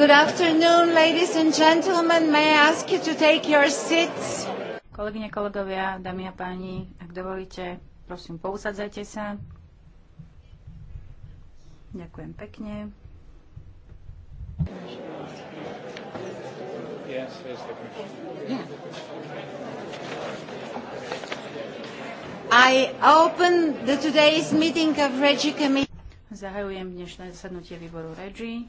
Good afternoon, ladies and gentlemen. May I ask you to take your seats? Kolegyne, kolegovia, dámy a páni, ak dovolíte, prosím, pousadzajte sa. Ďakujem pekne. I open the today's meeting of Regi Committee. Zahajujem dnešné zasadnutie výboru REGI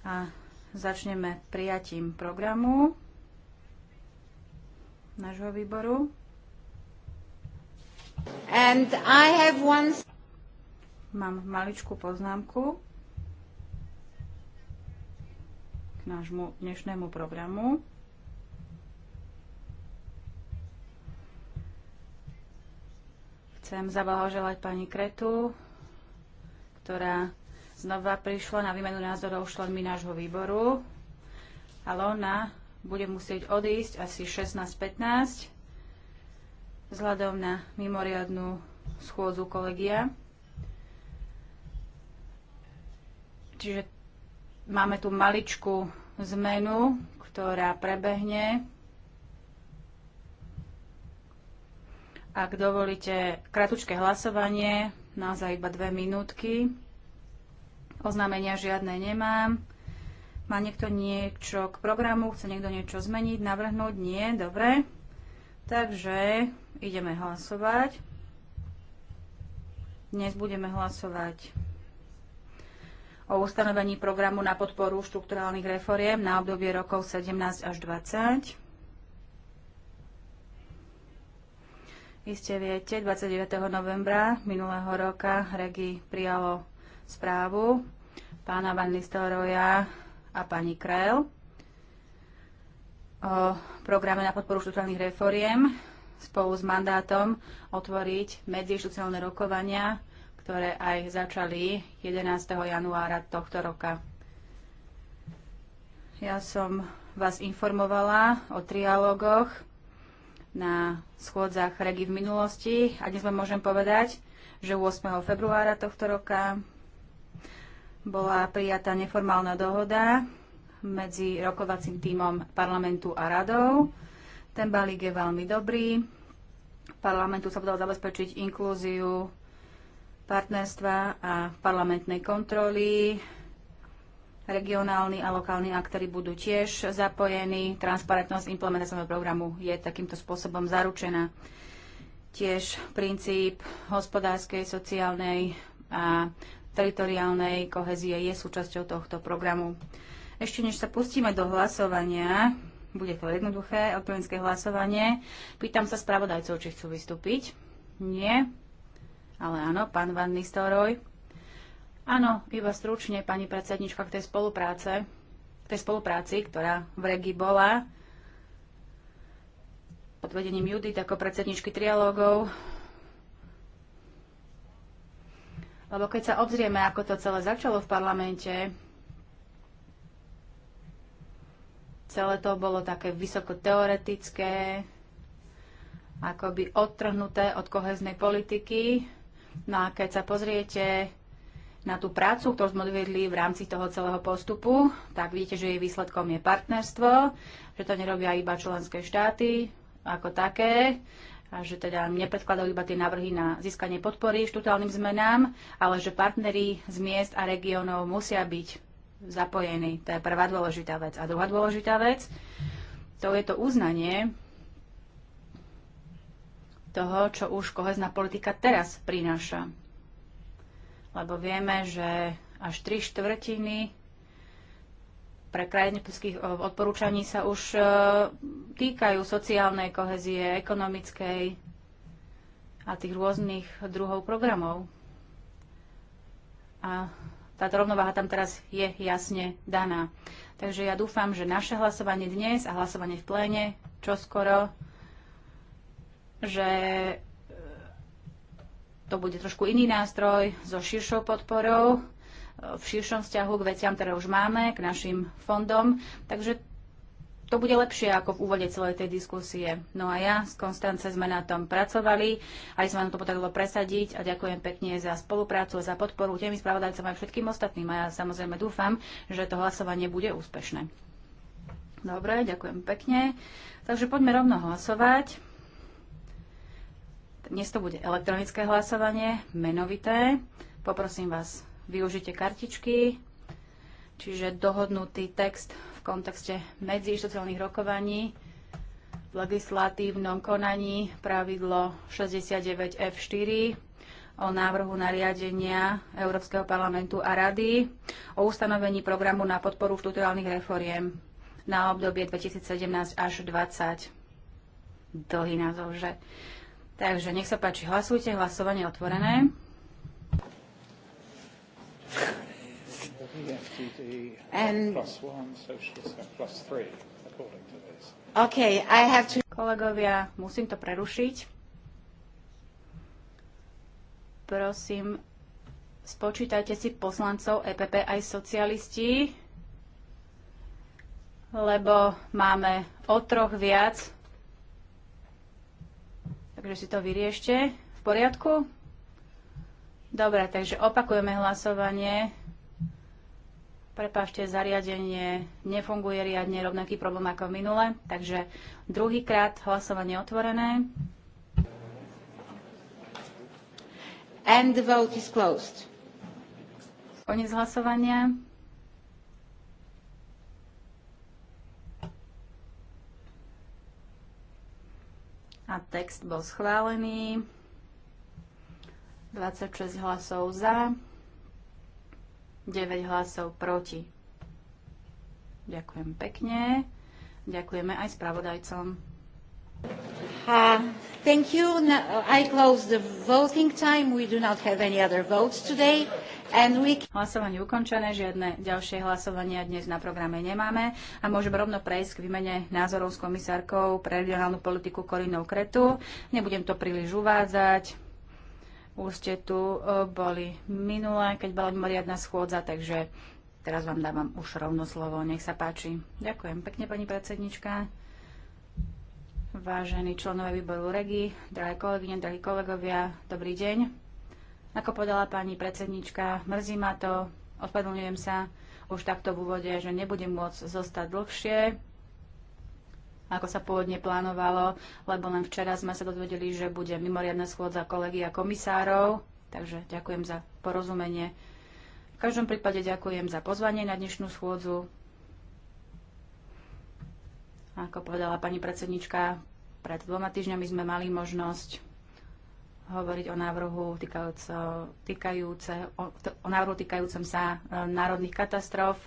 a začneme prijatím programu nášho výboru. And I have one... Mám maličkú poznámku k nášmu dnešnému programu. Chcem zablahoželať pani Kretu, ktorá znova prišla na výmenu názorov členmi nášho výboru, ale ona bude musieť odísť asi 16.15 vzhľadom na mimoriadnú schôdzu kolegia. Čiže máme tu maličku zmenu, ktorá prebehne Ak dovolíte kratučké hlasovanie, naozaj iba dve minútky. Oznámenia žiadne nemám. Má niekto niečo k programu? Chce niekto niečo zmeniť, navrhnúť? Nie, dobre. Takže ideme hlasovať. Dnes budeme hlasovať o ustanovení programu na podporu štrukturálnych reforiem na obdobie rokov 17 až 20. Iste viete, 29. novembra minulého roka Regi prijalo správu pána Van Nistelroja a pani Krell o programe na podporu štruktúrnych reforiem spolu s mandátom otvoriť medzištruciálne rokovania, ktoré aj začali 11. januára tohto roka. Ja som vás informovala o trialógoch na schôdzach regi v minulosti a dnes vám môžem povedať, že 8. februára tohto roka bola prijatá neformálna dohoda medzi rokovacím tímom parlamentu a radou. Ten balík je veľmi dobrý. Parlamentu sa podalo zabezpečiť inklúziu partnerstva a parlamentnej kontroly Regionálni a lokálni aktéry budú tiež zapojení. Transparentnosť implementačného programu je takýmto spôsobom zaručená. Tiež princíp hospodárskej, sociálnej a teritoriálnej kohezie je súčasťou tohto programu. Ešte než sa pustíme do hlasovania, bude to jednoduché, elektronické hlasovanie, pýtam sa spravodajcov, či chcú vystúpiť. Nie, ale áno, pán Van Nistelrooy. Áno, iba stručne, pani predsednička, k tej spolupráce, k tej spolupráci, ktorá v regi bola pod vedením Judith ako predsedničky trialógov. Lebo keď sa obzrieme, ako to celé začalo v parlamente, celé to bolo také vysoko teoretické, akoby odtrhnuté od koheznej politiky. No a keď sa pozriete na tú prácu, ktorú sme odvedli v rámci toho celého postupu, tak vidíte, že jej výsledkom je partnerstvo, že to nerobia iba členské štáty ako také, a že teda nepredkladajú iba tie návrhy na získanie podpory štutálnym zmenám, ale že partnery z miest a regiónov musia byť zapojení. To je prvá dôležitá vec. A druhá dôležitá vec, to je to uznanie toho, čo už kohezná politika teraz prináša lebo vieme, že až tri štvrtiny pre krajiny eh, odporúčaní sa už eh, týkajú sociálnej kohezie, ekonomickej a tých rôznych druhov programov. A táto rovnováha tam teraz je jasne daná. Takže ja dúfam, že naše hlasovanie dnes a hlasovanie v pléne čoskoro, že to bude trošku iný nástroj so širšou podporou, e, v širšom vzťahu k veciam, ktoré už máme, k našim fondom. Takže to bude lepšie ako v úvode celej tej diskusie. No a ja s Konstance sme na tom pracovali, aj sme nám to podarilo presadiť a ďakujem pekne za spoluprácu, a za podporu tými spravodajcom aj všetkým ostatným a ja samozrejme dúfam, že to hlasovanie bude úspešné. Dobre, ďakujem pekne. Takže poďme rovno hlasovať. Dnes to bude elektronické hlasovanie, menovité. Poprosím vás, využite kartičky, čiže dohodnutý text v kontexte medziinstitucionálnych rokovaní v legislatívnom konaní pravidlo 69F4 o návrhu nariadenia Európskeho parlamentu a rady o ustanovení programu na podporu štruktúrálnych reforiem na obdobie 2017 až 2020. Dlhý názov, že? Takže nech sa páči, hlasujte, hlasovanie otvorené. Kolegovia, musím to prerušiť. Prosím, spočítajte si poslancov EPP aj socialisti, lebo máme o troch viac Takže si to vyriešte. V poriadku? Dobre, takže opakujeme hlasovanie. Prepašte, zariadenie nefunguje riadne, rovnaký problém ako minule. Takže druhýkrát hlasovanie otvorené. And the vote is closed. Koniec hlasovania. a text bol schválený. 26 hlasov za, 9 hlasov proti. Ďakujem pekne. Ďakujeme aj spravodajcom. Uh, thank you. No, I close the voting time. We do not have any other votes today. And we... Hlasovanie ukončené, žiadne ďalšie hlasovania dnes na programe nemáme a môžeme rovno prejsť k výmene názorov s komisárkou pre regionálnu politiku Korinou Kretu. Nebudem to príliš uvádzať. Už ste tu eh, boli minulé, keď bola mimoriadná schôdza, takže teraz vám dávam už rovno slovo. Nech sa páči. Ďakujem pekne, pani predsednička vážení členové výboru REGI, drahé kolegyne, drahí kolegovia, dobrý deň. Ako povedala pani predsednička, mrzí ma to, ospravedlňujem sa už takto v úvode, že nebudem môcť zostať dlhšie, ako sa pôvodne plánovalo, lebo len včera sme sa dozvedeli, že bude mimoriadna schôdza kolegia komisárov, takže ďakujem za porozumenie. V každom prípade ďakujem za pozvanie na dnešnú schôdzu ako povedala pani predsednička, pred dvoma týždňami sme mali možnosť hovoriť o návrhu, týkajúco, týkajúce, o, o návrhu týkajúcom sa e, národných katastrof.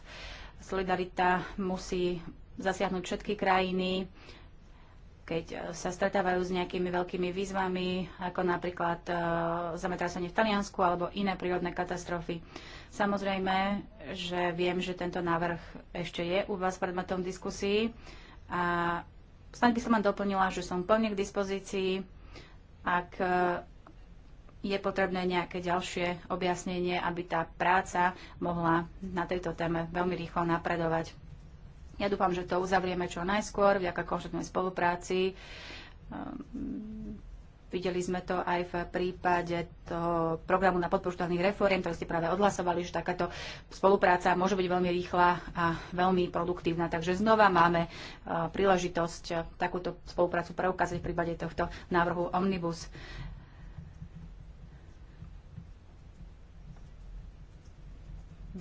Solidarita musí zasiahnuť všetky krajiny, keď e, sa stretávajú s nejakými veľkými výzvami, ako napríklad e, zametrasenie v Taliansku alebo iné prírodné katastrofy. Samozrejme, že viem, že tento návrh ešte je u vás predmetom diskusí. diskusii a snáď by som vám doplnila, že som plne k dispozícii, ak e, je potrebné nejaké ďalšie objasnenie, aby tá práca mohla na tejto téme veľmi rýchlo napredovať. Ja dúfam, že to uzavrieme čo najskôr, vďaka konštruktívnej spolupráci ehm, Videli sme to aj v prípade toho programu na podporu štátnych reforiem, ktoré ste práve odhlasovali, že takáto spolupráca môže byť veľmi rýchla a veľmi produktívna. Takže znova máme e, príležitosť e, takúto spoluprácu preukázať v prípade tohto návrhu Omnibus.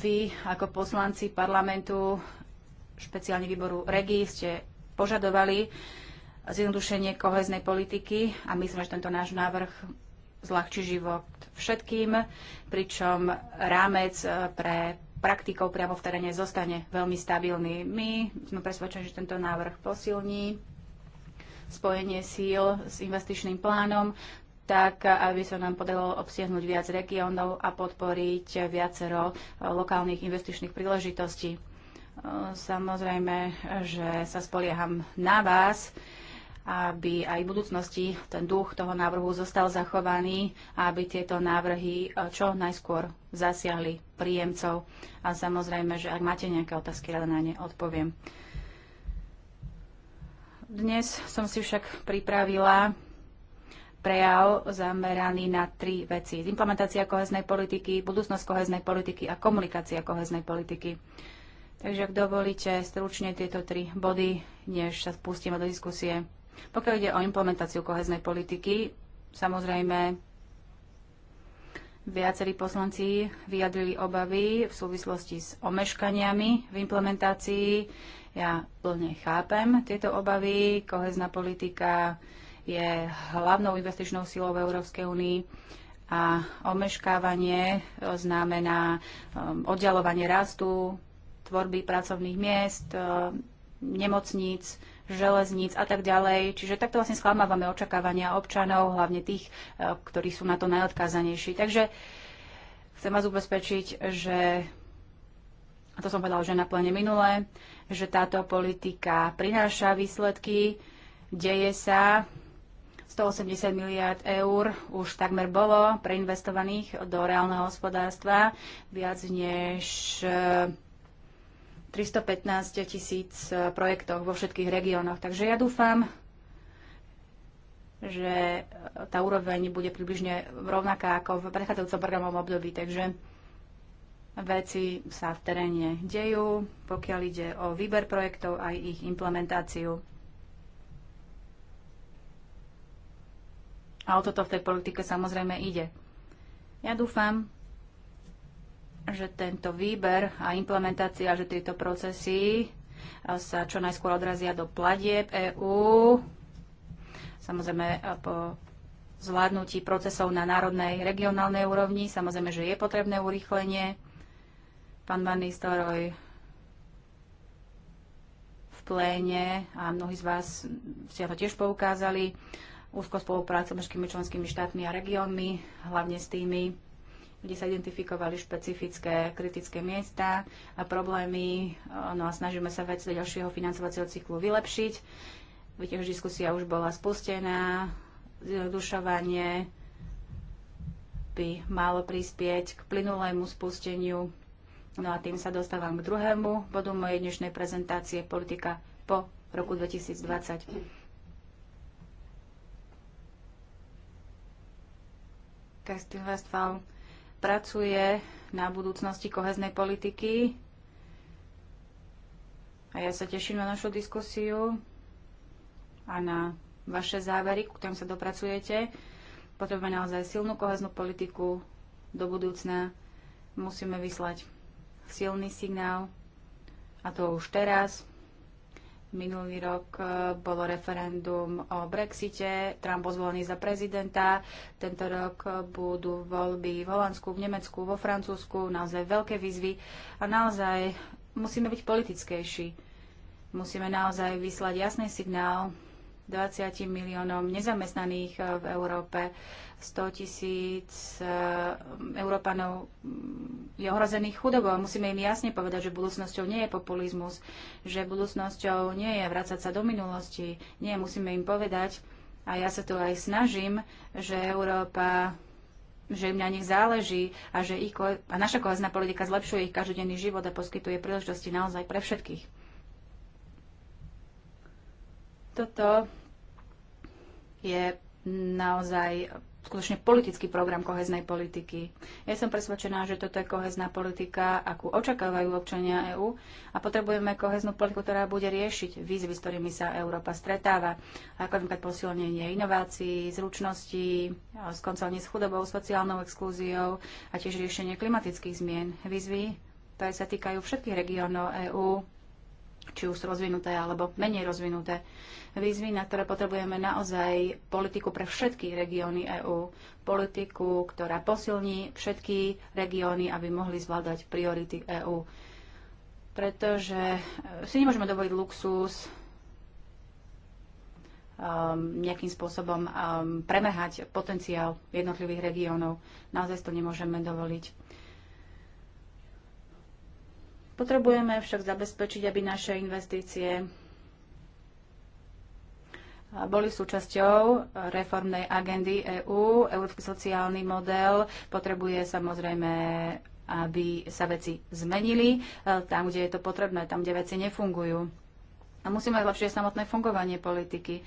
Vy ako poslanci parlamentu, špeciálne výboru REGI, ste požadovali uh, zjednodušenie koheznej politiky a myslím, že tento náš návrh zľahčí život všetkým, pričom rámec eh, pre praktikov priamo v teréne zostane veľmi stabilný. My sme presvedčení, že tento návrh posilní spojenie síl s investičným plánom, tak aby sa nám podarilo obsiahnuť viac regiónov a podporiť viacero eh, lokálnych investičných príležitostí. Eh, samozrejme, že sa spolieham na vás, aby aj v budúcnosti ten duch toho návrhu zostal zachovaný a aby tieto návrhy e, čo najskôr zasiahli príjemcov. A samozrejme, že ak máte nejaké otázky, rada na ne odpoviem. Dnes som si však pripravila prejav zameraný na tri veci. Implementácia koheznej politiky, budúcnosť koheznej politiky a komunikácia koheznej politiky. Takže ak dovolíte, stručne tieto tri body, než sa spustíme do diskusie. Pokiaľ ide o implementáciu koheznej politiky, samozrejme viacerí poslanci vyjadrili obavy v súvislosti s omeškaniami v implementácii. Ja plne chápem tieto obavy. Kohezná politika je hlavnou investičnou silou v Európskej únii a omeškávanie znamená um, oddialovanie rastu, tvorby pracovných miest, um, nemocníc, železníc a tak ďalej. Čiže takto vlastne sklamávame očakávania občanov, hlavne tých, eh, ktorí sú na to najodkázanejší. Takže chcem vás ubezpečiť, že a to som povedal že na plene minulé, že táto politika prináša výsledky, deje sa, 180 miliard eur už takmer bolo preinvestovaných do reálneho hospodárstva, viac než eh, 315 tisíc e, projektoch vo všetkých regiónoch. Takže ja dúfam, že e, tá úroveň bude približne rovnaká ako v predchádzajúcom programovom období. Takže veci sa v teréne dejú, pokiaľ ide o výber projektov a ich implementáciu. A o toto v tej politike samozrejme ide. Ja dúfam, že tento výber a implementácia, že tieto procesy sa čo najskôr odrazia do pladieb EÚ. Samozrejme po zvládnutí procesov na národnej, regionálnej úrovni. Samozrejme, že je potrebné urýchlenie. Pán Van Nistelrooy v pléne a mnohí z vás ste to tiež poukázali. Úzko spolupráca s členskými štátmi a regiónmi, hlavne s tými, kde sa identifikovali špecifické kritické miesta a problémy, no a snažíme sa vec ďalšieho financovacieho cyklu vylepšiť. Viete, že diskusia už bola spustená, zjednodušovanie by malo prispieť k plynulému spusteniu. No a tým sa dostávam k druhému bodu mojej dnešnej prezentácie politika po roku 2020. Kerstin Westphal pracuje na budúcnosti koheznej politiky. A ja sa teším na našu diskusiu a na vaše závery, k ktorým sa dopracujete. Potrebujeme naozaj silnú koheznú politiku do budúcna. Musíme vyslať silný signál a to už teraz Minulý rok e, bolo referendum o Brexite, Trump bol zvolený za prezidenta, tento rok e, budú voľby v Holandsku, v Nemecku, vo Francúzsku, naozaj veľké výzvy a naozaj musíme byť politickejší. Musíme naozaj vyslať jasný signál 20 miliónom nezamestnaných eh, v Európe. 100 tisíc eh, Európanov mm, je ohrozených chudobou. Musíme im jasne povedať, že budúcnosťou nie je populizmus, že budúcnosťou nie je vrácať sa do minulosti. Nie, musíme im povedať, a ja sa tu aj snažím, že Európa že im na nich záleží a že ich, a naša kohezná politika zlepšuje ich každodenný život a poskytuje príležitosti naozaj pre všetkých. Toto je naozaj skutočne politický program koheznej politiky. Ja som presvedčená, že toto je kohezná politika, akú očakávajú občania EÚ a potrebujeme koheznú politiku, ktorá bude riešiť výzvy, s ktorými sa Európa stretáva, ako napríklad posilnenie inovácií, zručností, skoncovanie s chudobou, sociálnou exklúziou a tiež riešenie klimatických zmien. Výzvy, ktoré sa týkajú všetkých regiónov EÚ, či už sú rozvinuté alebo menej rozvinuté výzvy, na ktoré potrebujeme naozaj politiku pre všetky regióny EÚ. Politiku, ktorá posilní všetky regióny, aby mohli zvládať priority EÚ. Pretože eh, si nemôžeme dovoliť luxus um, nejakým spôsobom um, premehať potenciál jednotlivých regiónov. Naozaj to nemôžeme dovoliť. Potrebujeme však zabezpečiť, aby naše investície boli súčasťou reformnej agendy EÚ. Európsky sociálny model potrebuje samozrejme aby sa veci zmenili e, tam, kde je to potrebné, tam, kde veci nefungujú. A musíme lepšie samotné fungovanie politiky.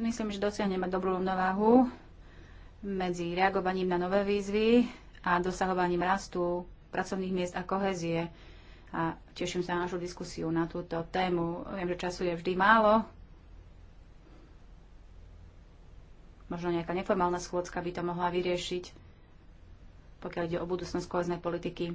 Myslím, že dosiahneme dobrú rovnováhu medzi reagovaním na nové výzvy a dosahovaním rastu pracovných miest a kohezie. A teším sa na našu diskusiu na túto tému. Viem, že času je vždy málo, Možno nejaká neformálna schôdzka by to mohla vyriešiť, pokiaľ ide o budúcnosť koheznej politiky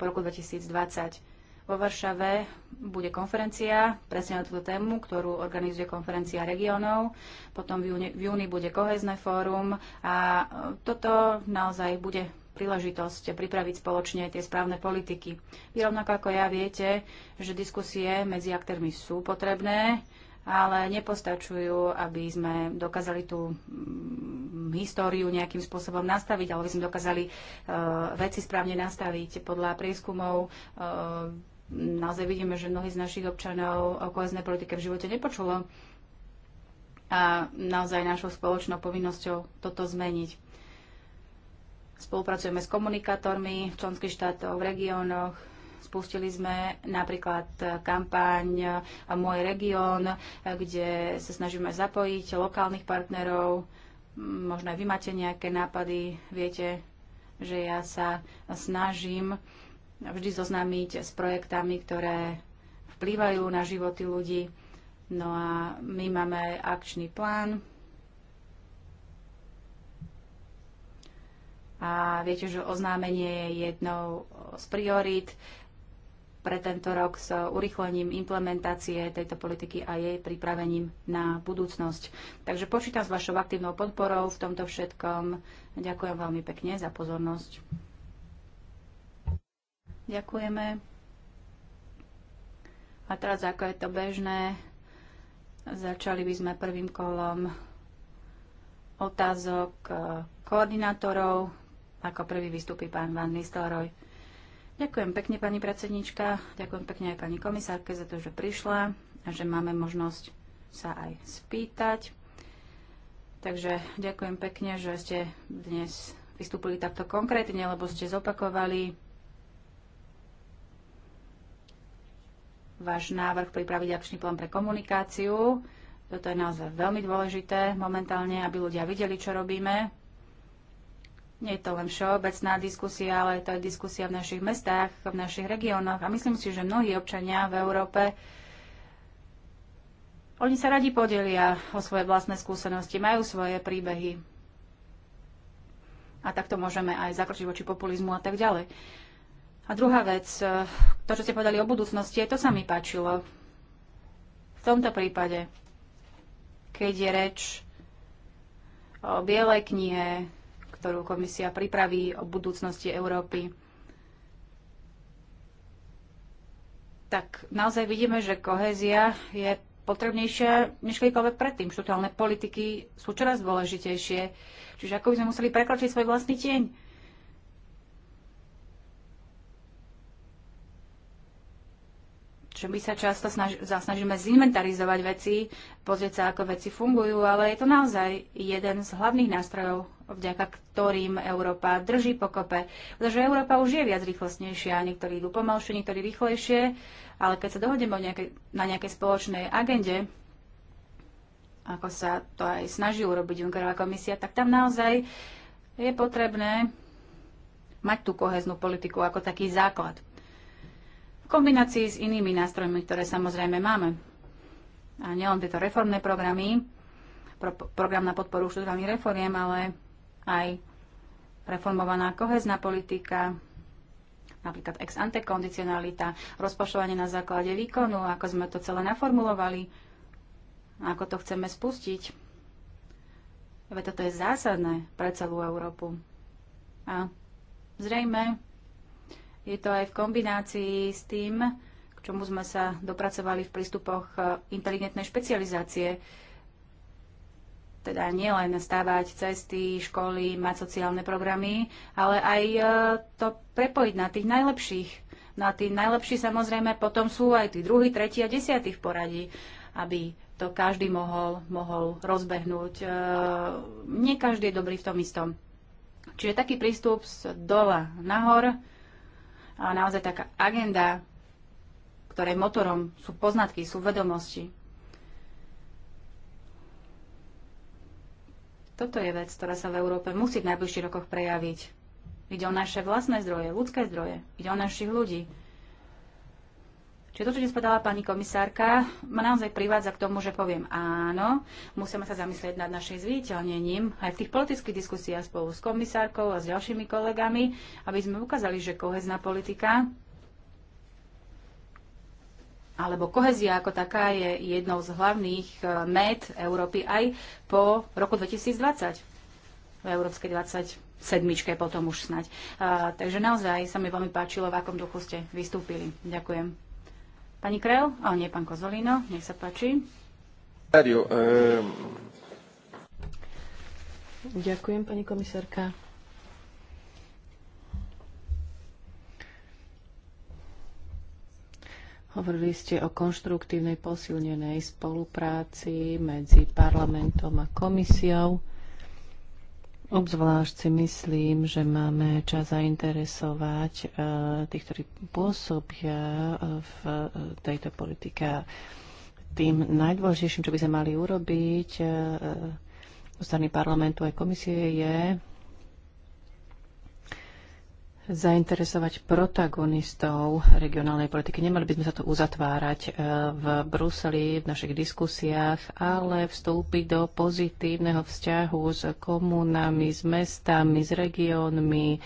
po roku 2020. Vo Varšave bude konferencia presne na túto tému, ktorú organizuje konferencia regiónov. Potom v júni, v júni bude kohezné fórum a e, toto naozaj bude príležitosť pripraviť spoločne tie správne politiky. Vy rovnako ako ja viete, že diskusie medzi aktérmi sú potrebné, ale nepostačujú, aby sme dokázali tú mm, históriu nejakým spôsobom nastaviť, alebo aby sme dokázali uh, veci správne nastaviť. Podľa prieskumov uh, naozaj vidíme, že mnohí z našich občanov o kohezné politike v živote nepočulo a naozaj našou spoločnou povinnosťou toto zmeniť. Spolupracujeme s komunikátormi v členských štátoch, v regiónoch, Spustili sme napríklad kampaň Môj región, kde sa snažíme zapojiť lokálnych partnerov. Možno aj vy máte nejaké nápady. Viete, že ja sa snažím vždy zoznámiť s projektami, ktoré vplývajú na životy ľudí. No a my máme akčný plán. A viete, že oznámenie je jednou z priorít pre tento rok s urychlením implementácie tejto politiky a jej pripravením na budúcnosť. Takže počítam s vašou aktívnou podporou v tomto všetkom. Ďakujem veľmi pekne za pozornosť. Ďakujeme. A teraz, ako je to bežné, začali by sme prvým kolom otázok eh, koordinátorov. Ako prvý vystupí pán Van Nistelrooy. Ďakujem pekne, pani predsednička. Ďakujem pekne aj pani komisárke za to, že prišla a že máme možnosť sa aj spýtať. Takže ďakujem pekne, že ste dnes vystúpili takto konkrétne, lebo ste zopakovali váš návrh pripraviť akčný plán pre komunikáciu. Toto je naozaj veľmi dôležité momentálne, aby ľudia videli, čo robíme. Nie je to len všeobecná diskusia, ale je to aj diskusia v našich mestách, v našich regiónoch. A myslím si, že mnohí občania v Európe oni sa radi podelia o svoje vlastné skúsenosti, majú svoje príbehy. A takto môžeme aj zakročiť voči populizmu a tak ďalej. A druhá vec, to, čo ste povedali o budúcnosti, to sa mi páčilo. V tomto prípade, keď je reč o bielej knihe, ktorú komisia pripraví o budúcnosti Európy. Tak naozaj vidíme, že kohézia je potrebnejšia než kedykoľvek predtým. Štruktúrálne politiky sú čoraz dôležitejšie. Čiže ako by sme museli prekročiť svoj vlastný tieň. že my sa často snaž, snažíme zinventarizovať veci, pozrieť sa, ako veci fungujú, ale je to naozaj jeden z hlavných nástrojov, vďaka ktorým Európa drží pokope. Pretože Európa už je viac rýchlostnejšia, niektorí idú pomalšie, niektorí rýchlejšie, ale keď sa dohodneme na nejakej spoločnej agende, ako sa to aj snaží urobiť Junckerová komisia, tak tam naozaj je potrebné mať tú koheznú politiku ako taký základ kombinácii s inými nástrojmi, ktoré samozrejme máme. A nielen tieto reformné programy, pro, program na podporu štruktúrnych reforiem, ale aj reformovaná kohezná politika, napríklad ex ante kondicionalita, rozpočtovanie na základe výkonu, ako sme to celé naformulovali, ako to chceme spustiť. Veď toto je zásadné pre celú Európu. A zrejme je to aj v kombinácii s tým, k čomu sme sa dopracovali v prístupoch e, inteligentnej špecializácie. Teda nielen stávať cesty, školy, mať sociálne programy, ale aj e, to prepojiť na tých najlepších. Na no tí najlepší samozrejme potom sú aj tí druhý, tretí a desiatý v poradí, aby to každý mohol, mohol rozbehnúť. E, nie každý je dobrý v tom istom. Čiže taký prístup z dola nahor, ale naozaj taká agenda, ktorej motorom sú poznatky, sú vedomosti. Toto je vec, ktorá sa v Európe musí v najbližších rokoch prejaviť. Ide o naše vlastné zdroje, ľudské zdroje, ide o našich ľudí. Čiže to, čo dnes povedala pani komisárka, ma naozaj privádza k tomu, že poviem áno, musíme sa zamyslieť nad našim zviditeľnením aj v tých politických diskusiách spolu s komisárkou a s ďalšími kolegami, aby sme ukázali, že kohezná politika alebo kohezia ako taká je jednou z hlavných eh, med Európy aj po roku 2020 v Európskej 27. potom už snať. A, eh, takže naozaj sa mi veľmi páčilo, v akom duchu ste vystúpili. Ďakujem. Pani Kreu, Ale nie, pán Kozolino, nech sa páči. Ehm. Ďakujem, pani komisárka. Hovorili ste o konštruktívnej posilnenej spolupráci medzi parlamentom a komisiou. Obzvlášť si myslím, že máme čas zainteresovať eh, tých, ktorí pôsobia eh, v eh, tejto politike. Tým najdôležitejším, čo by sme mali urobiť zo strany parlamentu aj komisie, je zainteresovať protagonistov regionálnej politiky. Nemali by sme sa tu uzatvárať e, v Bruseli, v našich diskusiách, ale vstúpiť do pozitívneho vzťahu s komunami, s mestami, s regiónmi,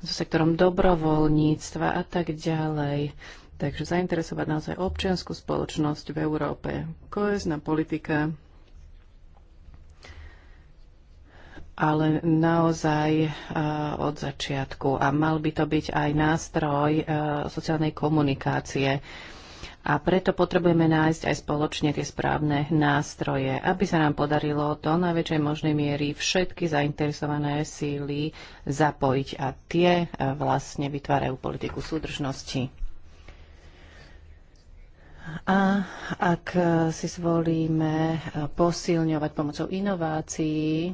so sektorom dobrovoľníctva a tak ďalej. Takže zainteresovať naozaj občianskú spoločnosť v Európe. koezná politika ale naozaj eh, od začiatku. A mal by to byť aj nástroj eh, sociálnej komunikácie. A preto potrebujeme nájsť aj spoločne tie správne nástroje, aby sa nám podarilo do najväčšej možnej miery všetky zainteresované síly zapojiť. A tie eh, vlastne vytvárajú politiku súdržnosti. A ak si zvolíme posilňovať pomocou inovácií,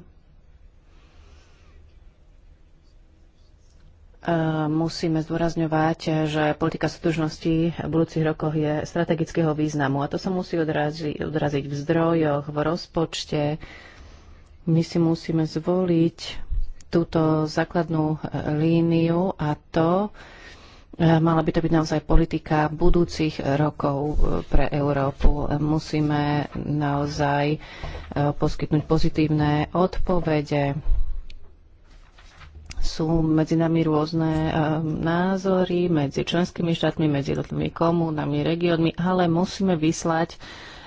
Eh, musíme zdôrazňovať, že politika súdržnosti v budúcich rokoch je strategického významu a to sa musí odrazi, odraziť v zdrojoch, v rozpočte. My si musíme zvoliť túto základnú eh, líniu a to eh, mala by to byť naozaj politika budúcich rokov pre Európu. Musíme naozaj poskytnúť pozitívne odpovede sú medzi nami rôzne eh, názory, medzi členskými štátmi, medzi jednotlivými komunami, regiónmi, ale musíme vyslať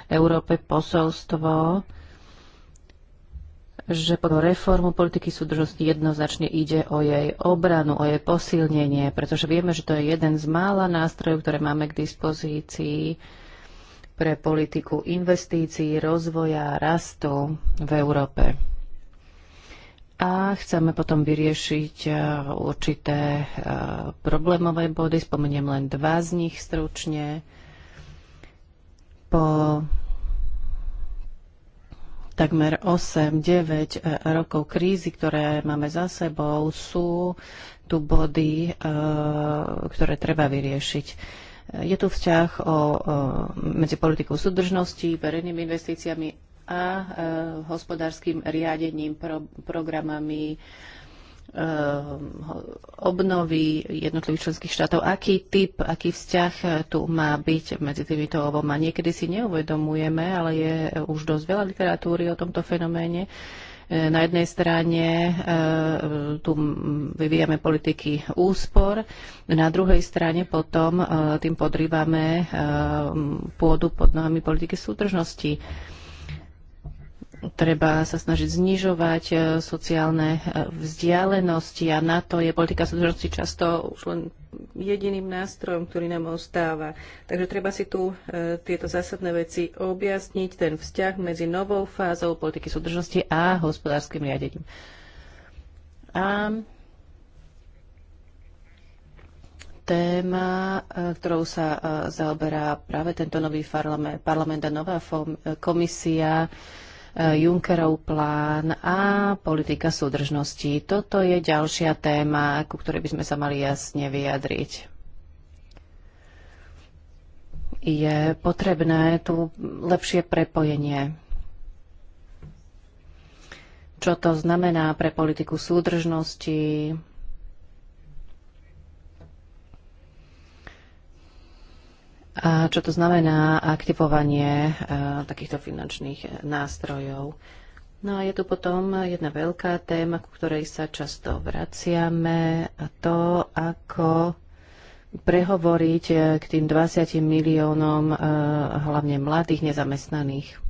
Európe posolstvo, že po reformu politiky súdržnosti jednoznačne ide o jej obranu, o jej posilnenie, pretože vieme, že to je jeden z mála nástrojov, ktoré máme k dispozícii pre politiku investícií, rozvoja, rastu v Európe a chceme potom vyriešiť e, určité e, problémové body. Spomeniem len dva z nich stručne. Po takmer 8-9 e, rokov krízy, ktoré máme za sebou, sú tu body, ktoré treba vyriešiť. Je tu vzťah o, o, medzi politikou súdržnosti, verejnými investíciami a e, hospodárskym riadením, pro, programami e, obnovy jednotlivých členských štátov. Aký typ, aký vzťah e, tu má byť medzi týmito oboma? Niekedy si neuvedomujeme, ale je už dosť veľa literatúry o tomto fenoméne, na jednej strane tu vyvíjame politiky úspor, na druhej strane potom tým podrývame pôdu pod nohami politiky súdržnosti treba sa snažiť znižovať e, sociálne e, vzdialenosti a na to je politika súdržnosti často už len jediným nástrojom, ktorý nám ostáva. Takže treba si tu e, tieto zásadné veci objasniť, ten vzťah medzi novou fázou politiky súdržnosti a hospodárskym riadením. A téma, ktorou sa zaoberá práve tento nový parlament a nová komisia, Eh, Junckerov plán a politika súdržnosti. Toto je ďalšia téma, ku ktorej by sme sa mali jasne vyjadriť je potrebné tu lepšie prepojenie. Čo to znamená pre politiku súdržnosti, A čo to znamená aktivovanie e, takýchto finančných nástrojov. No a je tu potom jedna veľká téma, ku ktorej sa často vraciame, a to, ako prehovoriť e, k tým 20 miliónom e, hlavne mladých nezamestnaných.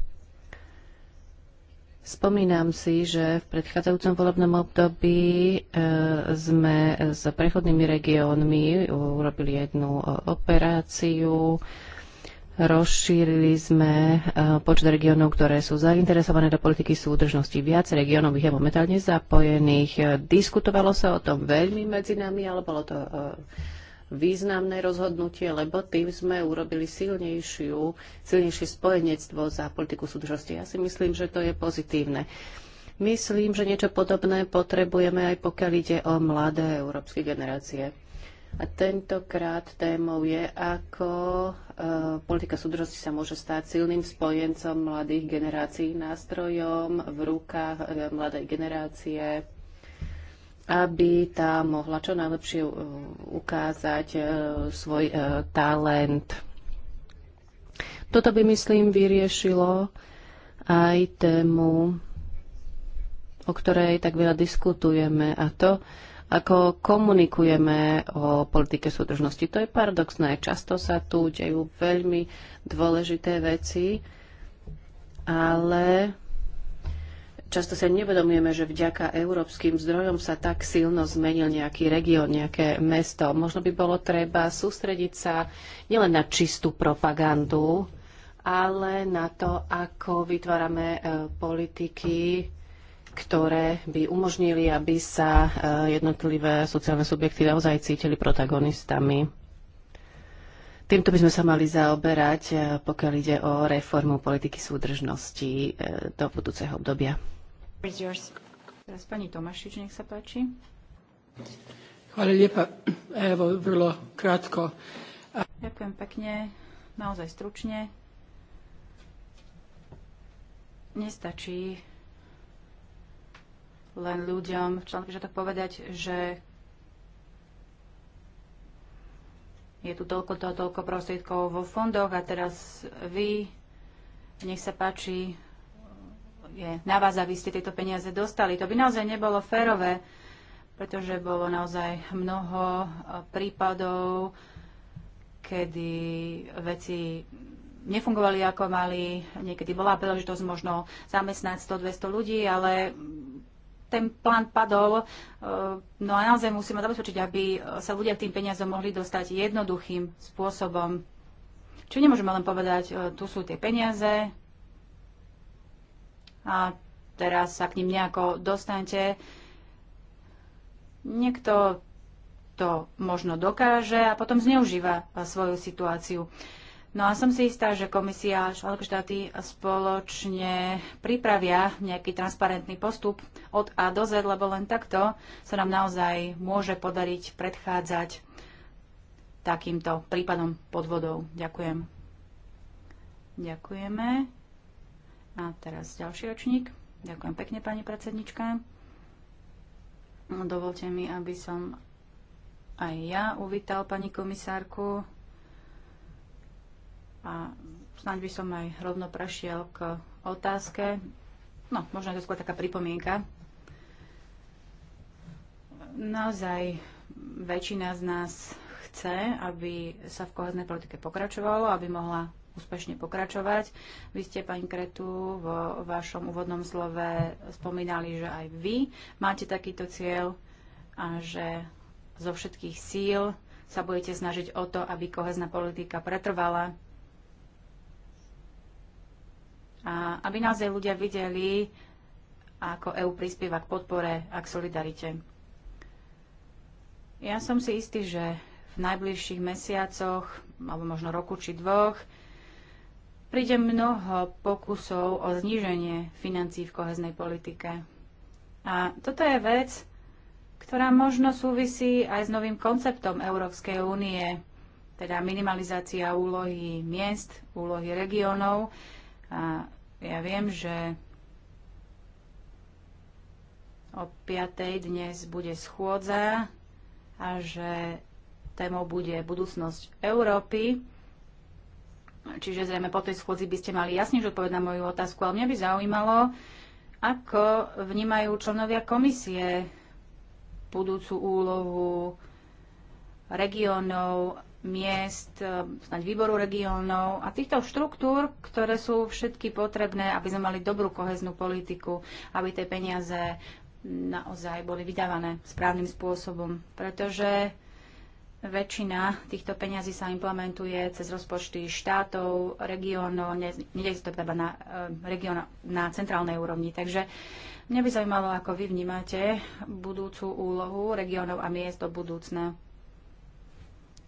Spomínam si, že v predchádzajúcom volebnom období e, sme s prechodnými regiónmi urobili jednu e, operáciu. Rozšírili sme e, počet regiónov, ktoré sú zainteresované do politiky súdržnosti. Viac regiónov je momentálne zapojených. Diskutovalo sa o tom veľmi medzi nami, ale bolo to významné rozhodnutie, lebo tým sme urobili silnejšiu, silnejšie spojenectvo za politiku súdržnosti. Ja si myslím, že to je pozitívne. Myslím, že niečo podobné potrebujeme aj pokiaľ ide o mladé európske generácie. A tentokrát témou je, ako e, politika súdržnosti sa môže stať silným spojencom mladých generácií, nástrojom v rukách e, mladej generácie, aby tá mohla čo najlepšie uh, ukázať uh, svoj uh, talent. Toto by, myslím, vyriešilo aj tému, o ktorej tak veľa diskutujeme, a to, ako komunikujeme o politike súdržnosti. To je paradoxné. Často sa tu dejú veľmi dôležité veci, ale Často sa nevedomujeme, že vďaka európskym zdrojom sa tak silno zmenil nejaký región, nejaké mesto. Možno by bolo treba sústrediť sa nielen na čistú propagandu, ale na to, ako vytvárame e, politiky, ktoré by umožnili, aby sa e, jednotlivé sociálne subjekty naozaj cítili protagonistami. Týmto by sme sa mali zaoberať, e, pokiaľ ide o reformu politiky súdržnosti do budúceho obdobia. Teraz pani Tomašič, nech sa páči. Hvala lijepa. Evo, vrlo Ďakujem pekne, naozaj stručne. Nestačí len ľuďom v článku žiadok povedať, že je tu toľko toho, toľko prostriedkov vo fondoch a teraz vy, nech sa páči, je na vás, aby ste tieto peniaze dostali. To by naozaj nebolo férové, pretože bolo naozaj mnoho e, prípadov, kedy veci nefungovali ako mali, niekedy bola príležitosť možno zamestnať 100-200 ľudí, ale ten plán padol. E, no a naozaj musíme zabezpečiť, aby sa ľudia k tým peniazom mohli dostať jednoduchým spôsobom. Či nemôžeme len povedať, e, tu sú tie peniaze, a teraz sa k ním nejako dostanete. Niekto to možno dokáže a potom zneužíva svoju situáciu. No a som si istá, že komisia a členské štáty spoločne pripravia nejaký transparentný postup od A do Z, lebo len takto sa nám naozaj môže podariť predchádzať takýmto prípadom podvodov. Ďakujem. Ďakujeme. A teraz ďalší ročník. Ďakujem pekne, pani predsednička. Dovolte mi, aby som aj ja uvítal pani komisárku a snáď by som aj rovno prešiel k otázke. No, možno je to skôr taká pripomienka. Naozaj väčšina z nás chce, aby sa v koheznej politike pokračovalo, aby mohla úspešne pokračovať. Vy ste, pani Kretu, vo vašom úvodnom slove spomínali, že aj vy máte takýto cieľ a že zo všetkých síl sa budete snažiť o to, aby kohezná politika pretrvala a aby naozaj ľudia videli, ako EÚ prispieva k podpore a k solidarite. Ja som si istý, že v najbližších mesiacoch, alebo možno roku či dvoch, príde mnoho pokusov o zníženie financí v koheznej politike. A toto je vec, ktorá možno súvisí aj s novým konceptom Európskej únie, teda minimalizácia úlohy miest, úlohy regiónov. A ja viem, že o 5. dnes bude schôdza a že témou bude budúcnosť Európy. Čiže zrejme po tej schôdzi by ste mali jasnejšiu odpoveď na moju otázku, ale mňa by zaujímalo, ako vnímajú členovia komisie budúcu úlohu regiónov, miest, snáď výboru regiónov a týchto štruktúr, ktoré sú všetky potrebné, aby sme mali dobrú koheznú politiku, aby tie peniaze naozaj boli vydávané správnym spôsobom. Pretože Väčšina týchto peňazí sa implementuje cez rozpočty štátov, regiónov, nedej sa to teda na, eh, region, na centrálnej úrovni. Takže mňa by zaujímalo, ako vy vnímate budúcu úlohu regiónov a miest do budúcna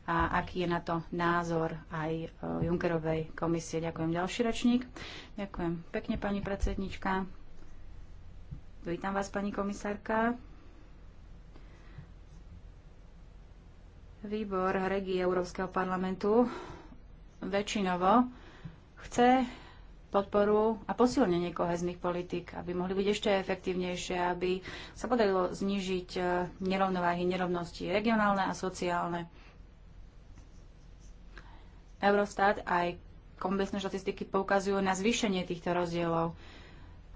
a aký je na to názor aj eh, Junkerovej komisie. Ďakujem ďalší rečník. Ďakujem pekne, pani predsednička. Vítam vás, pani komisárka. Výbor regie Európskeho parlamentu väčšinovo chce podporu a posilnenie kohezných politik, aby mohli byť ešte efektívnejšie, aby sa podarilo znižiť e, nerovnováhy, nerovnosti regionálne a sociálne. Eurostat aj kombinačné štatistiky poukazujú na zvýšenie týchto rozdielov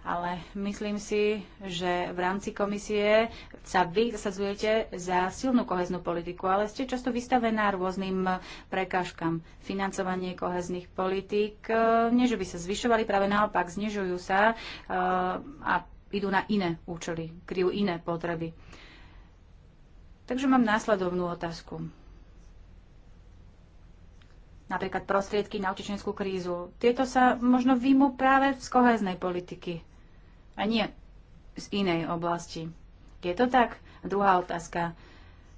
ale myslím si, že v rámci komisie sa vy zasadzujete za silnú koheznú politiku, ale ste často vystavená rôznym prekážkam. Financovanie kohezných politík, e, nie že by sa zvyšovali, práve naopak znižujú sa e, a idú na iné účely, kryjú iné potreby. Takže mám následovnú otázku. Napríklad prostriedky na utečenskú krízu. Tieto sa možno výmú práve z koheznej politiky a nie z inej oblasti. Je to tak? Druhá otázka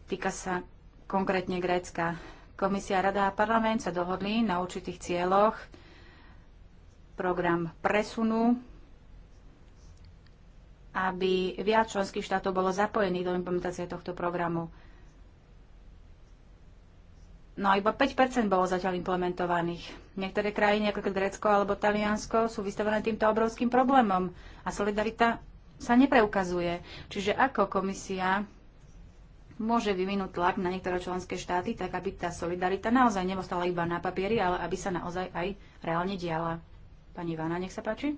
týka sa konkrétne Grécka. Komisia, Rada a parlament sa dohodli na určitých cieľoch. Program presunu, aby viac členských štátov bolo zapojených do implementácie tohto programu. No iba 5% bolo zatiaľ implementovaných. Niektoré krajiny, ako Grécko alebo Taliansko, sú vystavené týmto obrovským problémom a solidarita sa nepreukazuje. Čiže ako komisia môže vyvinúť tlak na niektoré členské štáty, tak aby tá solidarita naozaj neostala iba na papieri, ale aby sa naozaj aj reálne diala. Pani Vána, nech sa páči.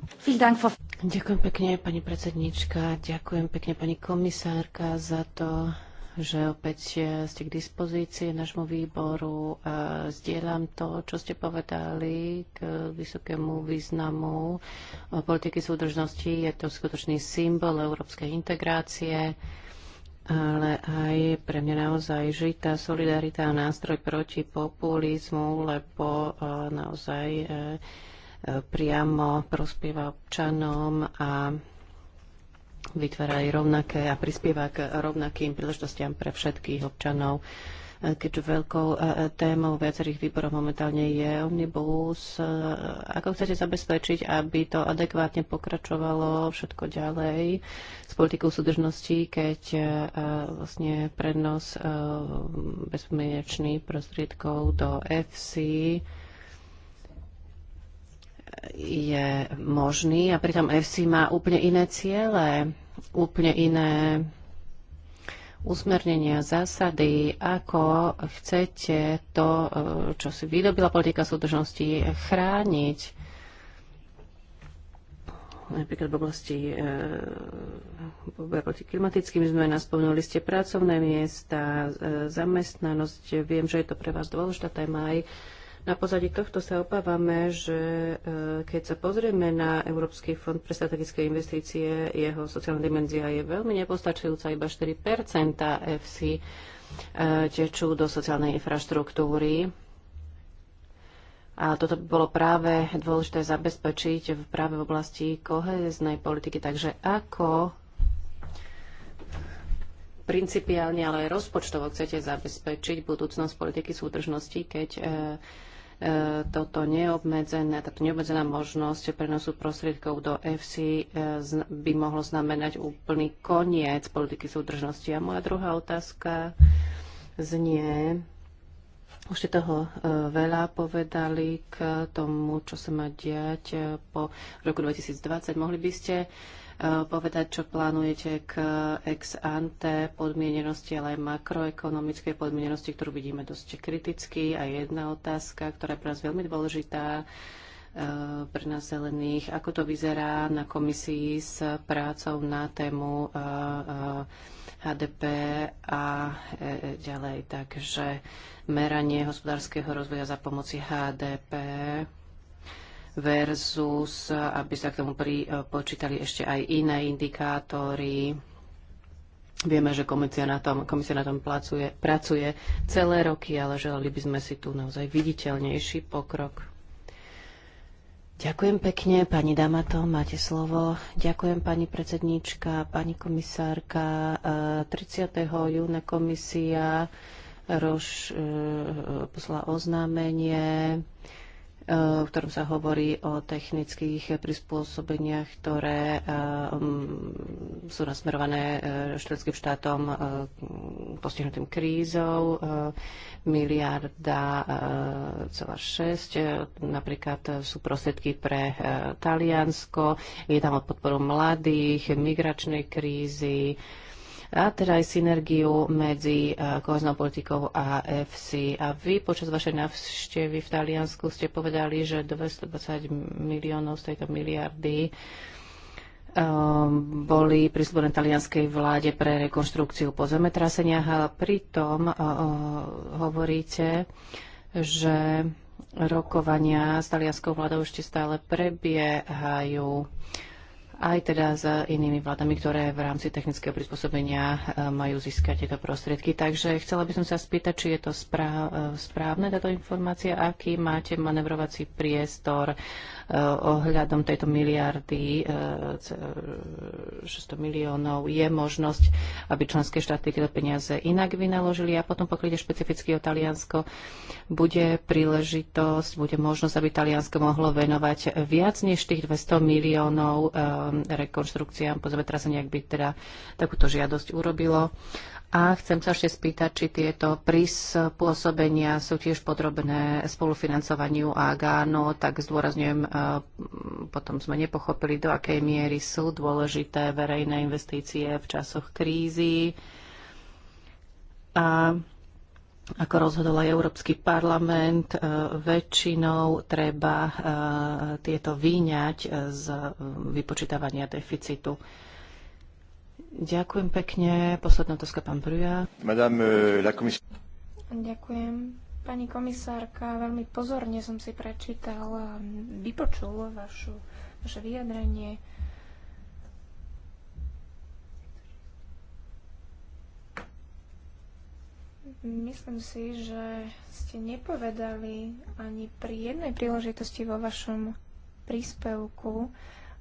Ďakujem pekne, pani predsednička, ďakujem pekne, pani komisárka, za to, že opäť e, ste k dispozícii nášmu výboru. Zdieľam to, čo ste povedali k vysokému významu e, politiky súdržnosti. Je to skutočný symbol európskej integrácie, ale aj pre mňa naozaj žitá solidarita a nástroj proti populizmu, lebo e, naozaj priamo prospieva občanom a vytvára aj rovnaké a prispieva k rovnakým príležitostiam pre všetkých občanov. E, Keďže veľkou e, e, témou viacerých výborov momentálne je omnibus, ako chcete zabezpečiť, aby to adekvátne pokračovalo všetko ďalej s politikou súdržnosti, keď vlastne prednos bezmienečných prostriedkov do FC je možný a pritom FC má úplne iné ciele, úplne iné usmernenia, zásady, ako chcete to, e, čo si vydobila politika súdržnosti, chrániť. Napríklad v oblasti e, proti klimatickým zmenám spomenuli ste pracovné miesta, e, zamestnanosť. Viem, že je to pre vás dôležitá téma aj na pozadí tohto sa obávame, že e, keď sa pozrieme na Európsky fond pre strategické investície, jeho sociálna dimenzia je veľmi nepostačujúca, iba 4 FC e, tečú do sociálnej infraštruktúry. A toto by bolo práve dôležité zabezpečiť v práve v oblasti kohéznej politiky. Takže ako principiálne, ale aj rozpočtovo chcete zabezpečiť budúcnosť politiky súdržnosti, keď e, E, toto neobmedzené, táto neobmedzená možnosť prenosu prostriedkov do FC e, by mohlo znamenať úplný koniec politiky súdržnosti. A moja druhá otázka znie, už ste toho e, veľa povedali k tomu, čo sa má diať po roku 2020. Mohli by ste povedať, čo plánujete k ex ante podmienenosti, ale aj makroekonomickej podmienenosti, ktorú vidíme dosť kriticky. A jedna otázka, ktorá je pre nás veľmi dôležitá, e, pre nás zelených. Ako to vyzerá na komisii s prácou na tému e, e, HDP a ďalej. Takže meranie hospodárskeho rozvoja za pomoci HDP versus aby sa k tomu pripočítali e, ešte aj iné indikátory. Vieme, že komisia na tom, komisia na tom placuje, pracuje celé roky, ale želali by sme si tu naozaj viditeľnejší pokrok. Ďakujem pekne. Pani Damato, máte slovo. Ďakujem pani predsedníčka, pani komisárka. 30. E, júna komisia roz, e, poslala oznámenie E, v ktorom sa hovorí o technických prispôsobeniach, ktoré e, sú nasmerované švedským štátom e, postihnutým krízou. Miliarda celá 6 napríklad sú prostriedky pre Taliansko, je tam od podporu mladých, migračnej krízy, a teda aj synergiu medzi e, koheznou politikou a FC. A vy počas vašej návštevy v Taliansku ste povedali, že 220 miliónov z tejto miliardy e, boli prislúbené talianskej vláde pre rekonštrukciu po zemetrasenia a pritom e, hovoríte, že rokovania s talianskou vládou ešte stále prebiehajú aj teda s inými vládami, ktoré v rámci technického prispôsobenia eh, majú získať tieto prostriedky. Takže chcela by som sa spýtať, či je to eh, správne táto informácia, aký máte manevrovací priestor ohľadom tejto miliardy 600 eh, eh, miliónov je možnosť, aby členské štáty tieto peniaze inak vynaložili a potom pokrytie špecificky o Taliansko bude príležitosť, bude možnosť, aby Taliansko mohlo venovať viac než tých 200 miliónov eh, rekonštrukciám po zemetrasení, ak by teda takúto žiadosť urobilo. A chcem sa ešte spýtať, či tieto prispôsobenia sú tiež podrobné spolufinancovaniu a ak áno, tak zdôrazňujem, e, potom sme nepochopili, do akej miery sú dôležité verejné investície v časoch krízy. A ako rozhodol aj Európsky parlament, e, väčšinou treba e, tieto výňať z vypočítavania deficitu. Ďakujem pekne. Posledná otázka, pán Bruja. Madame eh, la komis- Ďakujem. Pani komisárka, veľmi pozorne som si prečítal a mm, vypočul vašu, vaše vyjadrenie. Myslím si, že ste nepovedali ani pri jednej príležitosti vo vašom príspevku,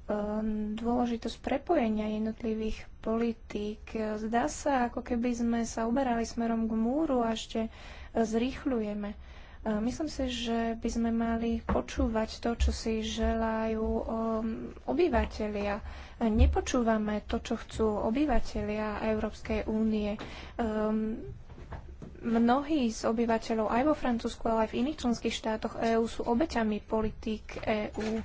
Ehm, dôležitosť prepojenia jednotlivých politík. Zdá sa, ako keby sme sa uberali smerom k múru a ešte zrýchľujeme. Ehm, myslím si, že by sme mali počúvať to, čo si želajú ehm, obyvateľia. Nepočúvame to, čo chcú obyvateľia Európskej únie. Mnohí z obyvateľov aj vo Francúzsku, ale aj v iných členských štátoch EÚ sú obeťami politík EÚ.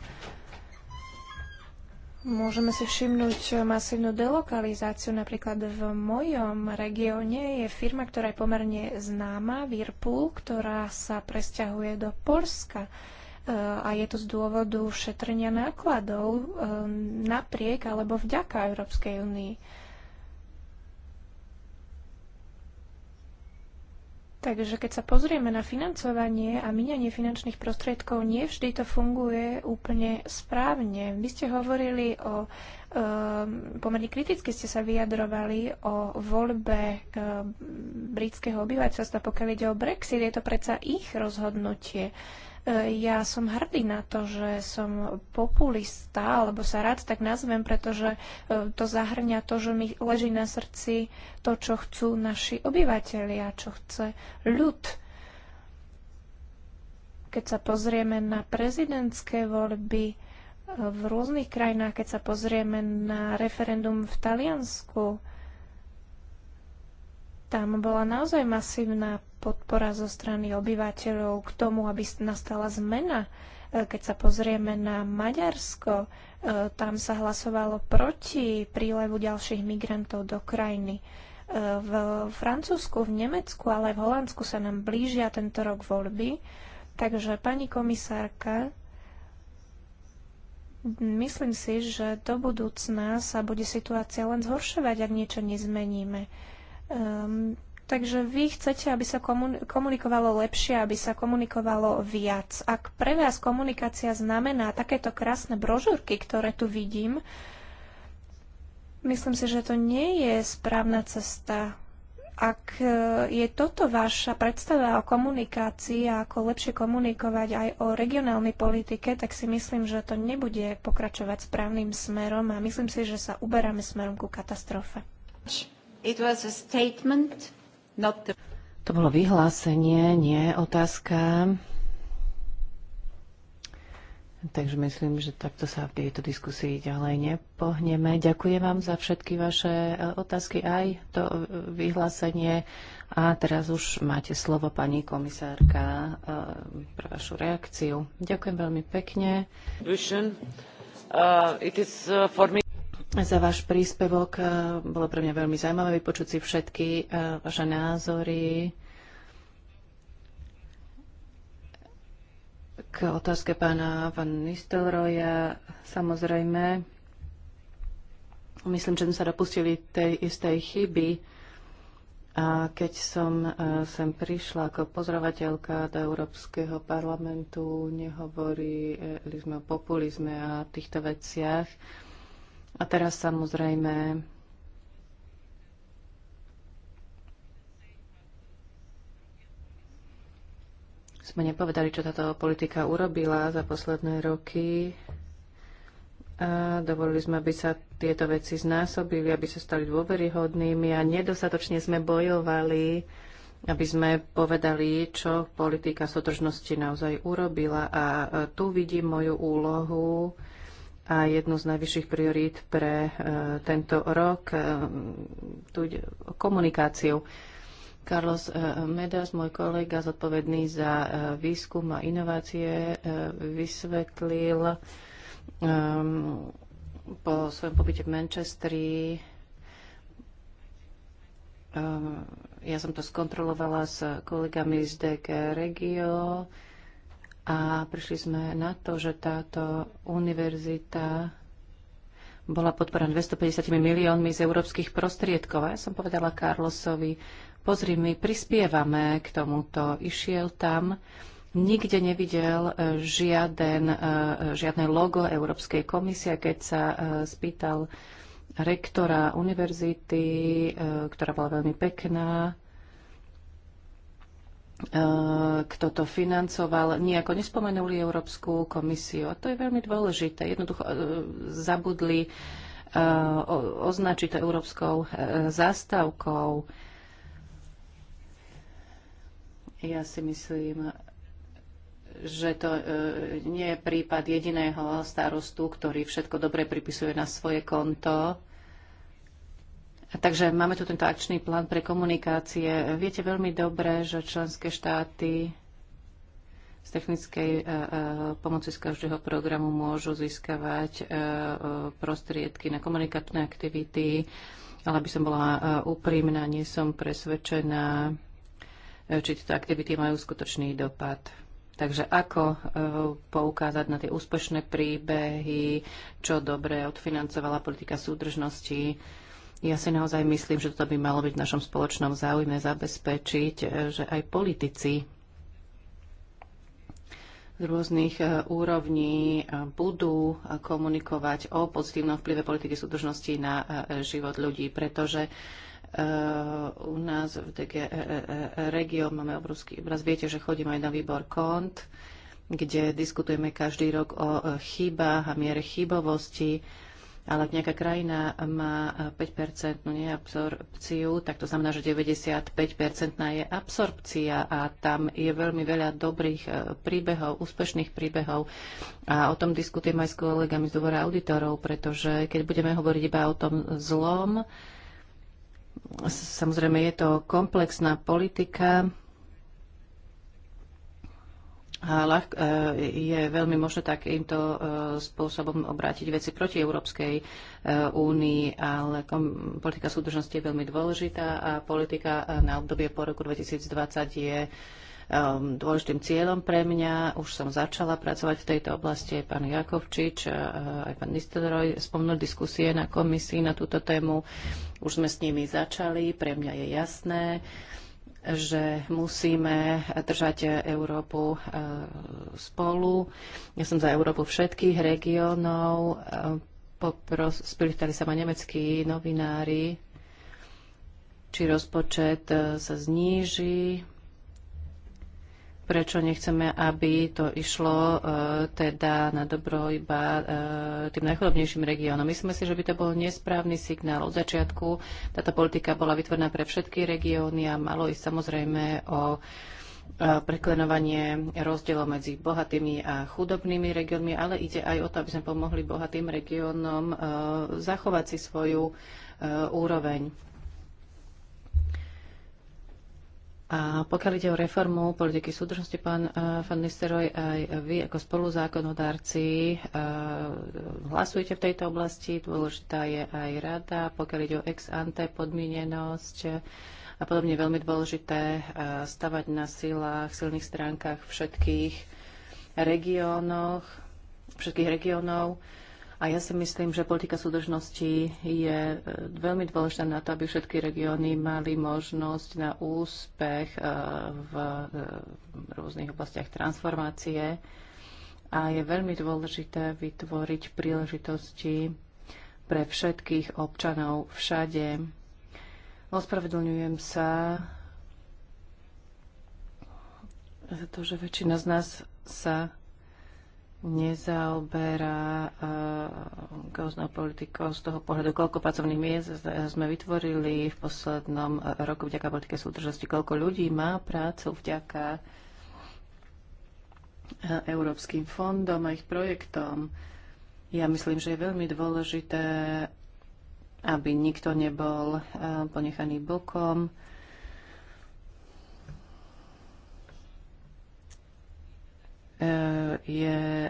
Môžeme si všimnúť eh, masívnu delokalizáciu. Napríklad v mojom regióne je firma, ktorá je pomerne známa, Whirlpool, ktorá sa presťahuje do Polska. Eh, a je to z dôvodu šetrenia nákladov eh, napriek alebo vďaka Európskej únii. Takže keď sa pozrieme na financovanie a minanie finančných prostriedkov, nie vždy to funguje úplne správne. Vy ste hovorili o, ehm, pomerne kriticky ste sa vyjadrovali o voľbe ehm, britského obyvateľstva, pokiaľ ide o Brexit, je to predsa ich rozhodnutie. Ja som hrdý na to, že som populista, alebo sa rád tak nazvem, pretože e, to zahrňa to, že mi leží na srdci to, čo chcú naši obyvateľia, čo chce ľud. Keď sa pozrieme na prezidentské voľby e, v rôznych krajinách, keď sa pozrieme na referendum v Taliansku, tam bola naozaj masívna podpora zo strany obyvateľov k tomu, aby nastala zmena. E, keď sa pozrieme na Maďarsko, e, tam sa hlasovalo proti prílevu ďalších migrantov do krajiny. E, v Francúzsku, v Nemecku, ale aj v Holandsku sa nám blížia tento rok voľby. Takže, pani komisárka, myslím si, že do budúcna sa bude situácia len zhoršovať, ak niečo nezmeníme. Um, takže vy chcete, aby sa komunikovalo lepšie, aby sa komunikovalo viac. Ak pre vás komunikácia znamená takéto krásne brožúrky, ktoré tu vidím, myslím si, že to nie je správna cesta. Ak e, je toto vaša predstava o komunikácii a ako lepšie komunikovať aj o regionálnej politike, tak si myslím, že to nebude pokračovať správnym smerom a myslím si, že sa uberáme smerom ku katastrofe. It was a statement, not the... To bolo vyhlásenie, nie otázka. Takže myslím, že takto sa v tejto diskusii ďalej nepohneme. Ďakujem vám za všetky vaše e, otázky, aj to e, vyhlásenie. A teraz už máte slovo, pani komisárka, e, pre vašu reakciu. Ďakujem veľmi pekne. Uh, it is, uh, for me za váš príspevok. Eh, bolo pre mňa veľmi zaujímavé vypočuť si všetky eh, vaše názory k otázke pána Van Nistelroja. Samozrejme, myslím, že sme sa dopustili tej istej chyby. A keď som eh, sem prišla ako pozorovateľka do Európskeho parlamentu, nehovorili sme o populizme a týchto veciach. A teraz samozrejme sme nepovedali, čo táto politika urobila za posledné roky. A dovolili sme, aby sa tieto veci znásobili, aby sa stali dôveryhodnými a nedostatočne sme bojovali, aby sme povedali, čo politika sotržnosti naozaj urobila. A tu vidím moju úlohu a jednu z najvyšších priorít pre e, tento rok, e, tu ide o komunikáciu. Carlos e, Medas, môj kolega zodpovedný za výskum a inovácie, vysvetlil po svojom pobyte v Manchestri, ja som to skontrolovala s kolegami z DK Regio, a prišli sme na to, že táto univerzita bola podpora 250 miliónmi z európskych prostriedkov. A ja som povedala Carlosovi, pozri, my prispievame k tomuto. Išiel tam, nikde nevidel e, žiaden, e, žiadne logo Európskej komisie, keď sa e, spýtal rektora univerzity, ktorá bola veľmi pekná, Eh, kto to financoval, nejako nespomenuli Európsku komisiu. A to je veľmi dôležité. Jednoducho eh, zabudli eh, označiť to európskou zástavkou. Ja si myslím, že to nie je prípad jediného starostu, ktorý všetko dobre pripisuje na svoje konto Takže máme tu tento akčný plán pre komunikácie. Viete veľmi dobre, že členské štáty z technickej e, e, pomoci z každého programu môžu získavať e, prostriedky na komunikačné aktivity, ale aby som bola úprimná, nie som presvedčená, či tieto aktivity majú skutočný dopad. Takže ako poukázať na tie úspešné príbehy, čo dobre odfinancovala politika súdržnosti, ja si naozaj myslím, že toto by malo byť v našom spoločnom záujme zabezpečiť, e, že aj politici z rôznych e, úrovní e, budú komunikovať o pozitívnom vplyve politiky súdržnosti na život ľudí, pretože u nás v DG Regio máme obrovský obraz. Viete, že chodím aj na výbor KONT, kde diskutujeme každý rok o chybách a miere chybovosti ale ak nejaká krajina má 5% neabsorpciu, tak to znamená, že 95% je absorpcia a tam je veľmi veľa dobrých eh, príbehov, úspešných príbehov. A o tom diskutujem aj s kolegami z dvora auditorov, pretože keď budeme hovoriť iba o tom zlom, samozrejme je to komplexná politika, E, je veľmi možné takýmto e, spôsobom obrátiť veci proti Európskej e, únii, ale politika súdržnosti je veľmi dôležitá a politika na obdobie po roku 2020 je dôležitým cieľom pre mňa. Už som začala pracovať v tejto oblasti. Pán Jakovčič, aj pán Nistelroj spomnul diskusie na komisii na túto tému. Už sme s nimi začali. Pre mňa je jasné, že musíme držať Európu e, spolu. Ja som za Európu všetkých regiónov. E, spýtali sa ma nemeckí novinári, či rozpočet e, sa zníži prečo nechceme, aby to išlo uh, teda na dobro iba uh, tým najchudobnejším regiónom. Myslíme si, že by to bol nesprávny signál. Od začiatku táto politika bola vytvorená pre všetky regióny a malo ísť samozrejme o e, preklenovanie rozdielov medzi bohatými a chudobnými regiónmi, ale ide aj o to, aby sme pomohli bohatým regiónom zachovať si svoju úroveň. A pokiaľ ide o reformu politiky súdržnosti, pán Van eh, Nisteroj, aj vy ako spoluzákonodárci eh, hlasujete v tejto oblasti. Dôležitá je aj rada. Pokiaľ ide o ex ante podmienenosť a podobne veľmi dôležité eh, stavať na silách, silných stránkach všetkých regiónoch, všetkých regiónov. A ja si myslím, že politika súdržnosti je e, veľmi dôležitá na to, aby všetky regióny mali možnosť na úspech e, e, v rôznych oblastiach transformácie. A je veľmi dôležité vytvoriť príležitosti pre všetkých občanov všade. Ospravedlňujem sa za to, že väčšina z nás sa nezaoberá eh, kauznou politikou z toho pohľadu, koľko pracovných miest sme vytvorili v poslednom eh, roku vďaka politike súdržnosti, koľko ľudí má prácu vďaka eh, európskym fondom a ich projektom. Ja myslím, že je veľmi dôležité, aby nikto nebol ponechaný bokom E, je e,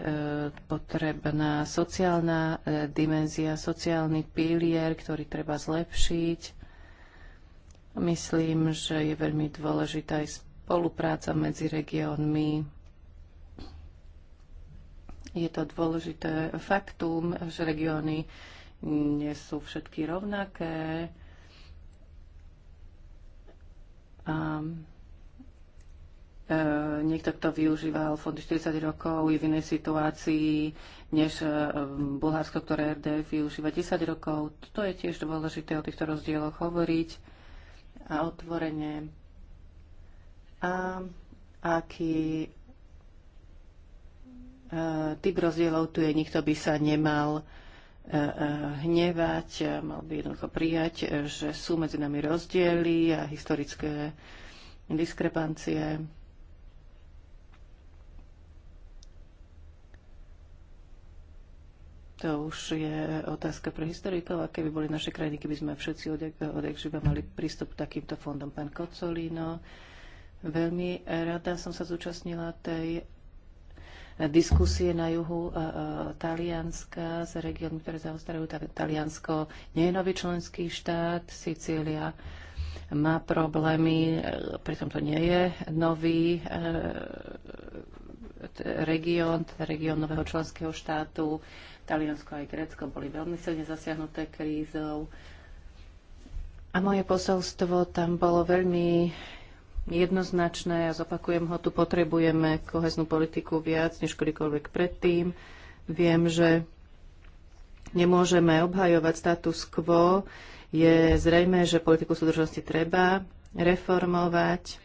potrebná sociálna e, dimenzia, sociálny pilier, ktorý treba zlepšiť. Myslím, že je veľmi dôležitá aj spolupráca medzi regiónmi. Je to dôležité faktum, že regióny nie sú všetky rovnaké. A E, niekto, kto využíval fondy 40 rokov, je v inej situácii než e, Bulharsko, ktoré RDF využíva 10 rokov. To je tiež dôležité o týchto rozdieloch hovoriť a otvorene. A aký e, typ rozdielov tu je, nikto by sa nemal hnevať, mal by jednoducho prijať, že sú medzi nami rozdiely a historické diskrepancie. To už je otázka pre historikov, aké by boli naše krajiny, keby sme všetci odjak, živa mali prístup k takýmto fondom. Pán Kocolino, veľmi rada som sa zúčastnila tej diskusie na juhu e, e, Talianska s regiónmi, ktoré zaostarajú Taliansko. Nie je nový členský štát, Sicília má problémy, e, pritom to nie je nový región, región nového členského štátu Taliansko aj Grécko boli veľmi silne zasiahnuté krízou. A moje posolstvo tam bolo veľmi jednoznačné, ja zopakujem ho, tu potrebujeme koheznú politiku viac než kedykoľvek predtým. Viem, že nemôžeme obhajovať status quo. Je zrejme, že politiku súdržnosti treba reformovať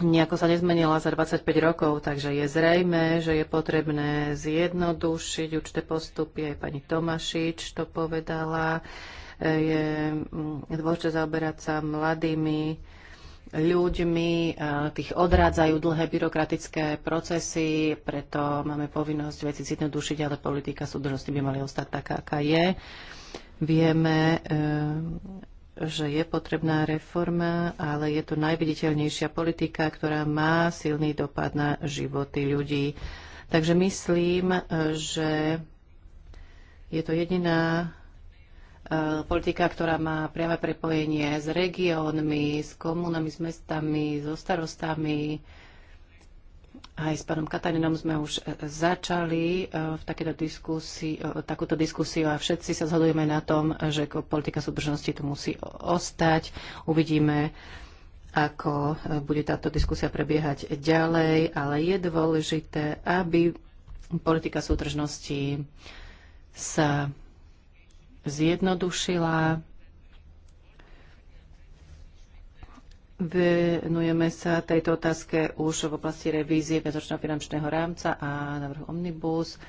nejako sa nezmenila za 25 rokov, takže je zrejme, že je potrebné zjednodušiť určité postupy. Aj pani Tomašič to povedala. Je mm, dôležité zaoberať sa mladými ľuďmi, tých odrádzajú dlhé byrokratické procesy, preto máme povinnosť veci zjednodušiť, ale politika súdržnosti by mali ostať taká, aká je. Vieme, e, že je potrebná reforma, ale je to najviditeľnejšia politika, ktorá má silný dopad na životy ľudí. Takže myslím, že je to jediná e, politika, ktorá má priame prepojenie s regiónmi, s komunami, s mestami, so starostami, aj s pánom Katarinom sme už e, začali e, v takéto diskusii, e, takúto diskusiu a všetci sa zhodujeme na tom, že politika súdržnosti tu musí ostať. Uvidíme, ako bude táto diskusia prebiehať ďalej, ale je dôležité, aby politika súdržnosti sa zjednodušila, Venujeme sa tejto otázke už v oblasti revízie viacročného finančného rámca a návrhu Omnibus.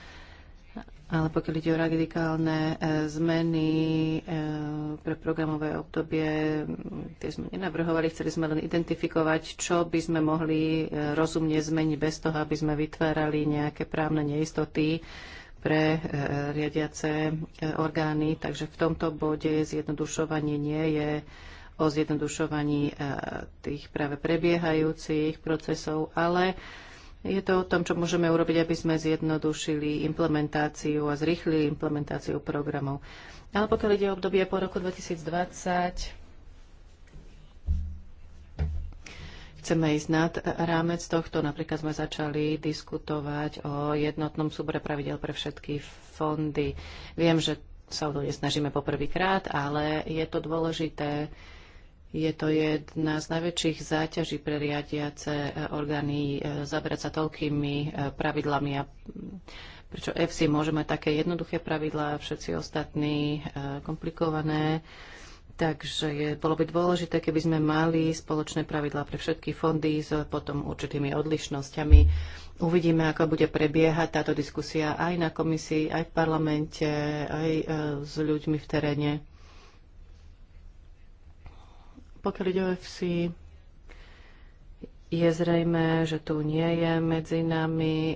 Ale pokiaľ ide o radikálne e, zmeny e, pre programové obdobie, mm, tie sme nenavrhovali, chceli sme len identifikovať, čo by sme mohli e, rozumne zmeniť bez toho, aby sme vytvárali nejaké právne neistoty pre riadiace orgány. Takže v tomto bode zjednodušovanie nie je o zjednodušovaní e, tých práve prebiehajúcich procesov, ale je to o tom, čo môžeme urobiť, aby sme zjednodušili implementáciu a zrýchlili implementáciu programov. Ale pokiaľ ide o obdobie po roku 2020, chceme ísť nad rámec tohto. Napríklad sme začali diskutovať o jednotnom súbore pravidel pre všetky fondy. Viem, že sa o to nesnažíme poprvýkrát, ale je to dôležité je to jedna z najväčších záťaží pre riadiace e, orgány e, zaberať sa toľkými e, pravidlami a mm, prečo FC môže mať také jednoduché pravidlá a všetci ostatní komplikované. Takže je, bolo by dôležité, keby sme mali spoločné pravidlá pre všetky fondy s potom určitými odlišnosťami. Uvidíme, ako bude prebiehať táto diskusia aj na komisii, aj v parlamente, aj e, s ľuďmi v teréne. Pokiaľ ide o FC, je zrejme, že tu nie je medzi nami um,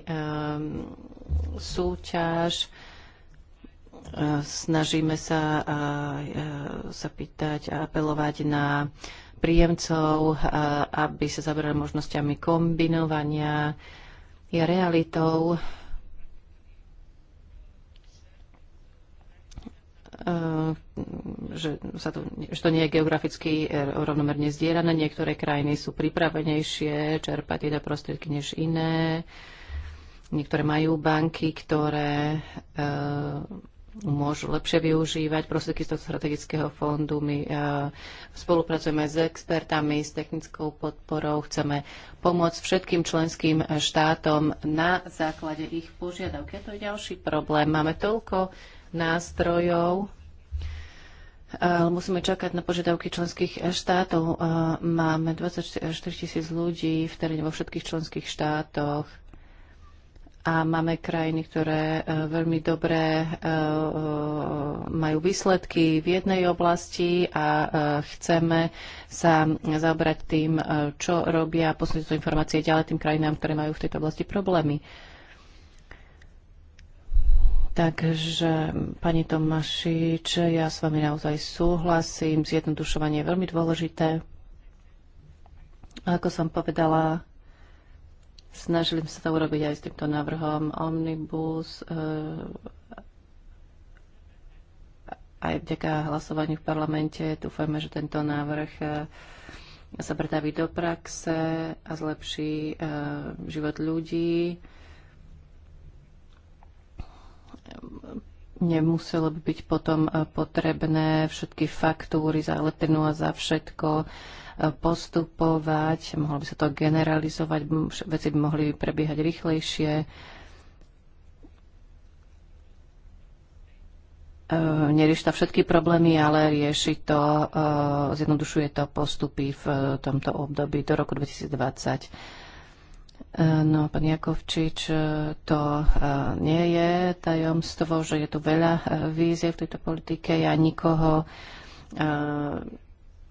súťaž. E, snažíme sa, e, sa pýtať a apelovať na príjemcov, aby sa zabrali možnosťami kombinovania. Je realitou, Eh, že, sa to, že to nie je geograficky eh, rovnomerne zdieľané. Niektoré krajiny sú pripravenejšie čerpať teda prostriedky než iné. Niektoré majú banky, ktoré uh, môžu lepšie využívať prostriedky z toho strategického fondu. My uh, spolupracujeme s expertami, s technickou podporou. Chceme pomôcť všetkým členským štátom na základe ich požiadavky. Je to je ďalší problém. Máme toľko nástrojov, eh, musíme čakať na požiadavky členských štátov. Eh, máme 24 tisíc ľudí v teréne vo všetkých členských štátoch a máme krajiny, ktoré eh, veľmi dobre majú výsledky v jednej oblasti a chceme sa zaobrať tým, čo robia a posunúť informácie ďalej tým krajinám, ktoré majú v tejto oblasti problémy. Takže, pani Tomašič, ja s vami naozaj súhlasím. Zjednodušovanie je veľmi dôležité. A ako som povedala, snažili sme sa to urobiť aj s týmto návrhom Omnibus, e, aj vďaka hlasovaniu v parlamente. Dúfajme, že tento návrh e, sa pretaví do praxe a zlepší e, život ľudí nemuselo by byť potom eh, potrebné všetky faktúry za elektrinu a za všetko eh, postupovať, mohlo by sa to generalizovať, veci by mohli prebiehať rýchlejšie. Eh, Nerieši to všetky problémy, ale rieši to, zjednodušuje to postupy v tomto období do roku 2020. No, pán Jakovčič, e, to e, nie je tajomstvo, že je tu veľa e, vízie v tejto politike. Ja nikoho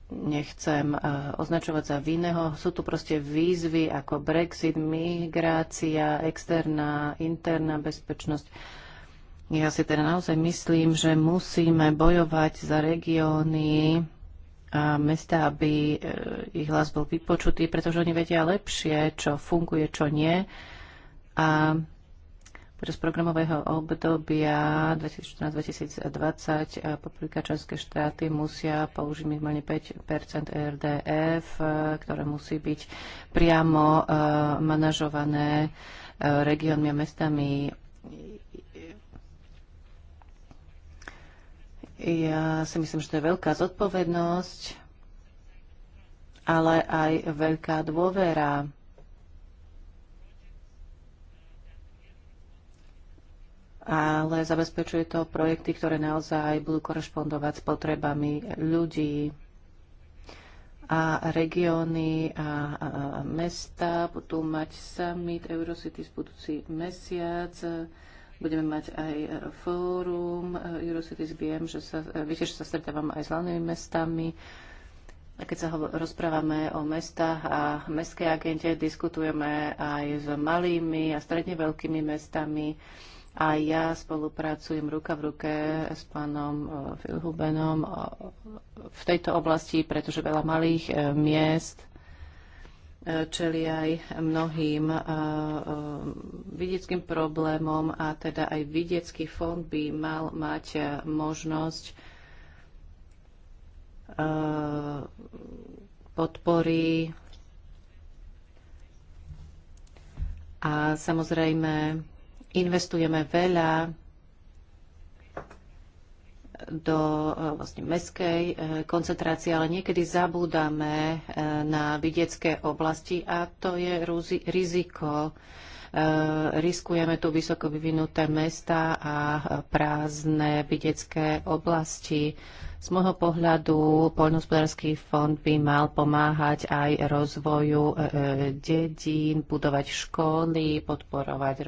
nechcem označovať za vinného. Sú tu proste výzvy ako Brexit, migrácia, externá, interná bezpečnosť. Ja si teda naozaj myslím, že musíme bojovať za regióny, a mesta, aby eh, ich hlas bol vypočutý, pretože oni vedia lepšie, čo funguje, čo nie. A počas programového obdobia 2014-2020 eh, poprvýkrát členské štáty musia použiť minimálne 5 e RDF, eh, ktoré musí byť priamo manažované regiónmi a mestami Ja si myslím, že to je veľká zodpovednosť, ale aj veľká dôvera. ale zabezpečuje to projekty, ktoré naozaj budú korešpondovať s potrebami ľudí a regióny a, a, a mesta. Budú mať summit Eurocities budúci mesiac. Budeme mať aj e, fórum e, Eurocities. Viem, že sa, e, viete, že sa stretávam aj s hlavnými mestami. A keď sa rozprávame o mestách a mestskej agente, diskutujeme aj s malými a stredne veľkými mestami. A ja spolupracujem ruka v ruke s pánom Filhubenom v tejto oblasti, pretože veľa malých miest čeli aj mnohým eh, eh, vidieckým problémom a teda aj vidiecký fond by mal mať eh, možnosť podpory a samozrejme investujeme veľa do eh, vlastne meskej eh, koncentrácie, ale niekedy zabúdame eh, na vidiecké oblasti a to je riziko Eh, riskujeme tu vysoko vyvinuté mesta a prázdne vidiecké oblasti. Z môjho pohľadu poľnohospodársky fond by mal pomáhať aj rozvoju eh, eh, dedín, budovať školy, podporovať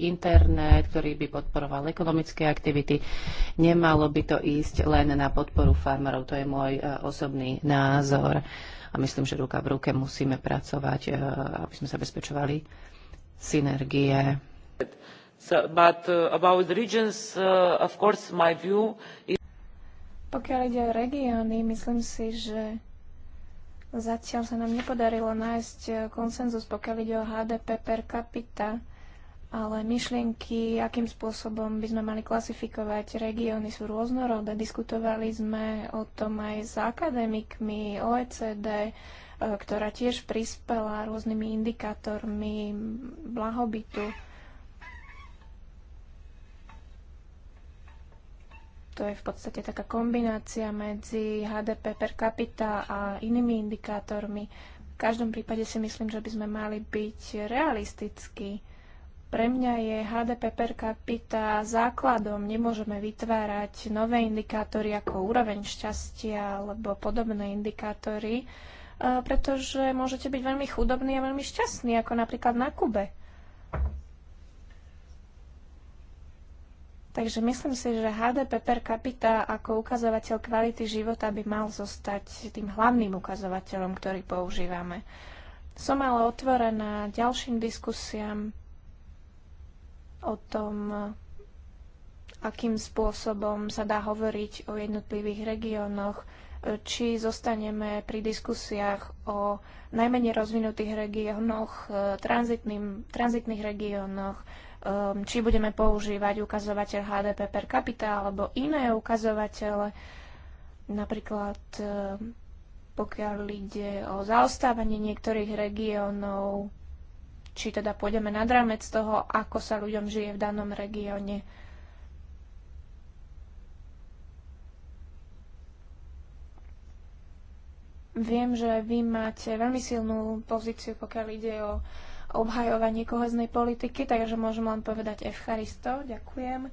internet, ktorý by podporoval ekonomické aktivity. Nemalo by to ísť len na podporu farmárov, to je môj osobný názor. A myslím, že ruka v ruke musíme pracovať, aby sme zabezpečovali synergie. Uh, uh, pokiaľ ide o regióny, myslím si, že zatiaľ sa nám nepodarilo nájsť uh, konsenzus, pokiaľ ide o HDP per capita, ale myšlienky, akým spôsobom by sme mali klasifikovať regióny, sú rôznorodé. Diskutovali sme o tom aj s akademikmi OECD, E, ktorá tiež prispela rôznymi indikátormi blahobytu. To je v podstate taká kombinácia medzi HDP per capita a inými indikátormi. V každom prípade si myslím, že by sme mali byť realistickí. Pre mňa je HDP per capita základom. Nemôžeme vytvárať nové indikátory ako úroveň šťastia alebo podobné indikátory, E, pretože môžete byť veľmi chudobní a veľmi šťastní, ako napríklad na Kube. Takže myslím si, že HDP per capita ako ukazovateľ kvality života by mal zostať tým hlavným ukazovateľom, ktorý používame. Som ale otvorená ďalším diskusiám o tom, akým spôsobom sa dá hovoriť o jednotlivých regiónoch, či zostaneme pri diskusiách o najmenej rozvinutých regiónoch, e, tranzitných regiónoch, e, či budeme používať ukazovateľ HDP per capita alebo iné ukazovatele, napríklad e, pokiaľ ide o zaostávanie niektorých regiónov, či teda pôjdeme nad rámec toho, ako sa ľuďom žije v danom regióne. Viem, že vy máte veľmi silnú pozíciu, pokiaľ ide o obhajovanie koheznej politiky, takže môžem len povedať Evcharisto, ďakujem.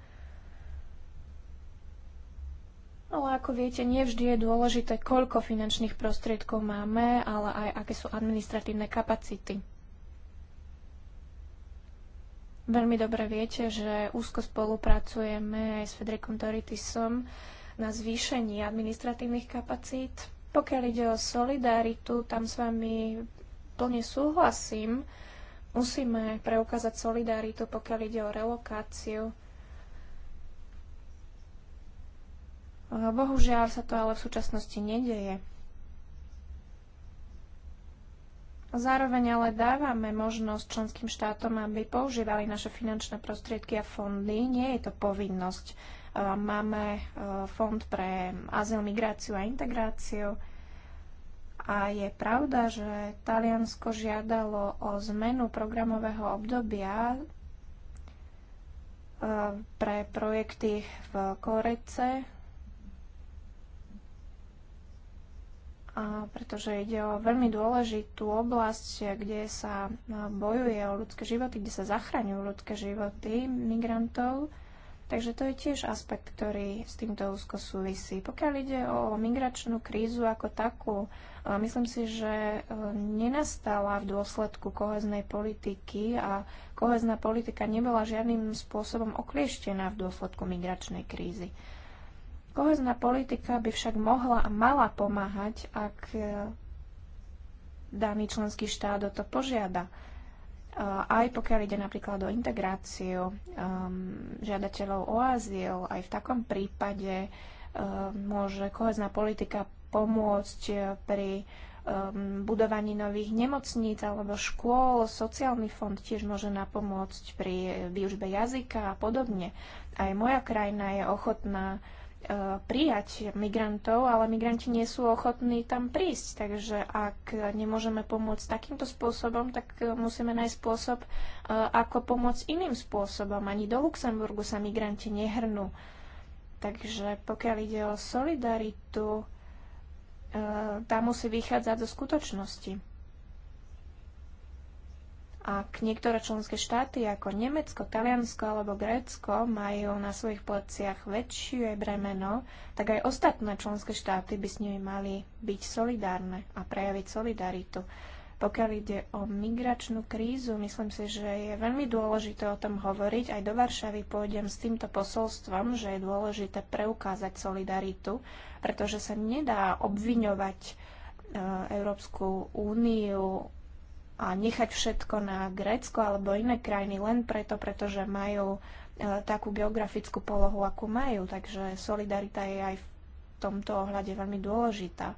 Ale ako viete, nie vždy je dôležité, koľko finančných prostriedkov máme, ale aj aké sú administratívne kapacity. Veľmi dobre viete, že úzko spolupracujeme aj s Federikom Toritisom na zvýšení administratívnych kapacít pokiaľ ide o solidaritu, tam s vami plne súhlasím. Musíme preukázať solidaritu, pokiaľ ide o relokáciu. Bohužiaľ sa to ale v súčasnosti nedeje. Zároveň ale dávame možnosť členským štátom, aby používali naše finančné prostriedky a fondy. Nie je to povinnosť Máme e, fond pre azyl, migráciu a integráciu. A je pravda, že Taliansko žiadalo o zmenu programového obdobia e, pre projekty v Korece, pretože ide o veľmi dôležitú oblasť, kde sa e, bojuje o ľudské životy, kde sa zachraňujú ľudské životy migrantov. Takže to je tiež aspekt, ktorý s týmto úzko súvisí. Pokiaľ ide o migračnú krízu ako takú, e, myslím si, že e, nenastala v dôsledku koheznej politiky a kohezná politika nebola žiadnym spôsobom oklieštená v dôsledku migračnej krízy. Kohezná politika by však mohla a mala pomáhať, ak e, daný členský štát o to požiada aj pokiaľ ide napríklad o integráciu um, žiadateľov o azyl, aj v takom prípade um, môže kohezná politika pomôcť eh, pri um, budovaní nových nemocníc alebo škôl. Sociálny fond tiež môže napomôcť pri eh, výužbe jazyka a podobne. Aj moja krajina je ochotná uh, Eh, prijať migrantov, ale migranti nie sú ochotní tam prísť. Takže ak nemôžeme pomôcť takýmto spôsobom, tak eh, musíme nájsť spôsob, eh, ako pomôcť iným spôsobom. Ani do Luxemburgu sa migranti nehrnú. Takže pokiaľ ide o solidaritu, tá musí vychádzať zo skutočnosti. Ak niektoré členské štáty ako Nemecko, Taliansko alebo Grécko majú na svojich pleciach väčšie bremeno, tak aj ostatné členské štáty by s nimi mali byť solidárne a prejaviť solidaritu. Pokiaľ ide o migračnú krízu, myslím si, že je veľmi dôležité o tom hovoriť. Aj do Varšavy pôjdem s týmto posolstvom, že je dôležité preukázať solidaritu, pretože sa nedá obviňovať e, Európsku úniu a nechať všetko na Grécko alebo iné krajiny len preto, pretože majú e, takú geografickú polohu, akú majú. Takže solidarita je aj v tomto ohľade veľmi dôležitá.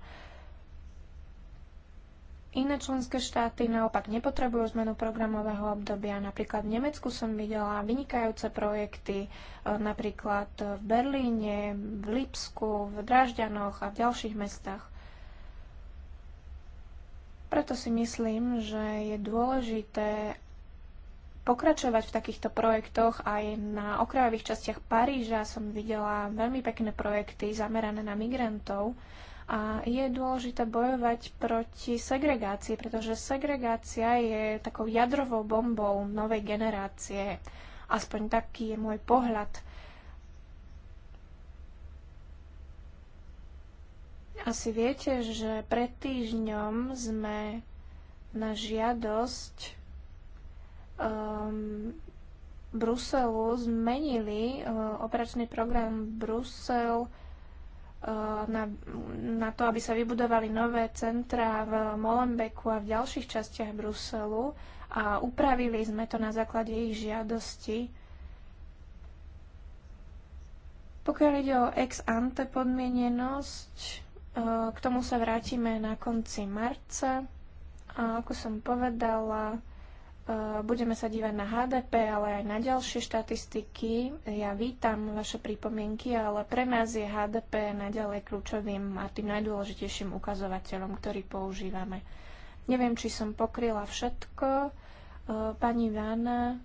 Iné členské štáty naopak nepotrebujú zmenu programového obdobia. Napríklad v Nemecku som videla vynikajúce projekty, e, napríklad v Berlíne, v Lipsku, v Dražďanoch a v ďalších mestách. Preto si myslím, že je dôležité pokračovať v takýchto projektoch aj na okrajových častiach Paríža som videla veľmi pekné projekty zamerané na migrantov a je dôležité bojovať proti segregácii, pretože segregácia je takou jadrovou bombou novej generácie. Aspoň taký je môj pohľad. Asi viete, že pred týždňom sme na žiadosť um, Bruselu zmenili uh, operačný program Brusel uh, na, na to, aby sa vybudovali nové centra v Molenbeku a v ďalších častiach Bruselu a upravili sme to na základe ich žiadosti. Pokiaľ ide o ex ante podmienenosť, Eh, k tomu sa vrátime na konci marca. A ako som povedala, eh, budeme sa dívať na HDP, ale aj na ďalšie štatistiky. Ja vítam vaše pripomienky, ale pre nás je HDP naďalej kľúčovým a tým najdôležitejším ukazovateľom, ktorý používame. Neviem, či som pokryla všetko. Eh, pani Vána,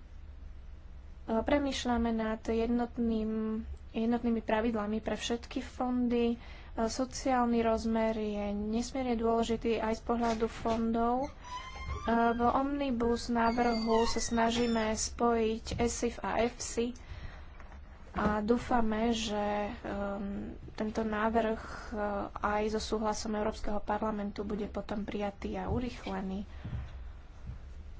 premýšľame nad jednotným, jednotnými pravidlami pre všetky fondy Sociálny rozmer je nesmierne dôležitý aj z pohľadu fondov. E, v Omnibus návrhu sa snažíme spojiť ESIF a EFSI a dúfame, že um, tento návrh e, aj so súhlasom Európskeho parlamentu bude potom prijatý a urychlený.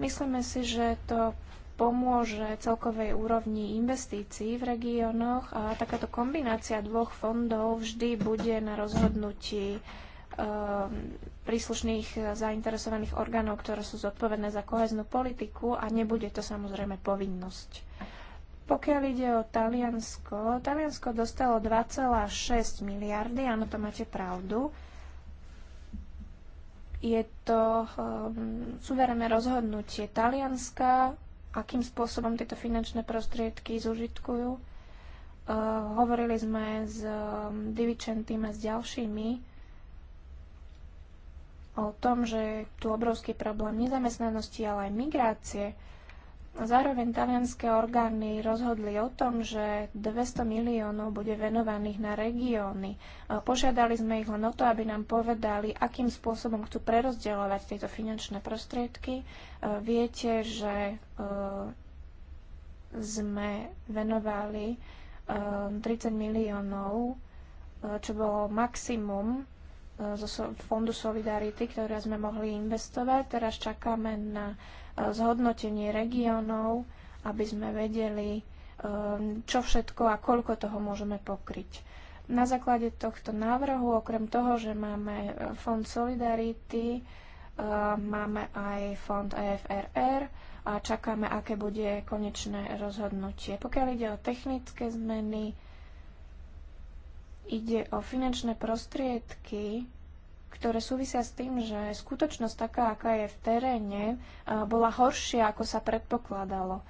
Myslíme si, že to pomôže celkovej úrovni investícií v regiónoch a takáto kombinácia dvoch fondov vždy bude na rozhodnutí ehm, príslušných zainteresovaných orgánov, ktoré sú zodpovedné za koheznú politiku a nebude to samozrejme povinnosť. Pokiaľ ide o Taliansko, Taliansko dostalo 2,6 miliardy, áno, to máte pravdu. Je to um, suverénne rozhodnutie Talianska, akým spôsobom tieto finančné prostriedky zužitkujú. E, hovorili sme s um, Divičentým a s ďalšími o tom, že je tu obrovský problém nezamestnanosti, ale aj migrácie. Zároveň talianské orgány rozhodli o tom, že 200 miliónov bude venovaných na regióny. Požiadali sme ich len o to, aby nám povedali, akým spôsobom chcú prerozdeľovať tieto finančné prostriedky. Viete, že e, sme venovali 30 e, miliónov, e, čo bolo maximum zo Fondu Solidarity, ktoré sme mohli investovať. Teraz čakáme na zhodnotenie regiónov, aby sme vedeli, um, čo všetko a koľko toho môžeme pokryť. Na základe tohto návrhu, okrem toho, že máme eh, fond Solidarity, eh, máme aj fond EFRR a čakáme, aké bude konečné rozhodnutie. Pokiaľ ide o technické zmeny, ide o finančné prostriedky, ktoré súvisia s tým, že skutočnosť taká, aká je v teréne, bola horšia, ako sa predpokladalo.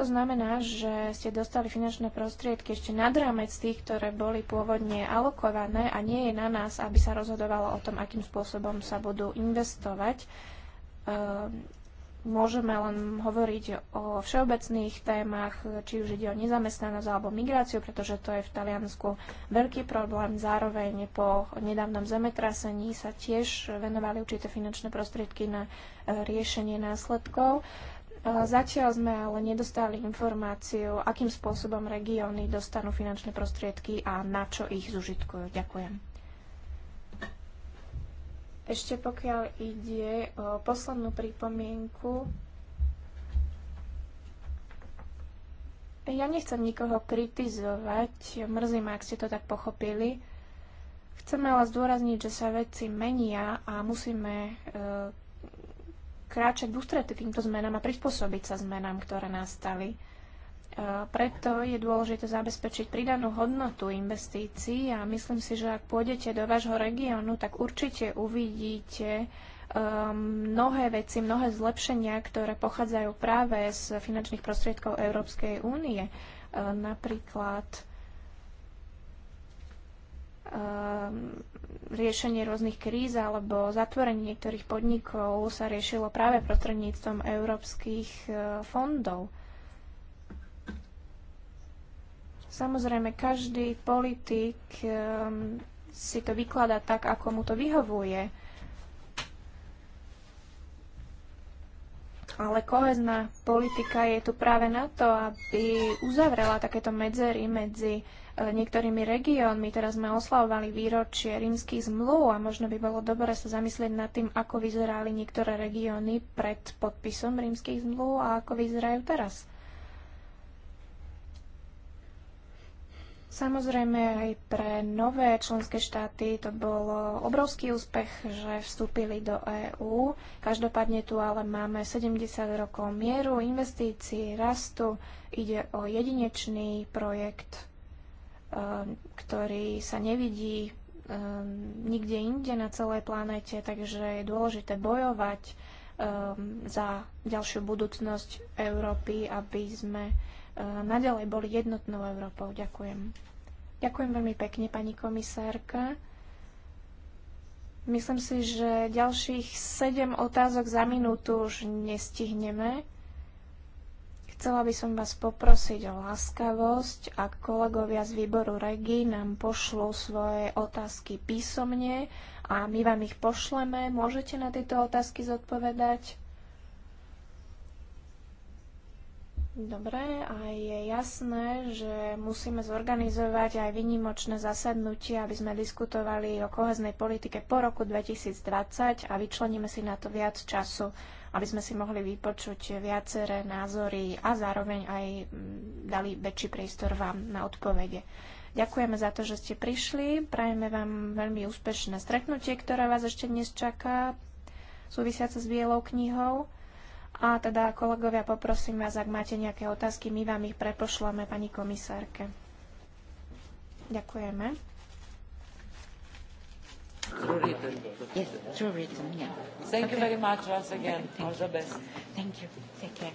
To znamená, že ste dostali finančné prostriedky ešte nad rámec tých, ktoré boli pôvodne alokované a nie je na nás, aby sa rozhodovalo o tom, akým spôsobom sa budú investovať ehm, môžeme len hovoriť o všeobecných témach, či už ide o nezamestnanosť alebo migráciu, pretože to je v Taliansku veľký problém. Zároveň po nedávnom zemetrasení sa tiež venovali určité finančné prostriedky na e, riešenie následkov. E, zatiaľ sme ale nedostali informáciu, akým spôsobom regióny dostanú finančné prostriedky a na čo ich zužitkujú. Ďakujem. Ešte pokiaľ ide o poslednú pripomienku, ja nechcem nikoho kritizovať, mrzím ak ste to tak pochopili. Chcem ale zdôrazniť, že sa veci menia a musíme e, kráčať v ústrety týmto zmenám a prispôsobiť sa zmenám, ktoré nastali. Preto je dôležité zabezpečiť pridanú hodnotu investícií a myslím si, že ak pôjdete do vášho regiónu, tak určite uvidíte um, mnohé veci, mnohé zlepšenia, ktoré pochádzajú práve z finančných prostriedkov Európskej únie. Uh, napríklad um, riešenie rôznych kríz alebo zatvorenie niektorých podnikov sa riešilo práve prostredníctvom európskych uh, fondov. Samozrejme, každý politik um, si to vykladá tak, ako mu to vyhovuje. Ale kohezná politika je tu práve na to, aby uzavrela takéto medzery medzi e, niektorými regiónmi. Teraz sme oslavovali výročie rímskych zmluv a možno by bolo dobre sa zamyslieť nad tým, ako vyzerali niektoré regióny pred podpisom rímskych zmluv a ako vyzerajú teraz. Samozrejme aj pre nové členské štáty to bol obrovský úspech, že vstúpili do EÚ. Každopádne tu ale máme 70 rokov mieru, investícií, rastu. Ide o jedinečný projekt, ehm, ktorý sa nevidí ehm, nikde inde na celej planete, takže je dôležité bojovať ehm, za ďalšiu budúcnosť Európy, aby sme naďalej boli jednotnou Európou. Ďakujem. Ďakujem veľmi pekne, pani komisárka. Myslím si, že ďalších 7 otázok za minútu už nestihneme. Chcela by som vás poprosiť o láskavosť ak kolegovia z výboru REGI nám pošlú svoje otázky písomne a my vám ich pošleme. Môžete na tieto otázky zodpovedať? Dobre, a je jasné, že musíme zorganizovať aj výnimočné zasadnutie, aby sme diskutovali o koheznej politike po roku 2020 a vyčleníme si na to viac času, aby sme si mohli vypočuť viaceré názory a zároveň aj mm, dali väčší priestor vám na odpovede. Ďakujeme za to, že ste prišli. Prajeme vám veľmi úspešné stretnutie, ktoré vás ešte dnes čaká, súvisiace s Bielou knihou. A teda, kolegovia, poprosím vás, ak máte nejaké otázky, my vám ich prepošľame pani komisárke. Ďakujeme. Thank you very much once again. All the best. Thank you. Take care.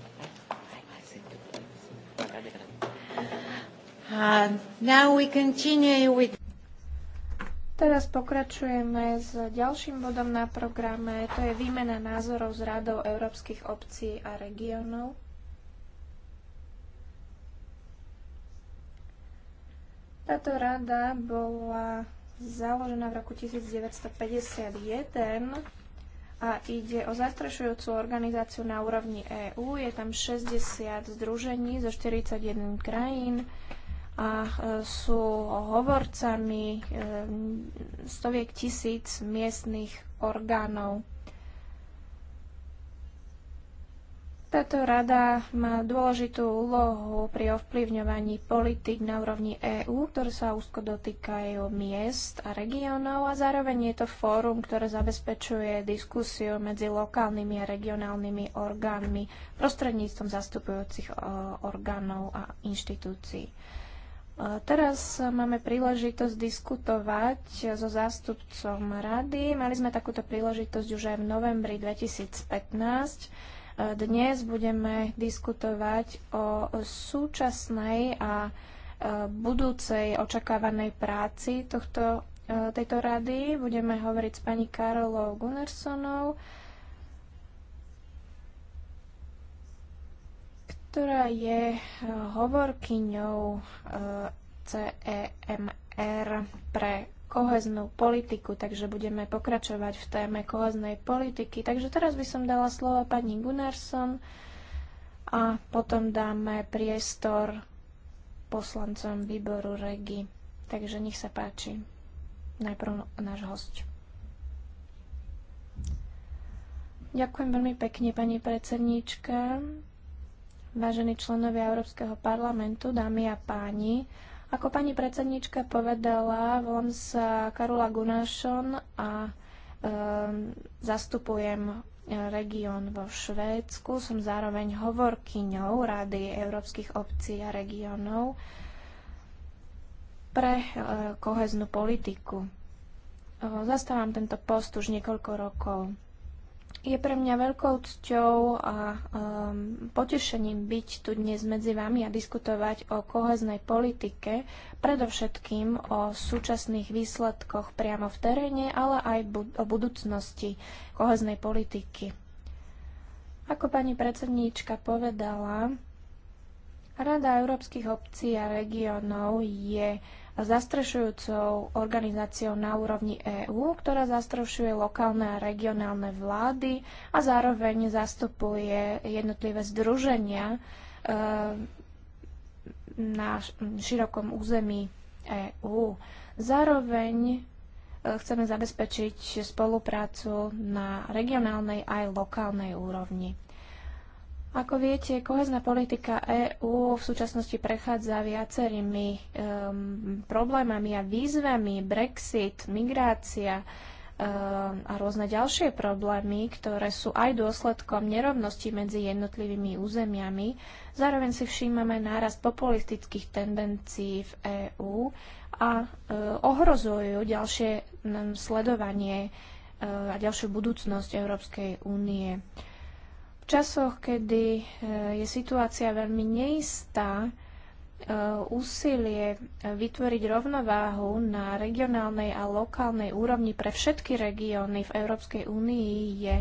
Uh, now we continue with... Teraz pokračujeme s ďalším bodom na programe. To je výmena názorov s Radou európskych obcí a regiónov. Táto rada bola založená v roku 1951 a ide o zastrašujúcu organizáciu na úrovni EÚ. Je tam 60 združení zo 41 krajín a e, sú hovorcami e, stoviek tisíc miestnych orgánov. Táto rada má dôležitú úlohu pri ovplyvňovaní politik na úrovni EÚ, ktoré sa úzko dotýkajú miest a regiónov a zároveň je to fórum, ktoré zabezpečuje diskusiu medzi lokálnymi a regionálnymi orgánmi prostredníctvom zastupujúcich e, orgánov a inštitúcií. Teraz máme príležitosť diskutovať so zástupcom rady. Mali sme takúto príležitosť už aj v novembri 2015. Dnes budeme diskutovať o súčasnej a e, budúcej očakávanej práci tohto, e, tejto rady. Budeme hovoriť s pani Karolou Gunnarssonou, ktorá je e, hovorkyňou e, CEMR pre koheznú politiku, takže budeme pokračovať v téme koheznej politiky. Takže teraz by som dala slovo pani Gunnarsson a potom dáme priestor poslancom výboru REGI. Takže nech sa páči. Najprv no- náš host. Ďakujem veľmi pekne, pani predsedníčka vážení členovia Európskeho parlamentu, dámy a páni. Ako pani predsednička povedala, volám sa eh, Karola Gunášon a um, zastupujem eh, región vo Švédsku. Som zároveň hovorkyňou Rady európskych obcí a regiónov pre uh, koheznú politiku. Uh, zastávam tento post už niekoľko rokov. Je pre mňa veľkou cťou a um, potešením byť tu dnes medzi vami a diskutovať o koheznej politike, predovšetkým o súčasných výsledkoch priamo v teréne, ale aj bu- o budúcnosti koheznej politiky. Ako pani predsedníčka povedala, Rada európskych obcí a regiónov je uh, zastrešujúcou organizáciou na úrovni EÚ, ktorá zastrešuje lokálne a regionálne vlády a zároveň zastupuje jednotlivé združenia eh, na širokom území EÚ. Zároveň eh, chceme zabezpečiť spoluprácu na regionálnej aj lokálnej úrovni. Ako viete, kohezná politika EÚ v súčasnosti prechádza viacerými um, problémami a výzvami, Brexit, migrácia um, a rôzne ďalšie problémy, ktoré sú aj dôsledkom nerovnosti medzi jednotlivými územiami. Zároveň si všímame nárast populistických tendencií v EÚ a um, ohrozujú ďalšie um, sledovanie um, a ďalšiu budúcnosť Európskej únie. V časoch, kedy eh, je situácia veľmi neistá, eh, úsilie eh, vytvoriť rovnováhu na regionálnej a lokálnej úrovni pre všetky regióny v Európskej únii je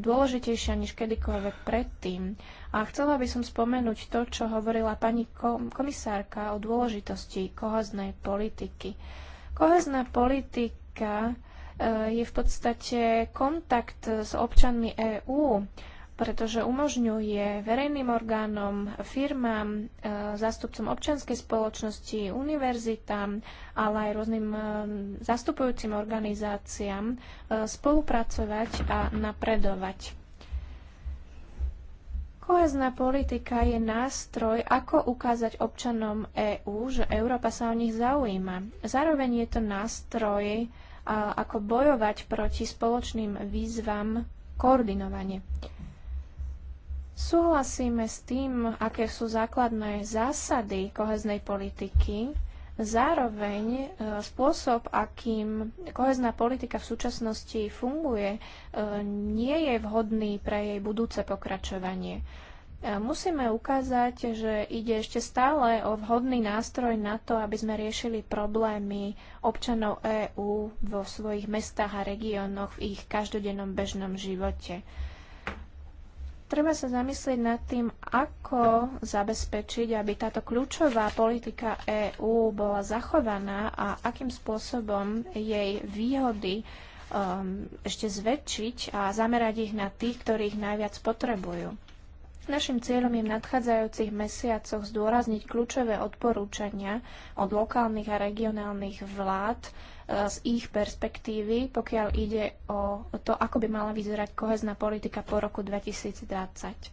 dôležitejšia než kedykoľvek predtým. A chcela by som spomenúť to, čo hovorila pani komisárka o dôležitosti kohoznej politiky. Kohezná politika je v podstate kontakt s občanmi EÚ pretože umožňuje verejným orgánom, firmám, e, zástupcom občianskej spoločnosti, univerzitám, ale aj rôznym e, zastupujúcim organizáciám e, spolupracovať a napredovať. Kohezná politika je nástroj, ako ukázať občanom EÚ, že Európa sa o nich zaujíma. Zároveň je to nástroj, ako bojovať proti spoločným výzvam koordinovane. Súhlasíme s tým, aké sú základné zásady koheznej politiky, Zároveň e, spôsob, akým kohezná politika v súčasnosti funguje, e, nie je vhodný pre jej budúce pokračovanie. E, musíme ukázať, že ide ešte stále o vhodný nástroj na to, aby sme riešili problémy občanov EÚ vo svojich mestách a regiónoch v ich každodennom bežnom živote. Treba sa zamyslieť nad tým, ako zabezpečiť, aby táto kľúčová politika EÚ bola zachovaná a akým spôsobom jej výhody um, ešte zväčšiť a zamerať ich na tých, ktorí ich najviac potrebujú. Našim cieľom je v nadchádzajúcich mesiacoch zdôrazniť kľúčové odporúčania od lokálnych a regionálnych vlád z ich perspektívy, pokiaľ ide o to, ako by mala vyzerať kohezná politika po roku 2020. E,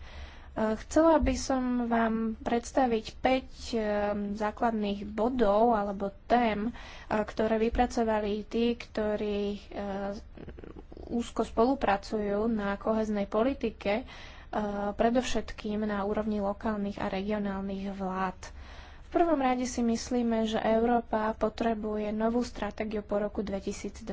chcela by som vám predstaviť 5 e, základných bodov alebo tém, e, ktoré vypracovali tí, ktorí úzko spolupracujú na koheznej politike, predovšetkým na úrovni lokálnych a regionálnych vlád. V prvom rade si myslíme, že Európa potrebuje novú stratégiu po roku 2020.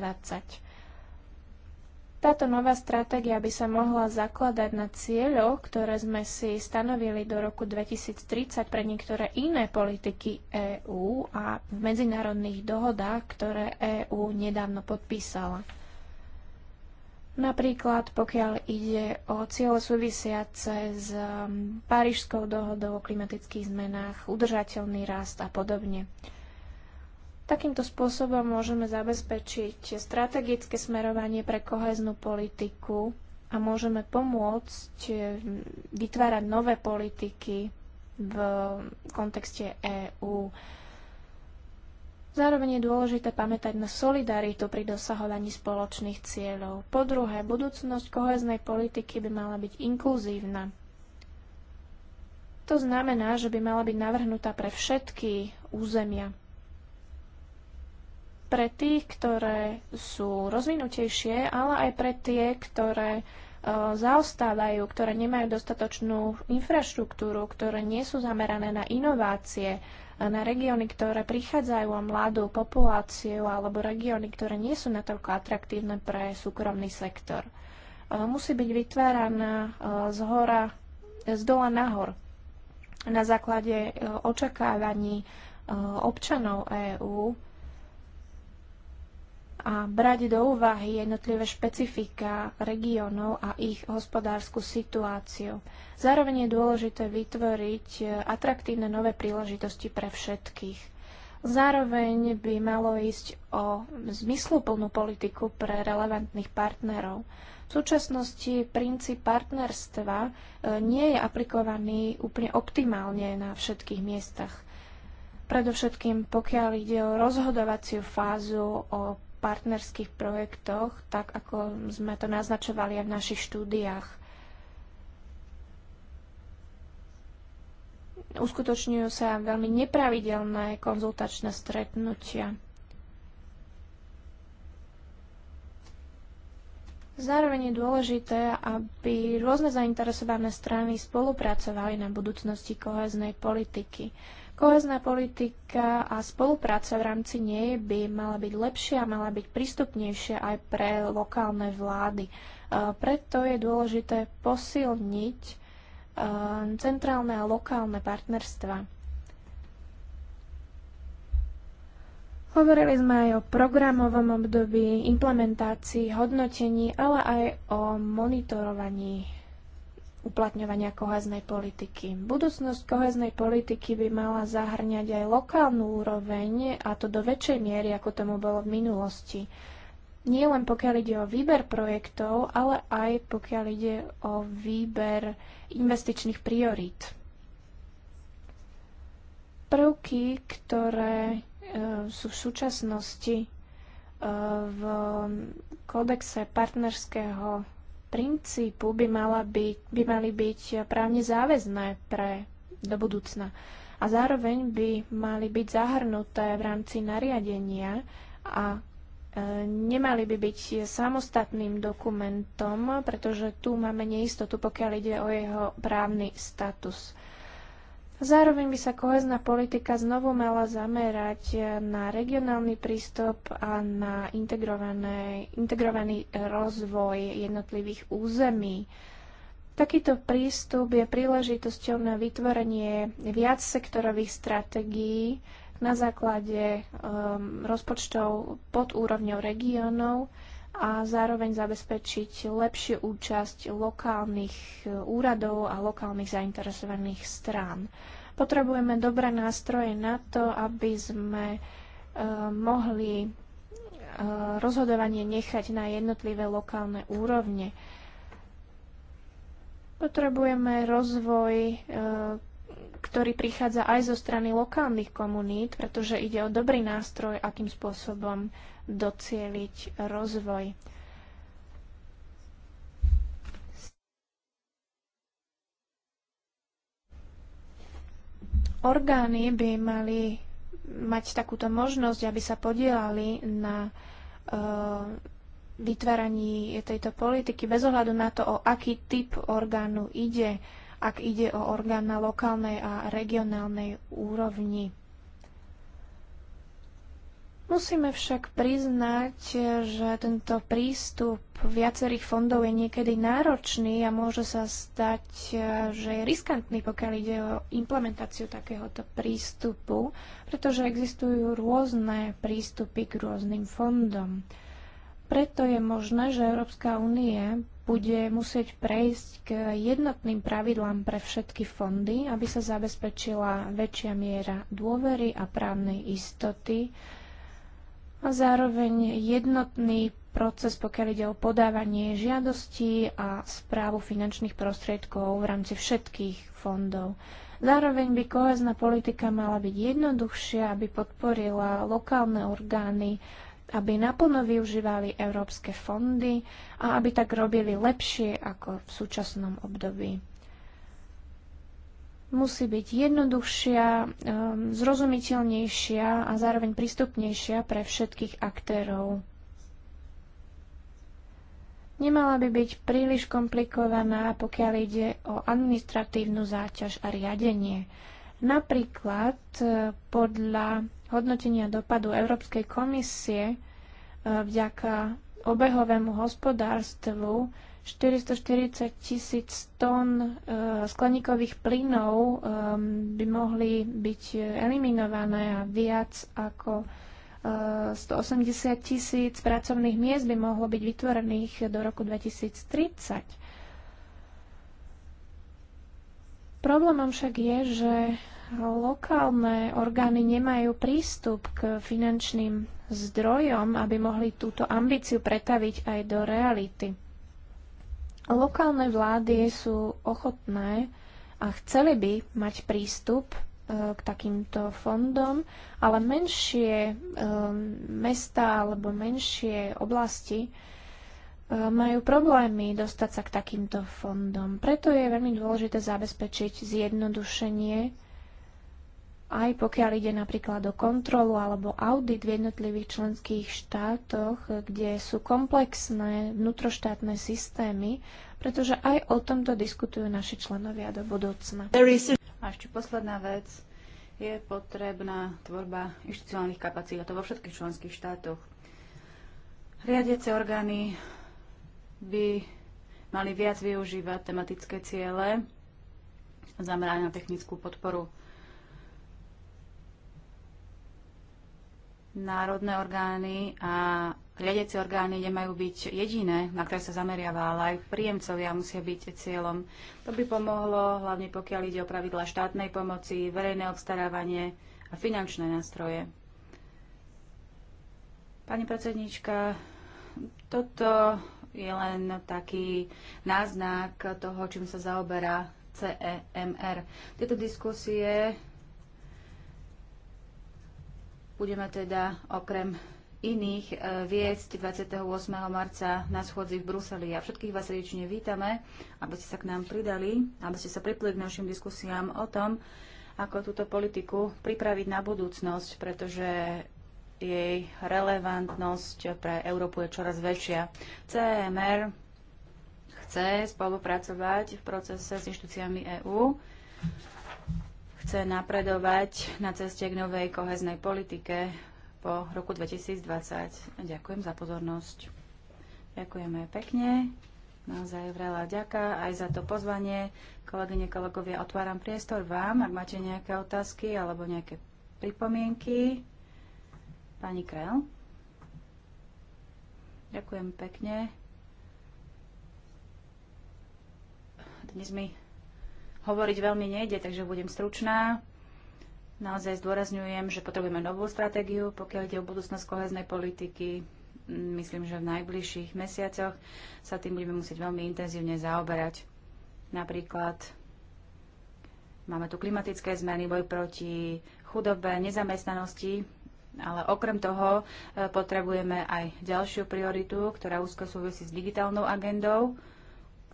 Táto nová stratégia by sa mohla zakladať na cieľoch, ktoré sme si stanovili do roku 2030 pre niektoré iné politiky EÚ a v medzinárodných dohodách, ktoré EÚ nedávno podpísala. Napríklad pokiaľ ide o cieľe súvisiace s um, Parížskou dohodou o klimatických zmenách, udržateľný rast a podobne. Takýmto spôsobom môžeme zabezpečiť strategické smerovanie pre koheznú politiku a môžeme pomôcť eh, vytvárať nové politiky v kontexte EÚ. Zároveň je dôležité pamätať na solidaritu pri dosahovaní spoločných cieľov. Po druhé, budúcnosť koheznej politiky by mala byť inkluzívna. To znamená, že by mala byť navrhnutá pre všetky územia. Pre tých, ktoré sú rozvinutejšie, ale aj pre tie, ktoré e, zaostávajú, ktoré nemajú dostatočnú infraštruktúru, ktoré nie sú zamerané na inovácie, na regióny, ktoré prichádzajú o mladú populáciu alebo regióny, ktoré nie sú natoľko atraktívne pre súkromný sektor. E, musí byť vytváraná e, z hora, z dola nahor na základe e, očakávaní občanov EÚ a brať do úvahy jednotlivé špecifika regiónov a ich hospodárskú situáciu. Zároveň je dôležité vytvoriť atraktívne nové príležitosti pre všetkých. Zároveň by malo ísť o zmysluplnú politiku pre relevantných partnerov. V súčasnosti princíp partnerstva e, nie je aplikovaný úplne optimálne na všetkých miestach. Predovšetkým pokiaľ ide o rozhodovaciu fázu, o partnerských projektoch, tak ako sme to naznačovali aj v našich štúdiách. Uskutočňujú sa veľmi nepravidelné konzultačné stretnutia. Zároveň je dôležité, aby rôzne zainteresované strany spolupracovali na budúcnosti koheznej politiky. Kohezná politika a spolupráca v rámci nej by mala byť lepšia, mala byť prístupnejšia aj pre lokálne vlády. E, preto je dôležité posilniť e, centrálne a lokálne partnerstva. Hovorili sme aj o programovom období, implementácii, hodnotení, ale aj o monitorovaní uplatňovania koheznej politiky. Budúcnosť koheznej politiky by mala zahrňať aj lokálnu úroveň a to do väčšej miery, ako tomu bolo v minulosti. Nie len pokiaľ ide o výber projektov, ale aj pokiaľ ide o výber investičných priorít. Prvky, ktoré e, sú v súčasnosti e, v kódexe partnerského princípu by, mala byť, by mali byť právne záväzné pre do budúcna. A zároveň by mali byť zahrnuté v rámci nariadenia a e, nemali by byť samostatným dokumentom, pretože tu máme neistotu, pokiaľ ide o jeho právny status. Zároveň by sa kohezná politika znovu mala zamerať na regionálny prístup a na integrovaný rozvoj jednotlivých území. Takýto prístup je príležitosťou na vytvorenie viac sektorových stratégií na základe um, rozpočtov pod úrovňou regiónov, a zároveň zabezpečiť lepšiu účasť lokálnych eh, úradov a lokálnych zainteresovaných strán. Potrebujeme dobré nástroje na to, aby sme eh, mohli eh, rozhodovanie nechať na jednotlivé lokálne úrovne. Potrebujeme rozvoj, ktorý prichádza aj zo strany lokálnych komunít, pretože ide o dobrý nástroj, akým spôsobom docieliť rozvoj. Orgány by mali mať takúto možnosť, aby sa podielali na e, vytváraní tejto politiky bez ohľadu na to, o aký typ orgánu ide, ak ide o orgán na lokálnej a regionálnej úrovni. Musíme však priznať, že tento prístup viacerých fondov je niekedy náročný a môže sa stať, že je riskantný, pokiaľ ide o implementáciu takéhoto prístupu, pretože existujú rôzne prístupy k rôznym fondom. Preto je možné, že Európska únie bude musieť prejsť k jednotným pravidlám pre všetky fondy, aby sa zabezpečila väčšia miera dôvery a právnej istoty a zároveň jednotný proces, pokiaľ ide o podávanie žiadostí a správu finančných prostriedkov v rámci všetkých fondov. Zároveň by kohezná politika mala byť jednoduchšia, aby podporila lokálne orgány, aby naplno využívali európske fondy a aby tak robili lepšie ako v súčasnom období musí byť jednoduchšia, um, zrozumiteľnejšia a zároveň prístupnejšia pre všetkých aktérov. Nemala by byť príliš komplikovaná, pokiaľ ide o administratívnu záťaž a riadenie. Napríklad e, podľa hodnotenia dopadu Európskej komisie e, vďaka obehovému hospodárstvu 440 tisíc tón e, skleníkových plynov e, by mohli byť eliminované a viac ako 180 e, tisíc pracovných miest by mohlo byť vytvorených do roku 2030. Problémom však je, že lokálne orgány nemajú prístup k finančným zdrojom, aby mohli túto ambíciu pretaviť aj do reality. Lokálne vlády sú ochotné a chceli by mať prístup e, k takýmto fondom, ale menšie e, mesta alebo menšie oblasti e, majú problémy dostať sa k takýmto fondom. Preto je veľmi dôležité zabezpečiť zjednodušenie aj pokiaľ ide napríklad o kontrolu alebo audit v jednotlivých členských štátoch, kde sú komplexné vnútroštátne systémy, pretože aj o tomto diskutujú naši členovia do budúcna. A ešte posledná vec. Je potrebná tvorba inštitucionálnych kapacít, a to vo všetkých členských štátoch. Riadiace orgány by mali viac využívať tematické ciele, zamerať na technickú podporu národné orgány a riadiace orgány nemajú byť jediné, na ktoré sa zameriava, ale aj príjemcovia musia byť cieľom. To by pomohlo, hlavne pokiaľ ide o pravidla štátnej pomoci, verejné obstarávanie a finančné nástroje. Pani predsednička, toto je len taký náznak toho, čím sa zaoberá CEMR. Tieto diskusie Budeme teda okrem iných e, viesť 28. marca na schodzi v Bruseli. A všetkých vás srdečne vítame, aby ste sa k nám pridali, aby ste sa pripli k našim diskusiám o tom, ako túto politiku pripraviť na budúcnosť, pretože jej relevantnosť pre Európu je čoraz väčšia. CMR chce spolupracovať v procese s inštitúciami EÚ chce napredovať na ceste k novej koheznej politike po roku 2020. Ďakujem za pozornosť. Ďakujeme pekne. Naozaj vrela ďaká aj za to pozvanie. Kolegyne, kolegovia, otváram priestor vám, ak máte nejaké otázky alebo nejaké pripomienky. Pani Krel. Ďakujem pekne. Dnes mi hovoriť veľmi nejde, takže budem stručná. Naozaj zdôrazňujem, že potrebujeme novú stratégiu, pokiaľ ide o budúcnosť koheznej politiky. Myslím, že v najbližších mesiacoch sa tým budeme musieť veľmi intenzívne zaoberať. Napríklad máme tu klimatické zmeny, boj proti chudobe, nezamestnanosti, ale okrem toho e, potrebujeme aj ďalšiu prioritu, ktorá úzko súvisí s digitálnou agendou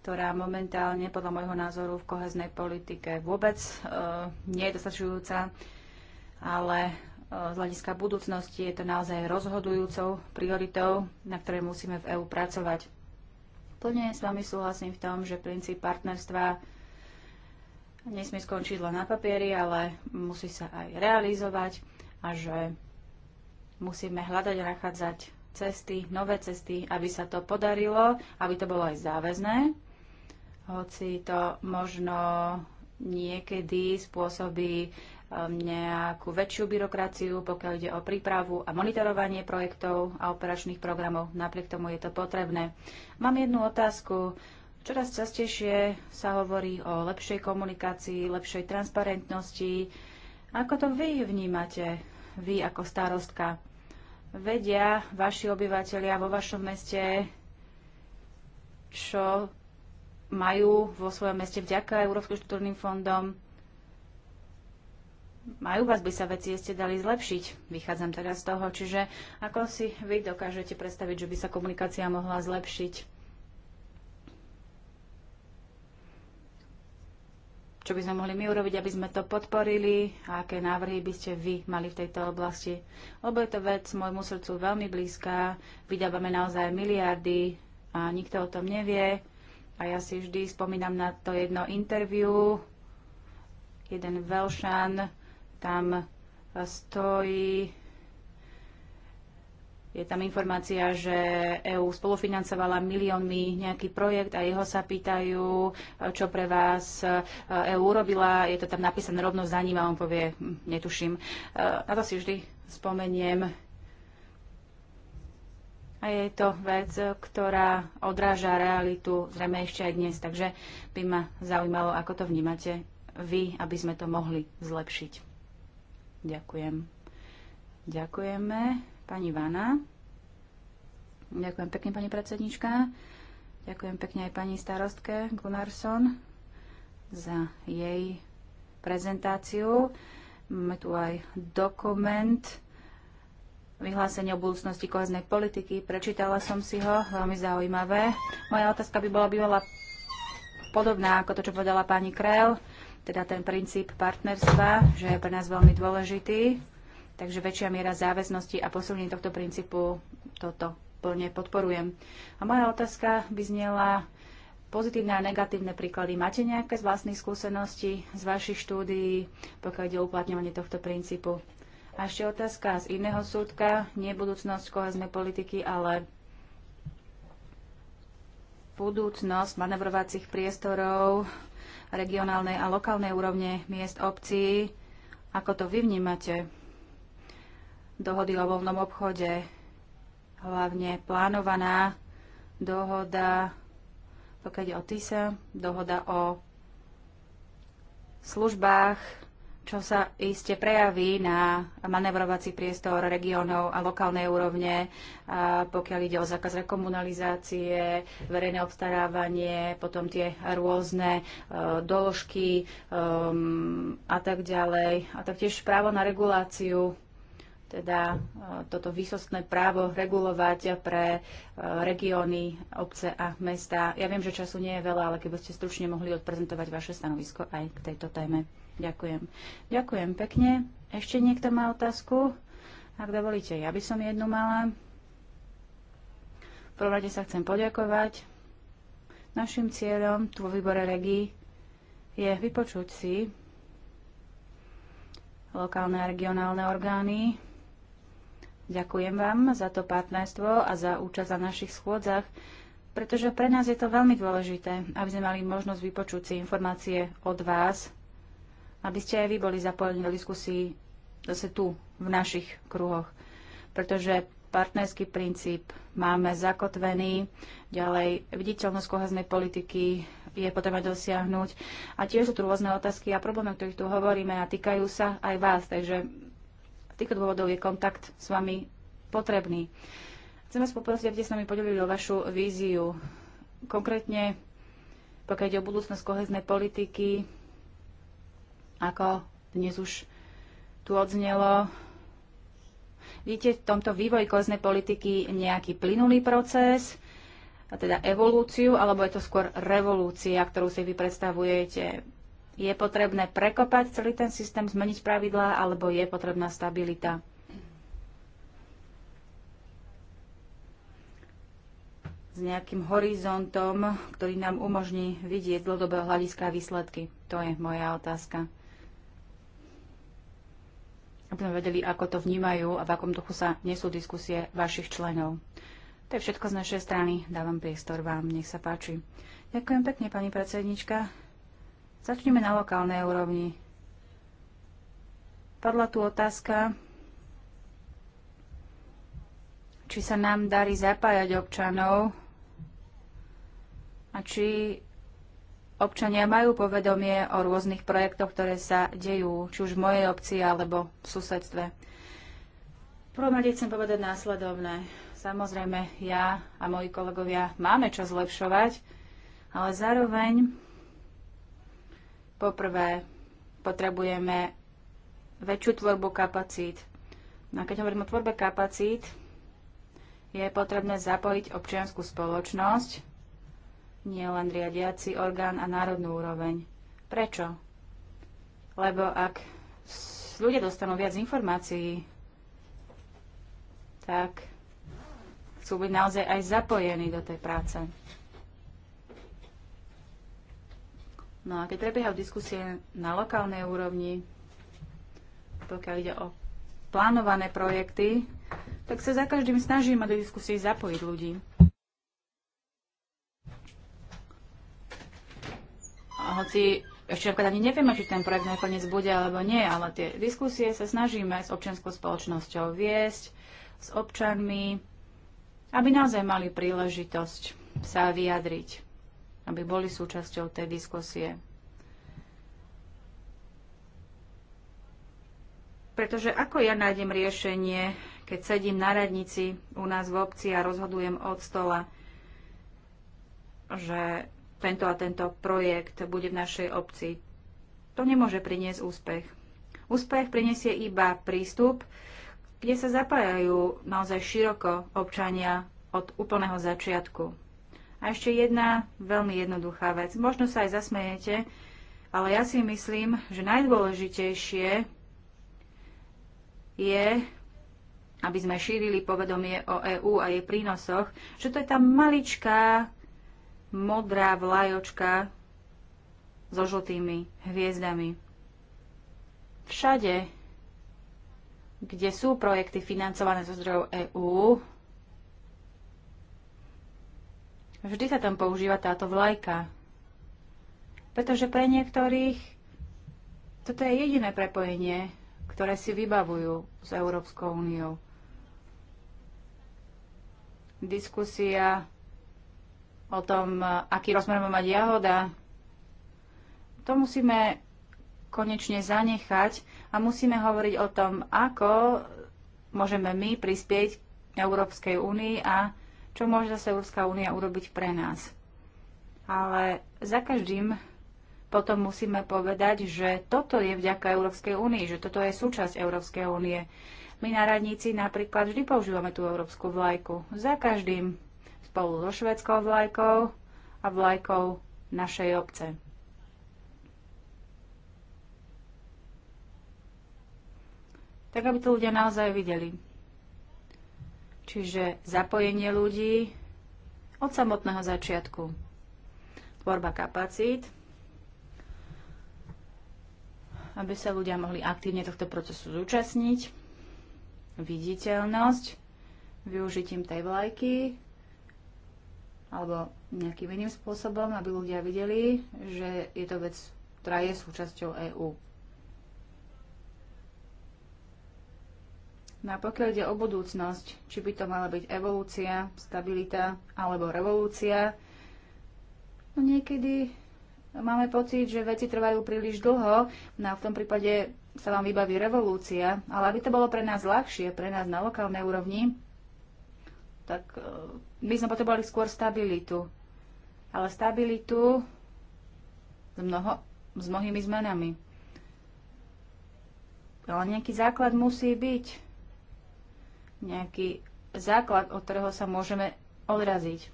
ktorá momentálne podľa môjho názoru v koheznej politike vôbec e, nie je dostačujúca, ale e, z hľadiska budúcnosti je to naozaj rozhodujúcou prioritou, na ktorej musíme v EÚ pracovať. Plne s vami súhlasím v tom, že princíp partnerstva nesmie skončiť len na papieri, ale musí sa aj realizovať a že musíme hľadať a nachádzať cesty, nové cesty, aby sa to podarilo, aby to bolo aj záväzné hoci to možno niekedy spôsobí um, nejakú väčšiu byrokraciu, pokiaľ ide o prípravu a monitorovanie projektov a operačných programov. Napriek tomu je to potrebné. Mám jednu otázku. Čoraz častejšie sa hovorí o lepšej komunikácii, lepšej transparentnosti. Ako to vy vnímate, vy ako starostka? Vedia vaši obyvateľia vo vašom meste, čo majú vo svojom meste vďaka Európskym štruktúrnym fondom. Majú vás by sa veci ste dali zlepšiť. Vychádzam teda z toho. Čiže ako si vy dokážete predstaviť, že by sa komunikácia mohla zlepšiť? Čo by sme mohli my urobiť, aby sme to podporili? A aké návrhy by ste vy mali v tejto oblasti? Lebo je to vec môjmu srdcu veľmi blízka. Vydávame naozaj miliardy a nikto o tom nevie a ja si vždy spomínam na to jedno interviu. Jeden Velšan tam stojí. Je tam informácia, že EÚ spolufinancovala miliónmi nejaký projekt a jeho sa pýtajú, čo pre vás EÚ urobila. Je to tam napísané rovno za ním a on povie, hm, netuším. E, na to si vždy spomeniem a je to vec, ktorá odráža realitu zrejme ešte aj dnes. Takže by ma zaujímalo, ako to vnímate vy, aby sme to mohli zlepšiť. Ďakujem. Ďakujeme. Pani Vana. Ďakujem pekne, pani predsednička. Ďakujem pekne aj pani starostke Gunnarsson za jej prezentáciu. Máme tu aj dokument, vyhlásenie o budúcnosti koheznej politiky. Prečítala som si ho, veľmi zaujímavé. Moja otázka by bola bývala podobná ako to, čo povedala pani Krell, teda ten princíp partnerstva, že je pre nás veľmi dôležitý. Takže väčšia miera záväznosti a posilnenie tohto princípu toto plne podporujem. A moja otázka by zniela pozitívne a negatívne príklady. Máte nejaké z vlastných skúseností, z vašich štúdií, pokiaľ ide o uplatňovanie tohto princípu? A ešte otázka z iného súdka, nie budúcnosť koheznej politiky, ale budúcnosť manevrovacích priestorov regionálnej a lokálnej úrovne miest obcí. Ako to vy vnímate? Dohody o voľnom obchode, hlavne plánovaná dohoda, pokiaľ ide o TISA, dohoda o službách čo sa iste prejaví na manevrovací priestor regiónov a lokálnej úrovne, pokiaľ ide o zákaz rekomunalizácie, verejné obstarávanie, potom tie rôzne e, doložky um, a tak ďalej. A taktiež právo na reguláciu teda e, toto výsostné právo regulovať pre e, regióny, obce a mesta. Ja viem, že času nie je veľa, ale keby ste stručne mohli odprezentovať vaše stanovisko aj k tejto téme. Ďakujem. Ďakujem pekne. Ešte niekto má otázku? Ak dovolíte, ja by som jednu mala. V prvom rade sa chcem poďakovať. Našim cieľom tu vo výbore regí je vypočuť si lokálne a regionálne orgány. Ďakujem vám za to partnerstvo a za účasť na našich schôdzach, pretože pre nás je to veľmi dôležité, aby sme mali možnosť vypočuť si informácie od vás, aby ste aj vy boli zapojení do diskusí zase tu, v našich kruhoch. Pretože partnerský princíp máme zakotvený, ďalej viditeľnosť koheznej politiky je potreba dosiahnuť. A tiež sú tu rôzne otázky a problémy, o ktorých tu hovoríme a týkajú sa aj vás. Takže z týchto dôvodov je kontakt s vami potrebný. Chcem vás poprosiť, aby ste s nami podelili o vašu víziu. Konkrétne, pokiaľ ide o budúcnosť koheznej politiky, ako dnes už tu odznelo, vidíte v tomto vývoji koznej politiky nejaký plynulý proces, a teda evolúciu, alebo je to skôr revolúcia, ktorú si vy predstavujete? Je potrebné prekopať celý ten systém, zmeniť pravidlá, alebo je potrebná stabilita? s nejakým horizontom, ktorý nám umožní vidieť dlhodobého hľadiska výsledky? To je moja otázka aby sme vedeli, ako to vnímajú a v akom duchu sa nesú diskusie vašich členov. To je všetko z našej strany. Dávam priestor vám. Nech sa páči. Ďakujem pekne, pani predsednička. Začneme na lokálnej úrovni. Padla tu otázka, či sa nám darí zapájať občanov a či občania majú povedomie o rôznych projektoch, ktoré sa dejú, či už v mojej obci alebo v susedstve. V prvom rade chcem povedať následovné. Samozrejme, ja a moji kolegovia máme čo zlepšovať, ale zároveň poprvé potrebujeme väčšiu tvorbu kapacít. No a keď hovorím o tvorbe kapacít, je potrebné zapojiť občianskú spoločnosť, nie len riadiaci orgán a národnú úroveň. Prečo? Lebo ak ľudia dostanú viac informácií, tak chcú byť naozaj aj zapojení do tej práce. No a keď prebiehajú diskusie na lokálnej úrovni, pokiaľ ide o plánované projekty, tak sa za každým snažíme do diskusie zapojiť ľudí. hoci ešte napríklad ani nevieme, či ten projekt nakoniec bude alebo nie, ale tie diskusie sa snažíme s občianskou spoločnosťou viesť, s občanmi, aby naozaj mali príležitosť sa vyjadriť, aby boli súčasťou tej diskusie. Pretože ako ja nájdem riešenie, keď sedím na radnici u nás v obci a rozhodujem od stola, že tento a tento projekt bude v našej obci. To nemôže priniesť úspech. Úspech prinesie iba prístup, kde sa zapájajú naozaj široko občania od úplného začiatku. A ešte jedna veľmi jednoduchá vec. Možno sa aj zasmejete, ale ja si myslím, že najdôležitejšie je, aby sme šírili povedomie o EÚ a jej prínosoch, že to je tá maličká modrá vlajočka so žltými hviezdami. Všade, kde sú projekty financované zo zdrojov EÚ, vždy sa tam používa táto vlajka. Pretože pre niektorých toto je jediné prepojenie, ktoré si vybavujú s Európskou úniou. Diskusia o tom, aký rozmer má mať jahoda. To musíme konečne zanechať a musíme hovoriť o tom, ako môžeme my prispieť k Európskej únii a čo môže zase Európska únia urobiť pre nás. Ale za každým potom musíme povedať, že toto je vďaka Európskej únii, že toto je súčasť Európskej únie. My na radníci napríklad vždy používame tú európsku vlajku. Za každým spolu so švedskou vlajkou a vlajkou našej obce. Tak, aby to ľudia naozaj videli. Čiže zapojenie ľudí od samotného začiatku. Tvorba kapacít, aby sa ľudia mohli aktívne tohto procesu zúčastniť. Viditeľnosť, využitím tej vlajky, alebo nejakým iným spôsobom, aby ľudia videli, že je to vec, ktorá je súčasťou EÚ. No a pokiaľ ide o budúcnosť, či by to mala byť evolúcia, stabilita alebo revolúcia, no niekedy máme pocit, že veci trvajú príliš dlho, no a v tom prípade sa vám vybaví revolúcia, ale aby to bolo pre nás ľahšie, pre nás na lokálnej úrovni, tak e, my sme potrebovali skôr stabilitu. Ale stabilitu s, mnoho, s mnohými zmenami. Ale nejaký základ musí byť. Nejaký základ, od ktorého sa môžeme odraziť.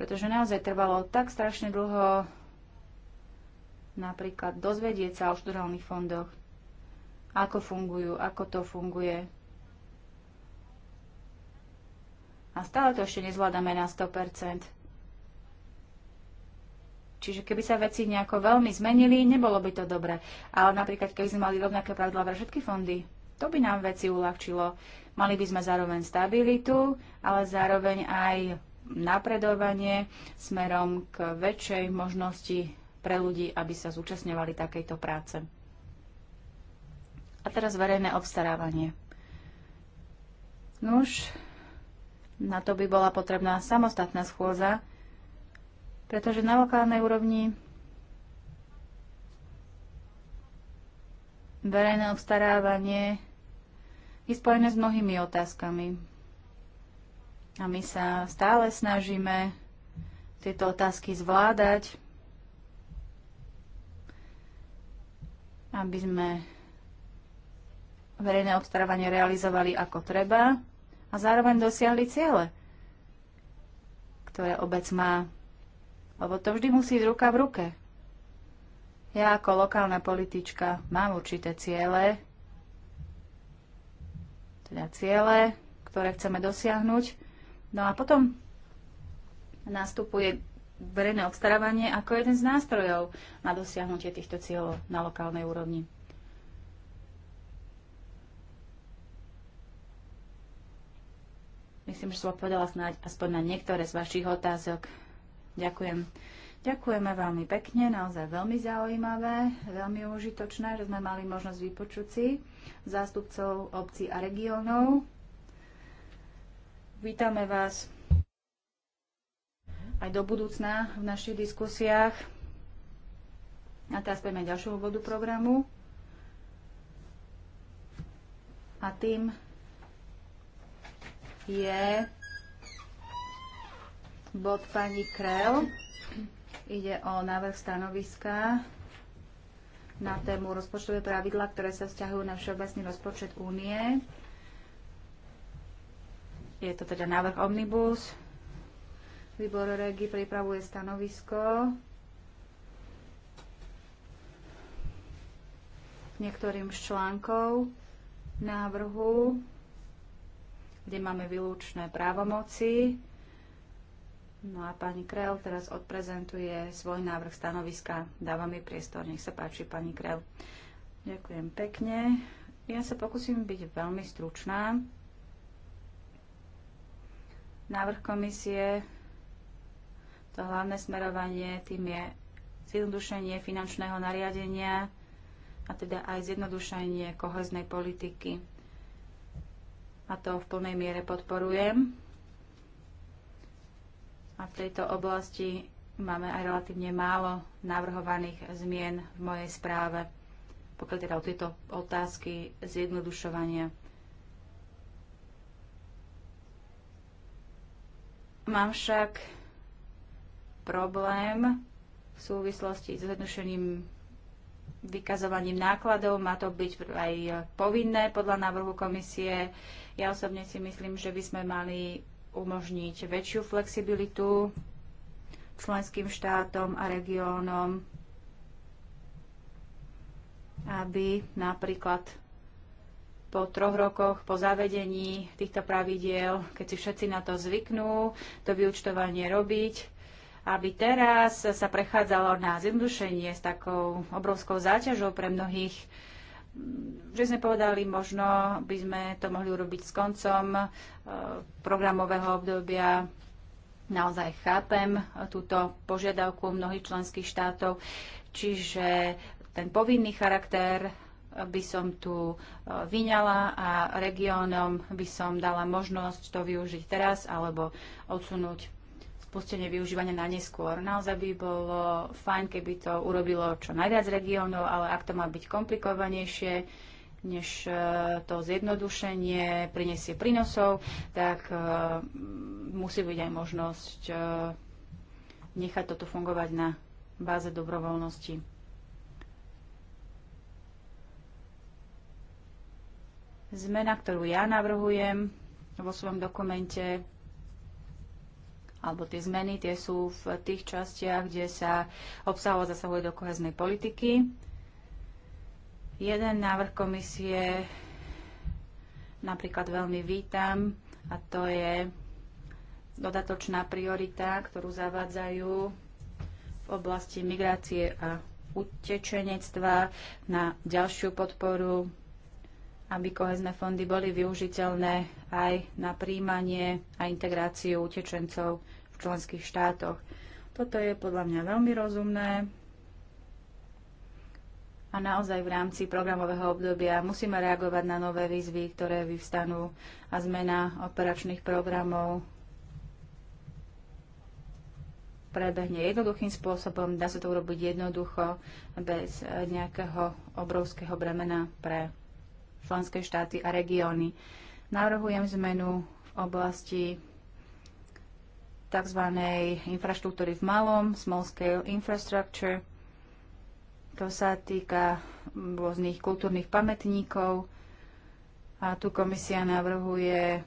Pretože naozaj trvalo tak strašne dlho napríklad dozvedieť sa o študálnych fondoch, ako fungujú, ako to funguje, A stále to ešte nezvládame na 100%. Čiže keby sa veci nejako veľmi zmenili, nebolo by to dobré. Ale napríklad, keby sme mali rovnaké pravidlá pre všetky fondy, to by nám veci uľahčilo. Mali by sme zároveň stabilitu, ale zároveň aj napredovanie smerom k väčšej možnosti pre ľudí, aby sa zúčastňovali takejto práce. A teraz verejné obstarávanie. Nuž, no na to by bola potrebná samostatná schôza, pretože na lokálnej úrovni verejné obstarávanie je spojené s mnohými otázkami. A my sa stále snažíme tieto otázky zvládať, aby sme verejné obstarávanie realizovali ako treba a zároveň dosiahli ciele, ktoré obec má. Lebo to vždy musí ísť ruka v ruke. Ja ako lokálna politička mám určité ciele, teda ciele, ktoré chceme dosiahnuť. No a potom nastupuje verejné obstarávanie ako jeden z nástrojov na dosiahnutie týchto cieľov na lokálnej úrovni. Myslím, že som odpovedala snáď aspoň na niektoré z vašich otázok. Ďakujem. Ďakujeme veľmi pekne, naozaj veľmi zaujímavé, veľmi užitočné, že sme mali možnosť vypočuť si zástupcov obcí a regiónov. Vítame vás aj do budúcna v našich diskusiách. A teraz poďme ďalšieho bodu programu. A tým je bod pani Krel. Ide o návrh stanoviska na tému rozpočtové pravidla, ktoré sa vzťahujú na všeobecný rozpočet únie. Je to teda návrh Omnibus. Výbor Regi pripravuje stanovisko. Niektorým z článkov návrhu kde máme výlučné právomoci. No a pani Krell teraz odprezentuje svoj návrh stanoviska. Dáva mi priestor. Nech sa páči, pani Krell. Ďakujem pekne. Ja sa pokúsim byť veľmi stručná. Návrh komisie, to hlavné smerovanie, tým je zjednodušenie finančného nariadenia a teda aj zjednodušenie koheznej politiky a to v plnej miere podporujem. A v tejto oblasti máme aj relatívne málo navrhovaných zmien v mojej správe, pokiaľ teda o tieto otázky zjednodušovania. Mám však problém v súvislosti s zjednodušením vykazovaním nákladov. Má to byť aj povinné podľa návrhu komisie. Ja osobne si myslím, že by sme mali umožniť väčšiu flexibilitu členským štátom a regiónom, aby napríklad po troch rokoch po zavedení týchto pravidiel, keď si všetci na to zvyknú, to vyučtovanie robiť, aby teraz sa prechádzalo na zjednodušenie s takou obrovskou záťažou pre mnohých, že sme povedali, možno by sme to mohli urobiť s koncom e, programového obdobia. Naozaj chápem e, túto požiadavku mnohých členských štátov, čiže ten povinný charakter by som tu e, vyňala a regiónom by som dala možnosť to využiť teraz alebo odsunúť spustenie využívania na neskôr. Naozaj by bolo fajn, keby to urobilo čo najviac regiónov, ale ak to má byť komplikovanejšie, než e, to zjednodušenie prinesie prínosov, tak e, musí byť aj možnosť e, nechať toto fungovať na báze dobrovoľnosti. Zmena, ktorú ja navrhujem vo svojom dokumente, alebo tie zmeny, tie sú v tých častiach, kde sa obsahovo zasahuje do koheznej politiky. Jeden návrh komisie napríklad veľmi vítam a to je dodatočná priorita, ktorú zavádzajú v oblasti migrácie a utečenectva na ďalšiu podporu aby kohezné fondy boli využiteľné aj na príjmanie a integráciu utečencov v členských štátoch. Toto je podľa mňa veľmi rozumné a naozaj v rámci programového obdobia musíme reagovať na nové výzvy, ktoré vyvstanú a zmena operačných programov prebehne jednoduchým spôsobom, dá sa to urobiť jednoducho, bez nejakého obrovského bremena pre členské štáty a regióny. Navrhujem zmenu v oblasti tzv. infraštruktúry v malom, small scale infrastructure. To sa týka rôznych kultúrnych pamätníkov a tu komisia navrhuje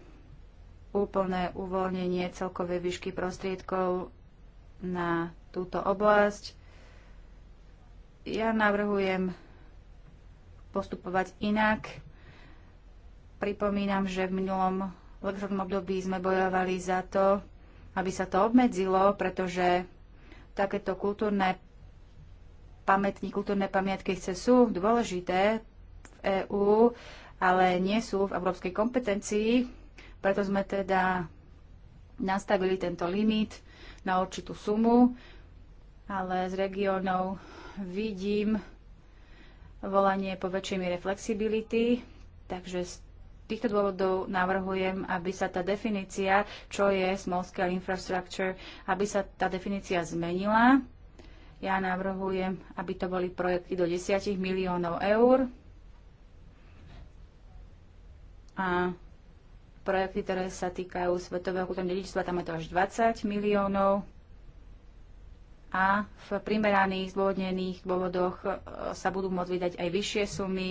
úplné uvoľnenie celkovej výšky prostriedkov na túto oblasť. Ja navrhujem postupovať inak Pripomínam, že v minulom legislatívnom období sme bojovali za to, aby sa to obmedzilo, pretože takéto kultúrne pamätní, kultúrne pamiatky chce sú dôležité v EÚ, ale nie sú v európskej kompetencii, preto sme teda nastavili tento limit na určitú sumu, ale z regiónov vidím volanie po väčšej miere flexibility, takže z týchto dôvodov navrhujem, aby sa tá definícia, čo je small scale infrastructure, aby sa tá definícia zmenila. Ja navrhujem, aby to boli projekty do 10 miliónov eur a projekty, ktoré sa týkajú svetového kultúrneho dedičstva, tam je to až 20 miliónov a v primeraných zdôvodnených dôvodoch e, sa budú môcť vydať aj vyššie sumy.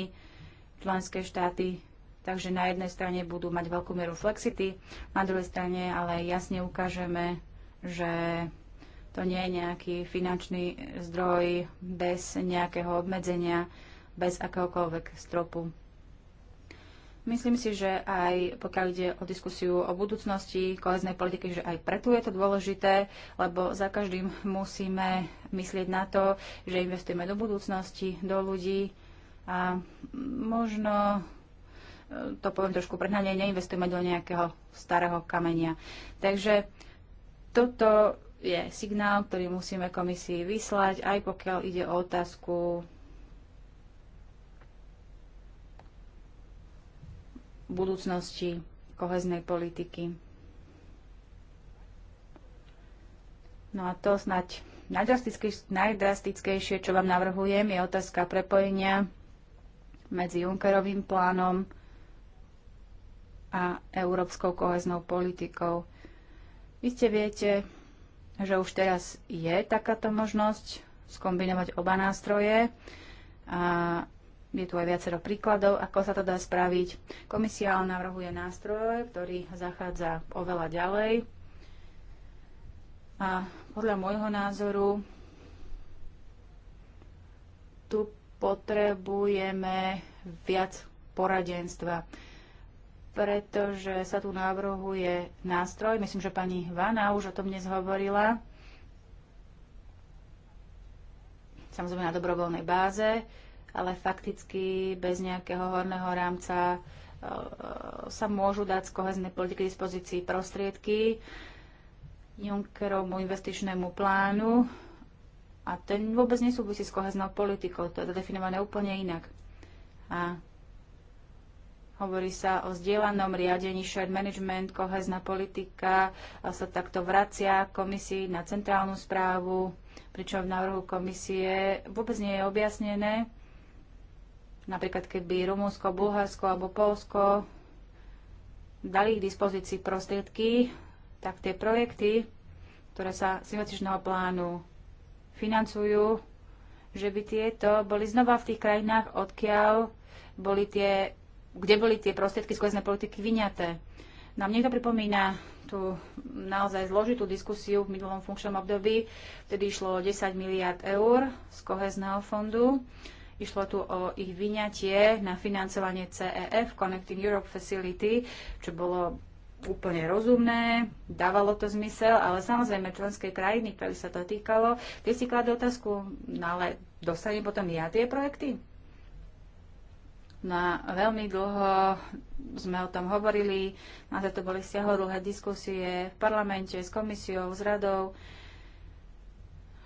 Členské štáty Takže na jednej strane budú mať veľkú mieru flexity, na druhej strane ale jasne ukážeme, že to nie je nejaký finančný zdroj bez nejakého obmedzenia, bez akéhokoľvek stropu. Myslím si, že aj pokiaľ ide o diskusiu o budúcnosti koheznej politiky, že aj preto je to dôležité, lebo za každým musíme myslieť na to, že investujeme do budúcnosti, do ľudí a možno to poviem trošku prehnane, neinvestujeme do nejakého starého kamenia. Takže toto je signál, ktorý musíme komisii vyslať, aj pokiaľ ide o otázku budúcnosti koheznej politiky. No a to snať najdrastickejšie, čo vám navrhujem, je otázka prepojenia medzi Junckerovým plánom, a európskou koheznou politikou. ste viete, že už teraz je takáto možnosť skombinovať oba nástroje a je tu aj viacero príkladov, ako sa to dá spraviť. Komisia navrhuje nástroj, ktorý zachádza oveľa ďalej. A podľa môjho názoru tu potrebujeme viac poradenstva pretože sa tu navrhuje nástroj, myslím, že pani Vana už o tom dnes hovorila, samozrejme na dobrovoľnej báze, ale fakticky bez nejakého horného rámca e, sa môžu dať z koheznej politiky k dispozícii prostriedky Junckerovmu investičnému plánu a ten vôbec nesúvisí s koheznou politikou, to je definované úplne inak. A Hovorí sa o zdieľanom riadení, shared management, kohezná politika sa takto vracia komisii na centrálnu správu, pričom v návrhu komisie vôbec nie je objasnené, napríklad keby Rumunsko, Bulharsko alebo Polsko dali k dispozícii prostriedky, tak tie projekty, ktoré sa z investičného plánu financujú, že by tieto boli znova v tých krajinách, odkiaľ boli tie kde boli tie prostriedky z kohezné politiky vyňaté. Nám niekto pripomína tú naozaj zložitú diskusiu v minulom funkčnom období. Vtedy išlo 10 miliard eur z kohezného fondu. Išlo tu o ich vyňatie na financovanie CEF, Connecting Europe Facility, čo bolo úplne rozumné, dávalo to zmysel, ale samozrejme členské krajiny, ktoré sa to týkalo, tie si kladú otázku, no ale dostanem potom ja tie projekty? na no veľmi dlho sme o tom hovorili, na to boli siahoruhé diskusie v parlamente s komisiou, s radou,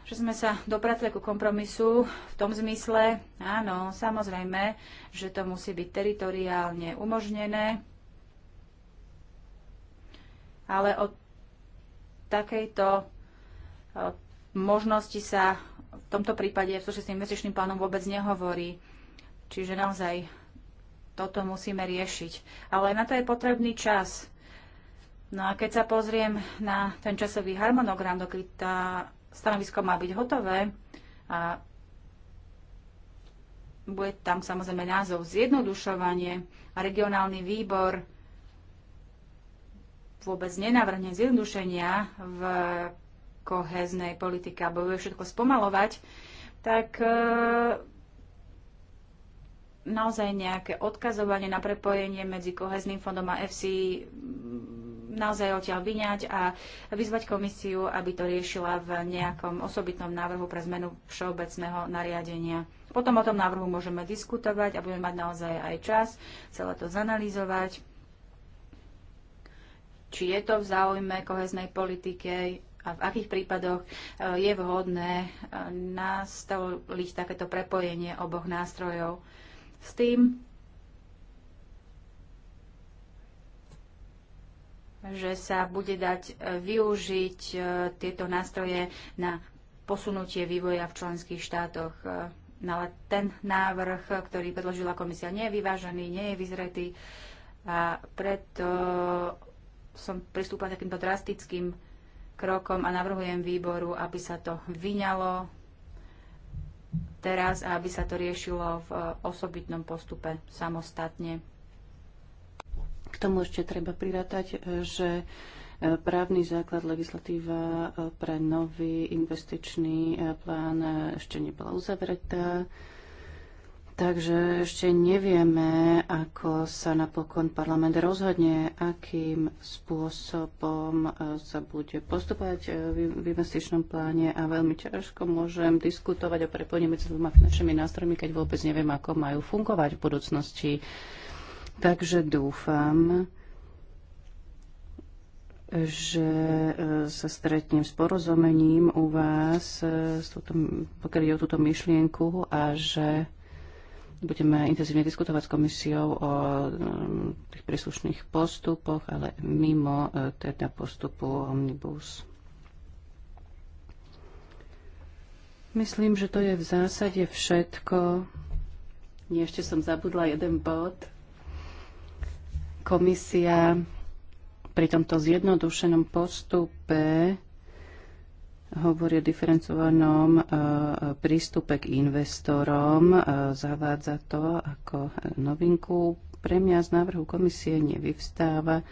že sme sa dopracovali ku kompromisu v tom zmysle, áno, samozrejme, že to musí byť teritoriálne umožnené, ale o takejto možnosti sa v tomto prípade v súčasným investičným plánom vôbec nehovorí. Čiže naozaj toto musíme riešiť. Ale na to je potrebný čas. No a keď sa pozriem na ten časový harmonogram, dokedy tá stanovisko má byť hotové a bude tam samozrejme názov zjednodušovanie a regionálny výbor vôbec nenavrhne zjednodušenia v koheznej politike alebo bude všetko spomalovať, tak e naozaj nejaké odkazovanie na prepojenie medzi kohezným fondom a FC naozaj odtiaľ vyňať a vyzvať komisiu, aby to riešila v nejakom osobitnom návrhu pre zmenu všeobecného nariadenia. Potom o tom návrhu môžeme diskutovať a budeme mať naozaj aj čas celé to zanalýzovať, či je to v záujme koheznej politike a v akých prípadoch eh, je vhodné eh, nastaviť takéto prepojenie oboch nástrojov s tým, že sa bude dať e, využiť e, tieto nástroje na posunutie vývoja v členských štátoch. E, no ale ten návrh, ktorý predložila komisia, nie je vyvážený, nie je vyzretý a preto som pristúpila takýmto drastickým krokom a navrhujem výboru, aby sa to vyňalo teraz a aby sa to riešilo v eh, osobitnom postupe samostatne. K tomu ešte treba prirátať, eh, že eh, právny základ legislatíva pre nový investičný plán ešte nebola uzavretá Takže ešte nevieme, ako sa napokon parlament rozhodne, akým spôsobom e, sa bude postupovať e, v investičnom pláne a veľmi ťažko môžem diskutovať o prepojení medzi dvoma finančnými nástrojmi, keď vôbec neviem, ako majú fungovať v budúcnosti. Takže dúfam, že e, sa stretnem s porozumením u vás, s túto, pokiaľ je o túto myšlienku a že Budeme intenzívne diskutovať s komisiou o mm, tých príslušných postupoch, ale mimo e, teda postupu Omnibus. Myslím, že to je v zásade všetko. Nie Ešte som zabudla jeden bod. Komisia pri tomto zjednodušenom postupe hovorí o diferencovanom eh, prístupe k investorom. Eh, zavádza to ako novinku. Pre mňa z návrhu komisie nevyvstáva,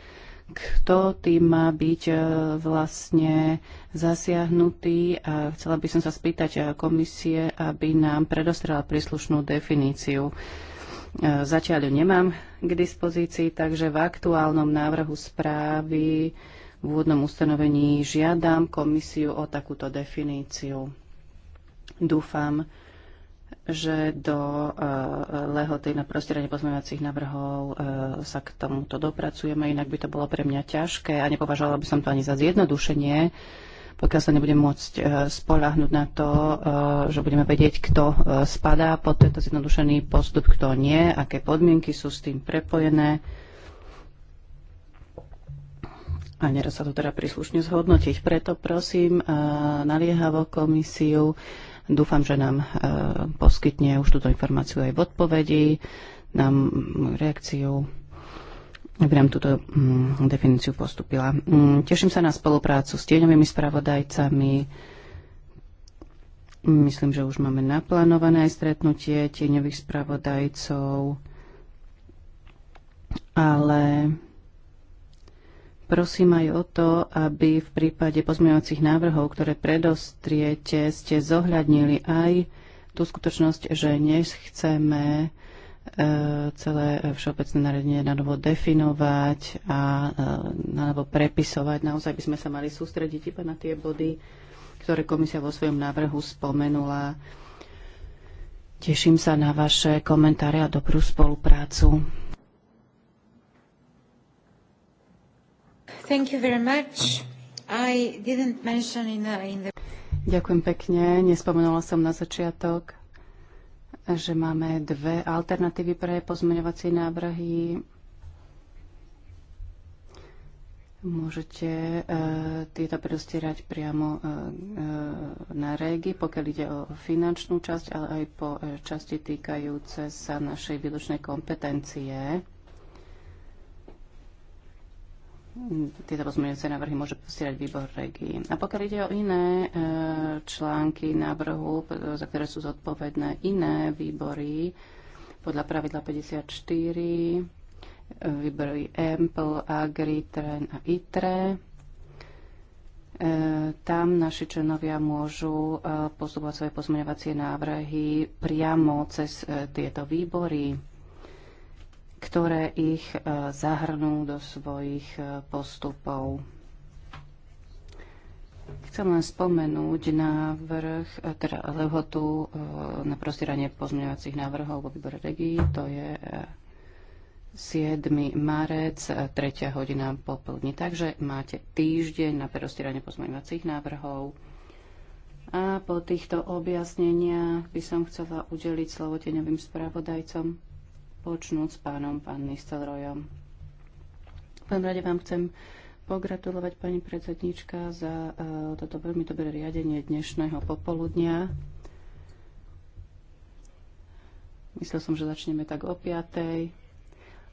kto tým má byť eh, vlastne zasiahnutý. A chcela by som sa spýtať komisie, aby nám predostrela príslušnú definíciu. Zatiaľ ju nemám k dispozícii, takže v aktuálnom návrhu správy v úvodnom ustanovení žiadam komisiu o takúto definíciu. Dúfam, že do eh, lehoty na prostredie pozmeňovacích návrhov eh, sa k tomuto dopracujeme, inak by to bolo pre mňa ťažké a nepovažovala by som to ani za zjednodušenie, pokiaľ sa nebudem môcť eh, spoľahnúť na to, že budeme vedieť, kto spadá pod tento zjednodušený postup, kto nie, aké podmienky sú s tým prepojené a nedá sa to teda príslušne zhodnotiť. Preto prosím eh, naliehavo komisiu. Dúfam, že nám eh, poskytne už túto informáciu aj v odpovedi, nám reakciu aby nám túto mm, definíciu postupila. Mm, teším sa na spoluprácu s tieňovými spravodajcami. Myslím, že už máme naplánované aj stretnutie tieňových spravodajcov, ale Prosím aj o to, aby v prípade pozmeňovacích návrhov, ktoré predostriete, ste zohľadnili aj tú skutočnosť, že nechceme e, celé všeobecné naredenie na novo definovať a e, na novo prepisovať. Naozaj by sme sa mali sústrediť iba na tie body, ktoré komisia vo svojom návrhu spomenula. Teším sa na vaše komentáre a dobrú spoluprácu. Thank you very much. I didn't mention in the, in the... Ďakujem pekne. Nespomenula som na začiatok, že máme dve alternatívy pre pozmeňovacie návrhy. Môžete uh, tieto predostierať priamo uh, na régi, pokiaľ ide o finančnú časť, ale aj po uh, časti týkajúce sa našej výlučnej kompetencie tieto pozmeňujúce návrhy môže posielať výbor regí. A pokiaľ ide o iné e, články návrhu, za ktoré sú zodpovedné iné výbory, podľa pravidla 54, e, výbory EMPL, AGRI, TREN a ITRE, e, tam naši členovia môžu postupovať svoje pozmeňovacie návrhy priamo cez tieto výbory ktoré ich e, zahrnú do svojich e, postupov. Chcem len spomenúť návrh, e, teda lehotu na prostieranie pozmeňovacích návrhov vo výbore regí. To je 7. marec, 3. hodina popoludní. Takže máte týždeň na prostieranie pozmeňovacích návrhov. A po týchto objasneniach by som chcela udeliť slovo teňovým spravodajcom počnúť s pánom pán Nistelrojom. V prvom rade vám chcem pogratulovať pani predsednička za uh, toto veľmi dobré riadenie dnešného popoludnia. Myslel som, že začneme tak o piatej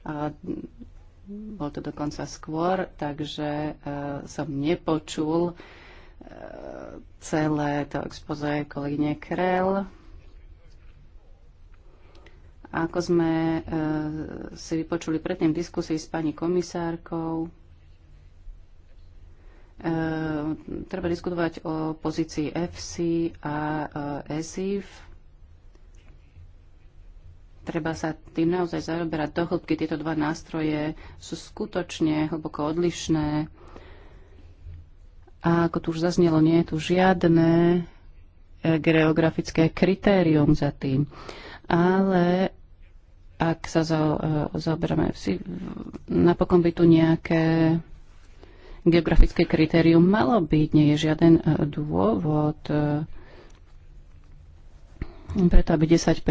a bol to dokonca skôr, takže uh, som nepočul uh, celé to expoze kolegyne Krell a ako sme e, si vypočuli predtým diskusii s pani komisárkou, e, treba diskutovať o pozícii FC a ESIF. Treba sa tým naozaj zaoberať do hĺbky. Tieto dva nástroje sú skutočne hlboko odlišné. A ako tu už zaznelo, nie je tu žiadne e, geografické kritérium za tým. Ale ak sa zo, e, zoberieme, napokon by tu nejaké geografické kritérium malo byť. Nie je žiaden e, dôvod e, preto, aby 10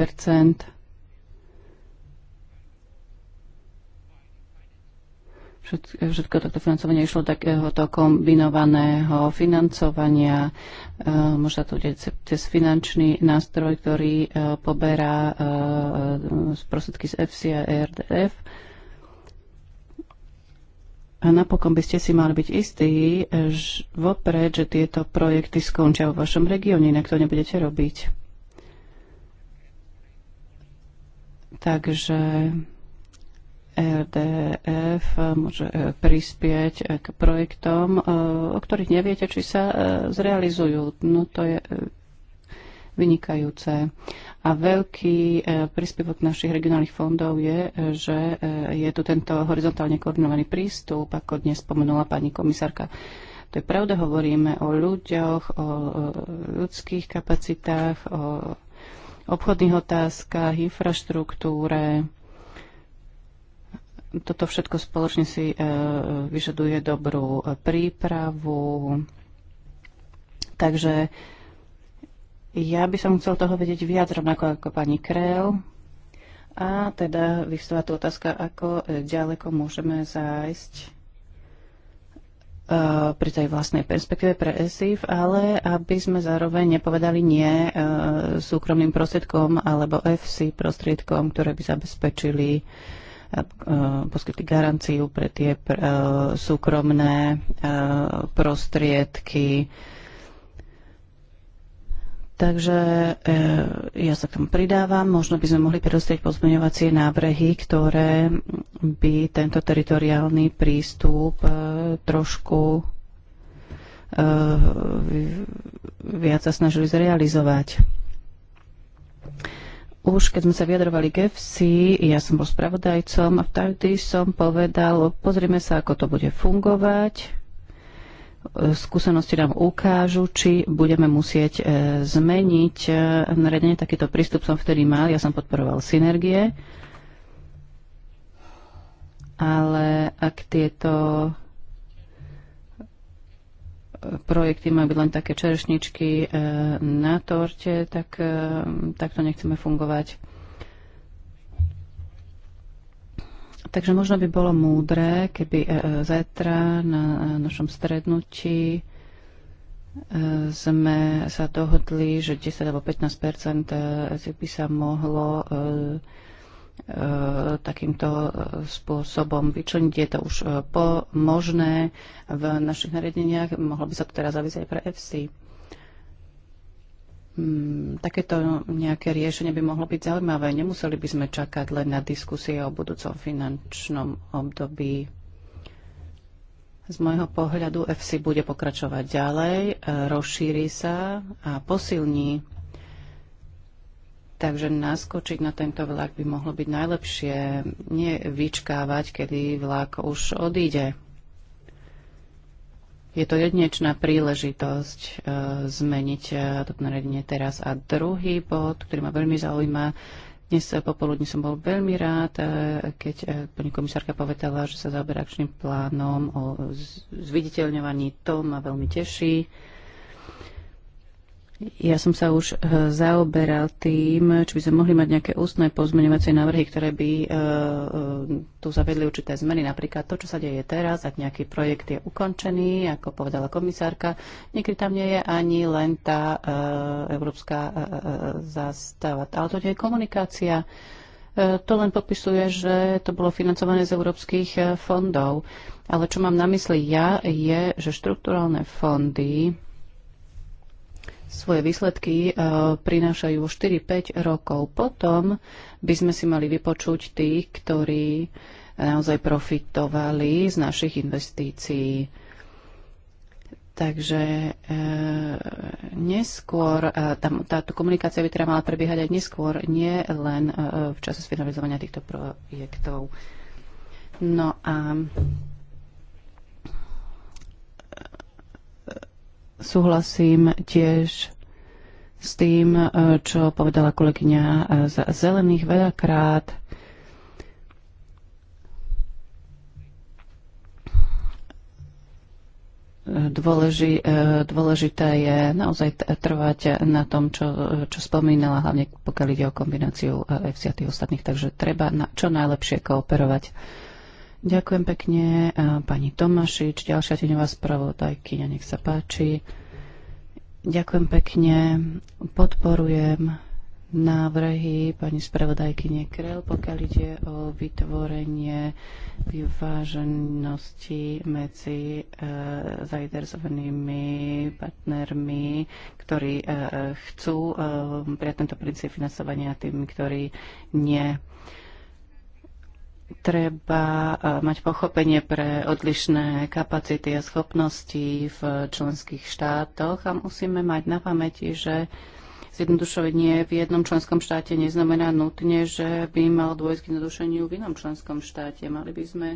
všetko toto financovanie išlo takéhoto eh, kombinovaného financovania. Eh, Môže sa to udeť cez finančný nástroj, ktorý eh, poberá z prostriedky z FC a RDF. A napokon by ste si mali byť istí vopred, že tieto projekty skončia vo vašom regióne, inak to nebudete robiť. Takže RDF e môže e, prispieť e, k projektom, o ktorých neviete, či sa zrealizujú. No to je vynikajúce. A veľký príspevok našich regionálnych fondov je, že je tu tento horizontálne koordinovaný prístup, ako dnes spomenula pani komisárka. To je pravda, hovoríme o ľuďoch, o ľudských kapacitách, o obchodných otázkach, infraštruktúre, toto všetko spoločne si e, vyžaduje dobrú prípravu. Takže ja by som chcel toho vedieť viac, rovnako ako pani Krell. A teda vystáva tu otázka, ako ďaleko môžeme zájsť e, pri tej vlastnej perspektíve pre ESIF, ale aby sme zároveň nepovedali nie e, súkromným prostriedkom alebo FC prostriedkom, ktoré by zabezpečili poskytli garanciu pre tie e, súkromné e, prostriedky. Takže e, ja sa k tomu pridávam. Možno by sme mohli predostrieť pozmeňovacie návrhy, ktoré by tento teritoriálny prístup trošku viac sa snažili zrealizovať už keď sme sa vyjadrovali k EFSI, ja som bol spravodajcom a vtedy som povedal, pozrime sa, ako to bude fungovať. Skúsenosti nám ukážu, či budeme musieť e, zmeniť e, naredenie. Takýto prístup som vtedy mal, ja som podporoval synergie. Ale ak tieto projekty majú byť len také čerešničky e, na torte, tak e, takto nechceme fungovať. Takže možno by bolo múdre, keby e, zajtra na našom strednutí sme sa dohodli, že 10 alebo 15 by sa mohlo E, takýmto e, spôsobom vyčleniť. Je to už e, po možné v našich nariadeniach. Mohlo by sa to teraz zavísať aj pre FC. Mm, takéto nejaké riešenie by mohlo byť zaujímavé. Nemuseli by sme čakať len na diskusie o budúcom finančnom období. Z môjho pohľadu FC bude pokračovať ďalej, rozšíri sa a posilní Takže naskočiť na tento vlak by mohlo byť najlepšie. Nie vyčkávať, kedy vlak už odíde. Je to jedinečná príležitosť e, zmeniť e, toto nariadenie teraz. A druhý bod, ktorý ma veľmi zaujíma, dnes popoludní som bol veľmi rád, e, keď e, pani komisárka povedala, že sa zaoberá akčným plánom o zviditeľňovaní. To ma veľmi teší. E, ja som sa už e, zaoberal tým, či by sme mohli mať nejaké ústne pozmeňovacie návrhy, ktoré by e, e, tu zavedli určité zmeny. Napríklad to, čo sa deje teraz, ak nejaký projekt je ukončený, ako povedala komisárka, niekedy tam nie je ani len tá európska zastava. Ale to nie je komunikácia. To len popisuje, že to bolo financované z európskych fondov. Ale čo mám na mysli ja, je, že štruktúralne fondy svoje výsledky e, prinášajú 4-5 rokov. Potom by sme si mali vypočuť tých, ktorí e, naozaj profitovali z našich investícií. Takže e, neskôr, e, táto komunikácia by teda mala prebiehať aj neskôr, nie len e, v čase sfinalizovania týchto projektov. No a Súhlasím tiež s tým, e, čo povedala kolegyňa e, z Zelených veľakrát. Dôleži, e, dôležité je naozaj trvať na tom, čo, čo spomínala, hlavne pokiaľ ide o kombináciu EFSI a tých ostatných. Takže treba na, čo najlepšie kooperovať. Ďakujem pekne. Pani Tomašič, ďalšia teňová spravodajkyňa, nech sa páči. Ďakujem pekne. Podporujem návrhy pani spravodajkyne Krel, pokiaľ ide o vytvorenie vyváženosti medzi e, zainteresovanými partnermi, ktorí e, e chcú e, prijať tento princíp financovania a tými, ktorí nie treba eh, mať pochopenie pre odlišné kapacity a schopnosti v členských štátoch a musíme mať na pamäti, že zjednodušovanie v jednom členskom štáte neznamená nutne, že by mal dôjsť k jednodušeniu v inom členskom štáte. Mali by sme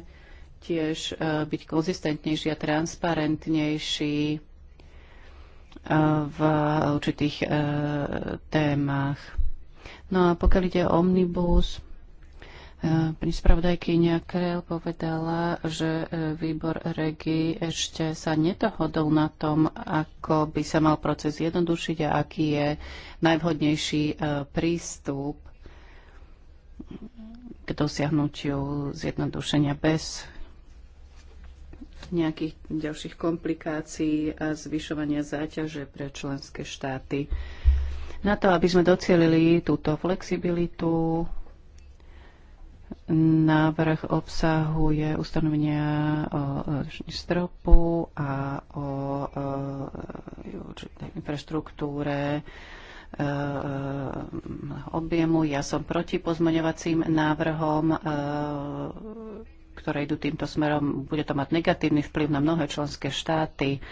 tiež eh, byť konzistentnejší a transparentnejší eh, v určitých témach. No a pokiaľ ide o omnibus, E, pani spravodajkynia Krell povedala, že e, výbor REGI ešte sa nedohodol na tom, ako by sa mal proces jednodušiť a aký je najvhodnejší e, prístup k dosiahnutiu zjednodušenia bez nejakých ďalších komplikácií a zvyšovania záťaže pre členské štáty. Na to, aby sme docielili túto flexibilitu, Návrh obsahuje ustanovenia o e, stropu a o e, infraštruktúre e, objemu. Ja som proti pozmeňovacím návrhom, ktoré idú týmto smerom. Bude to mať negatívny vplyv na mnohé členské štáty.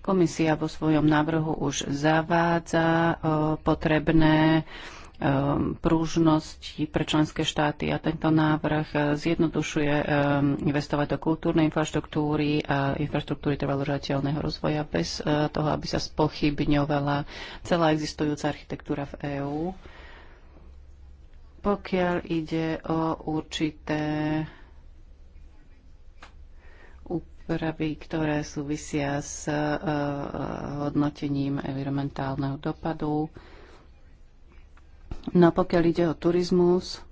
Komisia vo svojom návrhu už zavádza potrebné Um, prúžnosti pre členské štáty a tento návrh uh, zjednodušuje um, investovať do kultúrnej infraštruktúry a infraštruktúry trvalodržateľného rozvoja bez uh, toho, aby sa spochybňovala celá existujúca architektúra v EÚ. Pokiaľ ide o určité úpravy, ktoré súvisia s uh, hodnotením environmentálneho dopadu, No pokiaľ ide o turizmus,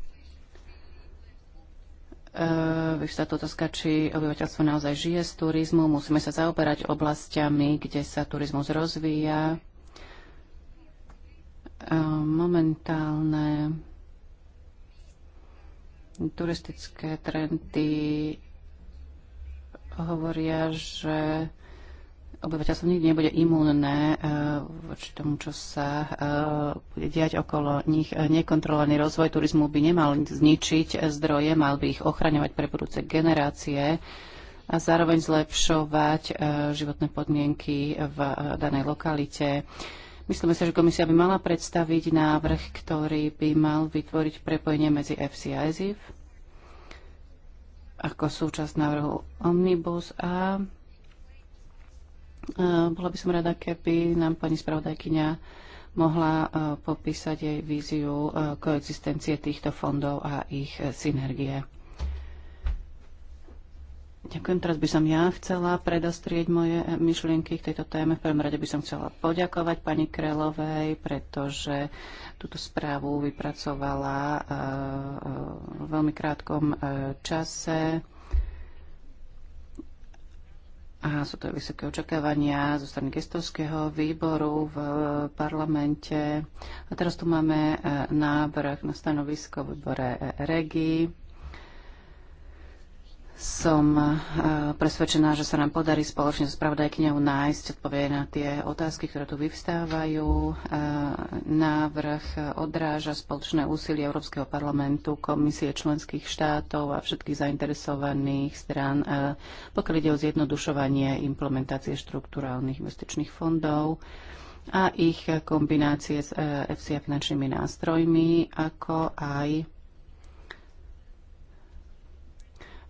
vyvstá eh, to otázka, či obyvateľstvo naozaj žije z turizmu. Musíme sa zaoberať oblastiami, kde sa turizmus rozvíja. Eh, momentálne turistické trendy hovoria, že obyvateľstvo nikdy nebude imunné e, voči tomu, čo sa e, bude diať okolo nich. E, nekontrolovaný rozvoj turizmu by nemal zničiť zdroje, mal by ich ochraňovať pre budúce generácie a zároveň zlepšovať životné podmienky v danej lokalite. Myslíme sa, že komisia by mala predstaviť návrh, ktorý by mal vytvoriť prepojenie medzi FC a EZIF ako súčasť návrhu Omnibus a Eh, bola by som rada, keby nám pani spravodajkyňa mohla eh, popísať jej víziu eh, koexistencie týchto fondov a ich synergie. Ďakujem. Teraz by som ja chcela predostrieť moje myšlienky k tejto téme. V prvom rade by som chcela poďakovať pani Krelovej, pretože túto správu vypracovala v veľmi krátkom čase a sú to vysoké očakávania zo strany gestovského výboru v parlamente. A teraz tu máme eh, návrh na stanovisko v výbore eh, REGI som e, presvedčená, že sa nám podarí spoločne so spravodajkňou nájsť odpovede na tie otázky, ktoré tu vyvstávajú. E, návrh odráža spoločné úsilie Európskeho parlamentu, komisie členských štátov a všetkých zainteresovaných strán, e, pokiaľ ide o zjednodušovanie implementácie štruktúrálnych investičných fondov a ich kombinácie s EFSI a finančnými nástrojmi, ako aj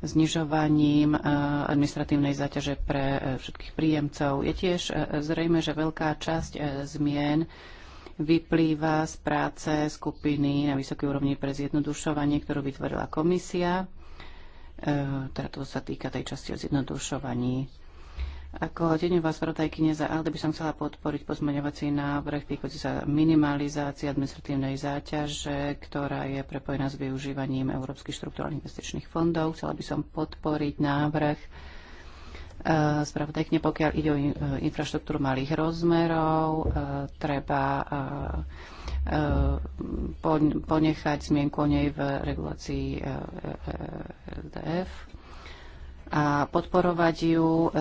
znižovaním eh, administratívnej záťaže pre eh, všetkých príjemcov. Je tiež eh, zrejme, že veľká časť zmien vyplýva z práce skupiny na vysokej úrovni pre zjednodušovanie, ktorú vytvorila komisia. Teda to sa týka tej časti o zjednodušovaní ako deňová spravodajkynia za ALDE by som chcela podporiť pozmeňovací návrh týkajúci sa minimalizácie administratívnej záťaže, ktorá je prepojená s využívaním Európskych štruktúrálnych investičných fondov. Chcela by som podporiť návrh spravodajkne, pokiaľ ide o infraštruktúru malých rozmerov, treba ponechať zmienku o nej v regulácii LDF a podporovať ju. E,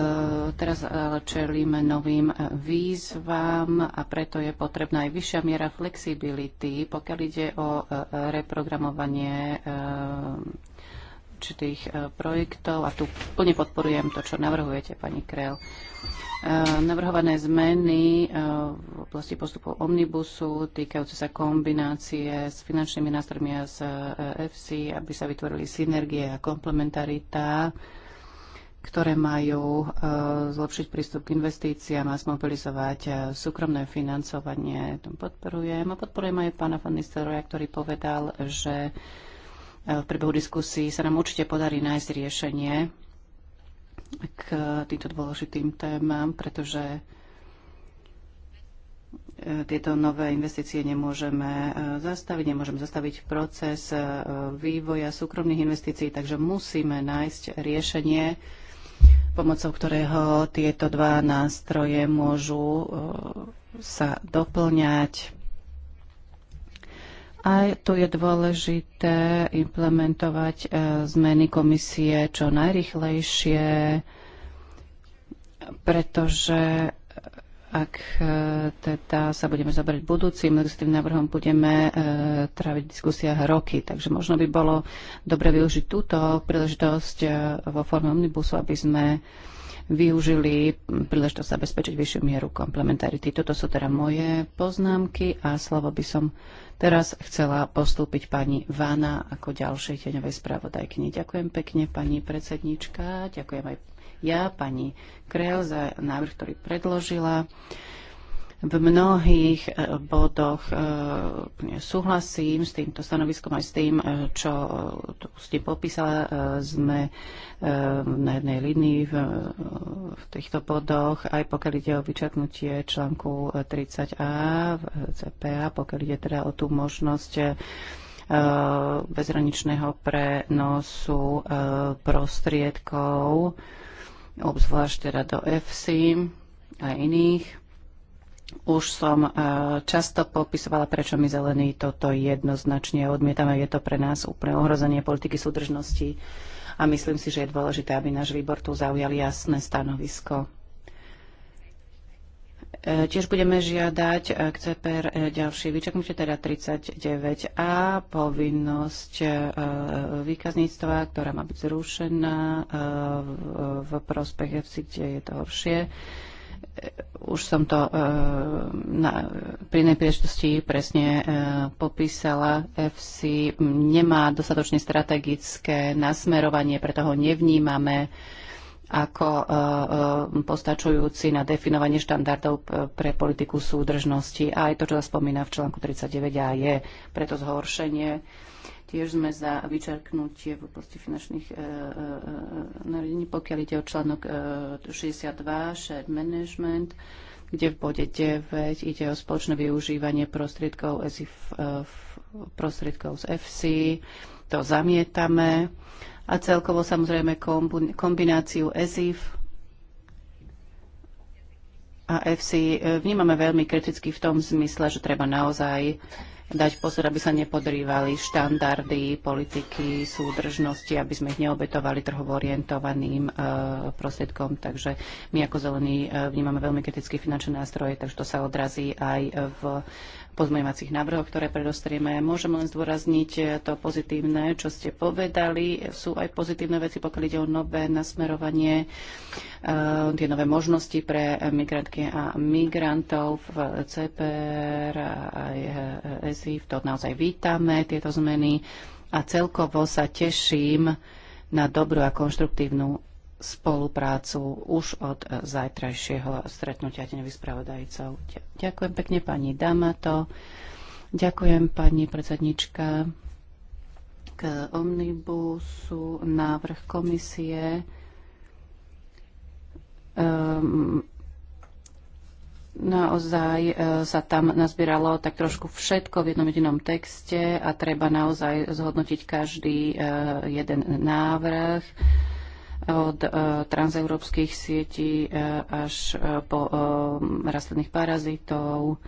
teraz ale čelíme novým výzvam a preto je potrebná aj vyššia miera flexibility, pokiaľ ide o e, reprogramovanie e, určitých projektov a tu plne podporujem to, čo navrhujete, pani Krel. Navrhované zmeny v oblasti postupov omnibusu týkajúce sa kombinácie s finančnými nástrojmi a s FC, aby sa vytvorili synergie a komplementarita ktoré majú e, zlepšiť prístup k investíciám a zmobilizovať e, súkromné financovanie. Tom podporujem a podporujem aj pána van Nistelroja, ktorý povedal, že e, v priebehu diskusí sa nám určite podarí nájsť riešenie k týmto dôležitým témam, pretože tieto nové investície nemôžeme zastaviť, nemôžeme zastaviť proces vývoja súkromných investícií, takže musíme nájsť riešenie, pomocou ktorého tieto dva nástroje môžu e, sa doplňať. A tu je dôležité implementovať e, zmeny komisie čo najrychlejšie, pretože ak e, teda sa budeme zabrať budúcim legislatívnym návrhom, budeme e, tráviť v diskusiách roky. Takže možno by bolo dobre využiť túto príležitosť e, vo forme omnibusu, aby sme využili príležitosť zabezpečiť vyššiu mieru komplementarity. Toto sú teda moje poznámky a slovo by som teraz chcela postúpiť pani Vána ako ďalšej teňovej spravodajkyni. Ďakujem pekne, pani predsednička. Ďakujem aj ja, pani Kreel za návrh, ktorý predložila. V mnohých e, bodoch e, súhlasím s týmto stanoviskom aj s tým, e, čo tu ste popísala. Sme na jednej linii v, v týchto bodoch, aj pokiaľ ide o vyčaknutie článku 30a v CPA, pokiaľ ide teda o tú možnosť bezhraničného prenosu prostriedkov obzvlášť teda do FC a iných. Už som e, často popisovala, prečo my zelení toto jednoznačne odmietame. Je to pre nás úplne ohrozenie politiky súdržnosti a myslím si, že je dôležité, aby náš výbor tu zaujal jasné stanovisko. E, tiež budeme žiadať e, k CPR e, ďalšie vyčaknutie, teda 39a, povinnosť výkazníctva, ktorá má byť zrušená v prospech FC, kde je to horšie už som to na, pri inej presne popísala. FC nemá dostatočne strategické nasmerovanie, preto ho nevnímame ako e, e, postačujúci na definovanie štandardov pre politiku súdržnosti. A aj to, čo sa spomína v článku 39a, je preto zhoršenie. Tiež sme za vyčerknutie v oblasti finančných e, nariadení, pokiaľ ide o článok 62, shared management, kde v bode 9 ide o spoločné využívanie prostriedkov, prostriedkov z FC. To zamietame a celkovo samozrejme kombináciu ESIF a FC vnímame veľmi kriticky v tom zmysle, že treba naozaj dať pozor, aby sa nepodrývali štandardy politiky súdržnosti, aby sme ich neobetovali trhovorientovaným e, prostriedkom. Takže my ako zelení e, vnímame veľmi kritické finančné nástroje, takže to sa odrazí aj v pozmeňovacích návrhov, ktoré predostrieme. Môžem len zdôrazniť to pozitívne, čo ste povedali. Sú aj pozitívne veci, pokiaľ ide o nové nasmerovanie, e, tie nové možnosti pre migrantky a migrantov v CPR a aj ESIF. To naozaj vítame, tieto zmeny. A celkovo sa teším na dobrú a konštruktívnu spoluprácu už od eh, zajtrajšieho stretnutia tenových spravodajcov. Ďakujem pekne pani Damato, ďakujem pani predsednička k omnibusu návrh komisie. Um, naozaj eh, sa tam nazbieralo tak trošku všetko v jednom jedinom texte a treba naozaj zhodnotiť každý eh, jeden návrh od e, transeurópskych sietí e, až e, po rastlinných parazitov.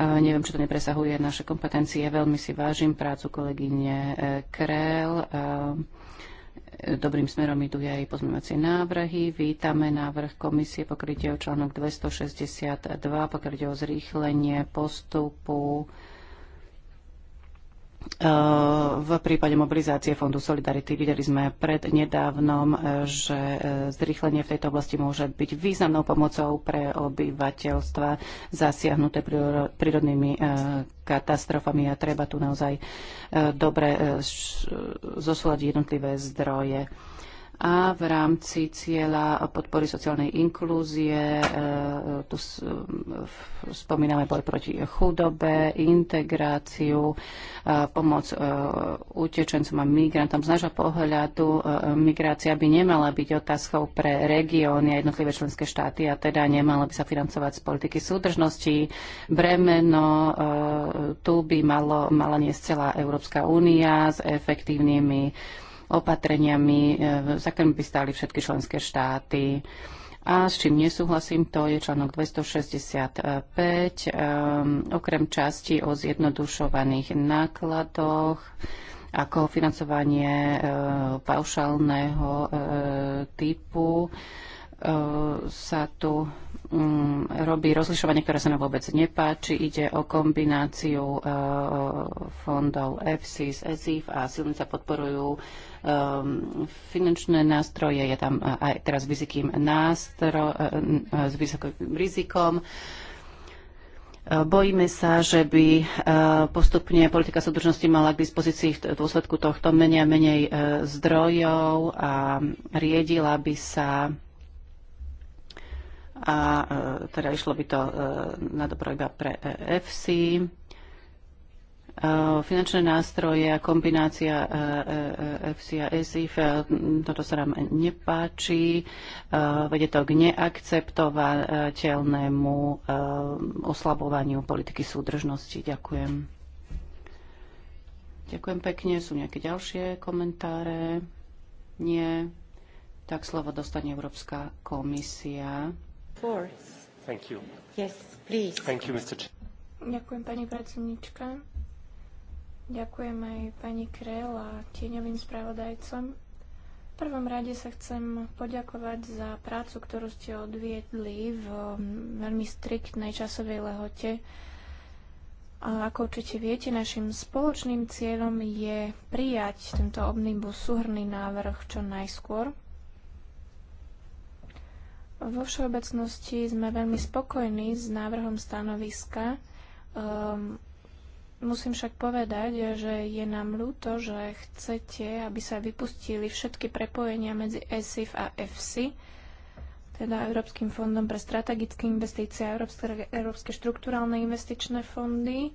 Neviem, či to nepresahuje naše kompetencie. Veľmi si vážim prácu kolegyne Krell. Dobrým smerom idú aj pozmeňovacie návrhy. Vítame návrh komisie pokrytie o článok 262, pokrytie o zrýchlenie postupu v prípade mobilizácie Fondu Solidarity videli sme pred nedávnom, že zrýchlenie v tejto oblasti môže byť významnou pomocou pre obyvateľstva zasiahnuté prírodnými eh, katastrofami a treba tu naozaj eh, dobre eh, zosúľadiť jednotlivé zdroje a v rámci cieľa podpory sociálnej inklúzie, e, e, tu e, spomíname boj proti chudobe, integráciu, pomoc utečencom a migrantom. Z nášho pohľadu migrácia by nemala byť otázkou pre regióny a jednotlivé členské štáty a teda nemala by sa financovať z politiky súdržnosti. Bremeno tu by malo, mala niesť celá Európska únia s efektívnymi opatreniami, e, za ktorými by stáli všetky členské štáty. A s čím nesúhlasím, to je článok 265, e, okrem časti o zjednodušovaných nákladoch ako financovanie e, paušálneho typu sa tu mm, robí rozlišovanie, ktoré sa nám vôbec nepáči. Ide o kombináciu fondov EFSIS, ESIF a silnica podporujú Ehm, finančné nástroje, je tam aj teraz vysokým nástro, e, e, s vysokým rizikom. E, bojíme sa, že by postupne politika súdržnosti mala k dispozícii v dôsledku tohto menej a menej zdrojov a riedila by sa a teda išlo by to na dobro iba pre EFSI. Eh, finančné nástroje a kombinácia eh, eh, FC a SIF. Toto sa nám nepáči. Vede to k neakceptovateľnému oslabovaniu politiky súdržnosti. Ďakujem. Ďakujem pekne. Sú nejaké ďalšie komentáre? Nie. Tak slovo dostane Európska komisia. Thank you. Yes, please. Thank you, Mr. Ďakujem, pani predsednička. Ďakujem aj pani Krel a tieňovým spravodajcom. V prvom rade sa chcem poďakovať za prácu, ktorú ste odviedli v um, veľmi striktnej časovej lehote. A ako určite viete, našim spoločným cieľom je prijať tento omnibus súhrný návrh čo najskôr. Vo všeobecnosti sme veľmi spokojní s návrhom stanoviska. Um, Musím však povedať, že je nám ľúto, že chcete, aby sa vypustili všetky prepojenia medzi ESIF a EFSI, teda Európskym fondom pre strategické investície a Európske, Európske štruktúralne investičné fondy. E,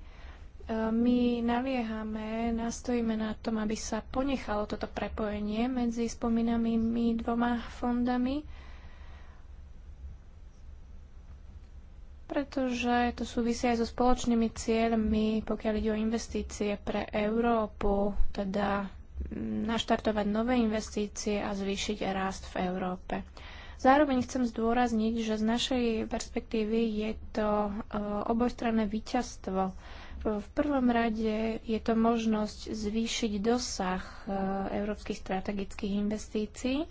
my naliehame, nastojíme na tom, aby sa ponechalo toto prepojenie medzi spomínanými dvoma fondami pretože to súvisí aj so spoločnými cieľmi, pokiaľ ide o investície pre Európu, teda mm, naštartovať nové investície a zvýšiť rast v Európe. Zároveň chcem zdôrazniť, že z našej perspektívy je to e, obojstranné víťazstvo. V prvom rade je to možnosť zvýšiť dosah e, európskych strategických investícií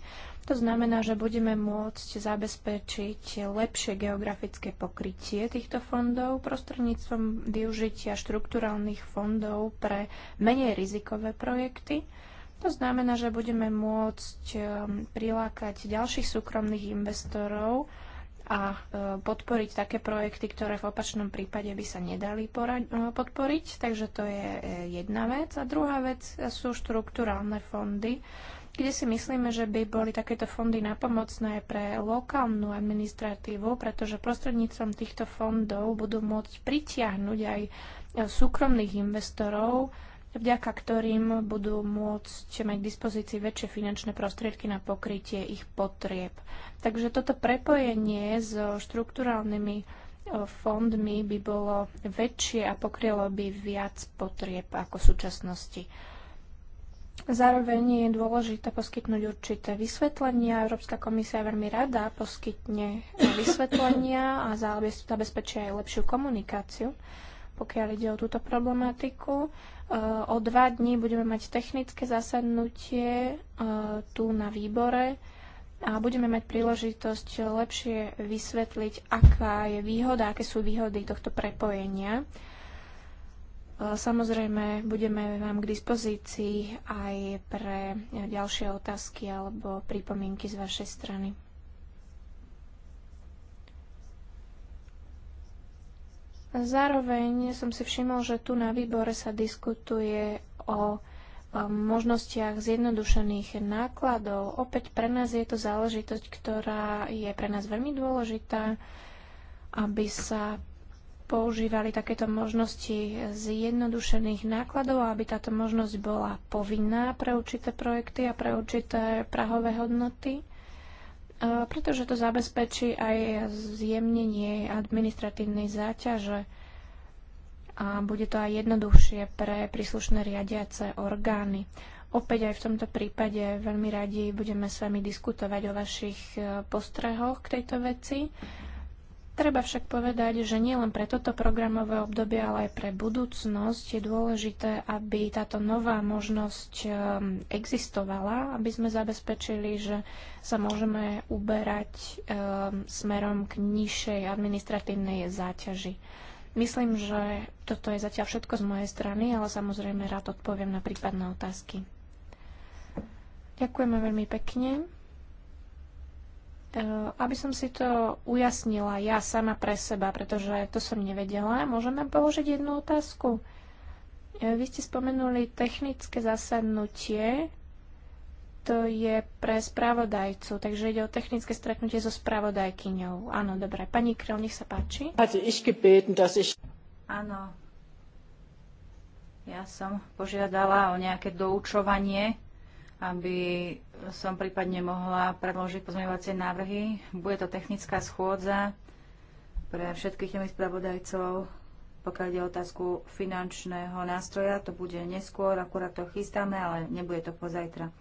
to znamená, že budeme môcť zabezpečiť lepšie geografické pokrytie týchto fondov prostredníctvom využitia štrukturálnych fondov pre menej rizikové projekty. To znamená, že budeme môcť um, prilákať ďalších súkromných investorov a uh, podporiť také projekty, ktoré v opačnom prípade by sa nedali uh, podporiť. Takže to je uh, jedna vec. A druhá vec sú štruktúrálne fondy kde si myslíme, že by boli takéto fondy napomocné pre lokálnu administratívu, pretože prostrednícom týchto fondov budú môcť pritiahnuť aj e, súkromných investorov, vďaka ktorým budú môcť mať k dispozícii väčšie finančné prostriedky na pokrytie ich potrieb. Takže toto prepojenie so štruktúralnými e, fondmi by bolo väčšie a pokrylo by viac potrieb ako v súčasnosti. Zároveň je dôležité poskytnúť určité vysvetlenia. Európska komisia je veľmi rada poskytne eh, vysvetlenia a zabezpečia aj lepšiu komunikáciu, pokiaľ ide o túto problematiku. Eh, o dva dní budeme mať technické zasadnutie eh, tu na výbore a budeme mať príležitosť lepšie vysvetliť, aká je výhoda, aké sú výhody tohto prepojenia E, samozrejme, budeme vám k dispozícii aj pre ďalšie otázky alebo pripomienky z vašej strany. Zároveň som si všimol, že tu na výbore sa diskutuje o možnostiach zjednodušených nákladov. Opäť pre nás je to záležitosť, ktorá je pre nás veľmi dôležitá, aby sa používali takéto možnosti zjednodušených nákladov aby táto možnosť bola povinná pre určité projekty a pre určité prahové hodnoty, e, pretože to zabezpečí aj zjemnenie administratívnej záťaže a bude to aj jednoduchšie pre príslušné riadiace orgány. Opäť aj v tomto prípade veľmi radi budeme s vami diskutovať o vašich e, postrehoch k tejto veci Treba však povedať, že nielen pre toto programové obdobie, ale aj pre budúcnosť je dôležité, aby táto nová možnosť ehm, existovala, aby sme zabezpečili, že sa môžeme uberať ehm, smerom k nižšej administratívnej záťaži. Myslím, že toto je zatiaľ všetko z mojej strany, ale samozrejme rád odpoviem na prípadné otázky. Ďakujeme veľmi pekne. Eh, aby som si to ujasnila ja sama pre seba, pretože to som nevedela. Môžeme položiť jednu otázku? Eh, vy ste spomenuli technické zasadnutie, to je pre spravodajcu, takže ide o technické stretnutie so spravodajkyňou. Áno, dobre. Pani Kryl, nech sa páči. Áno. Ja som požiadala o nejaké doučovanie aby som prípadne mohla predložiť pozmeňovacie návrhy. Bude to technická schôdza pre všetkých tými spravodajcov, pokiaľ ide otázku finančného nástroja. To bude neskôr, akurát to chystáme, ale nebude to pozajtra.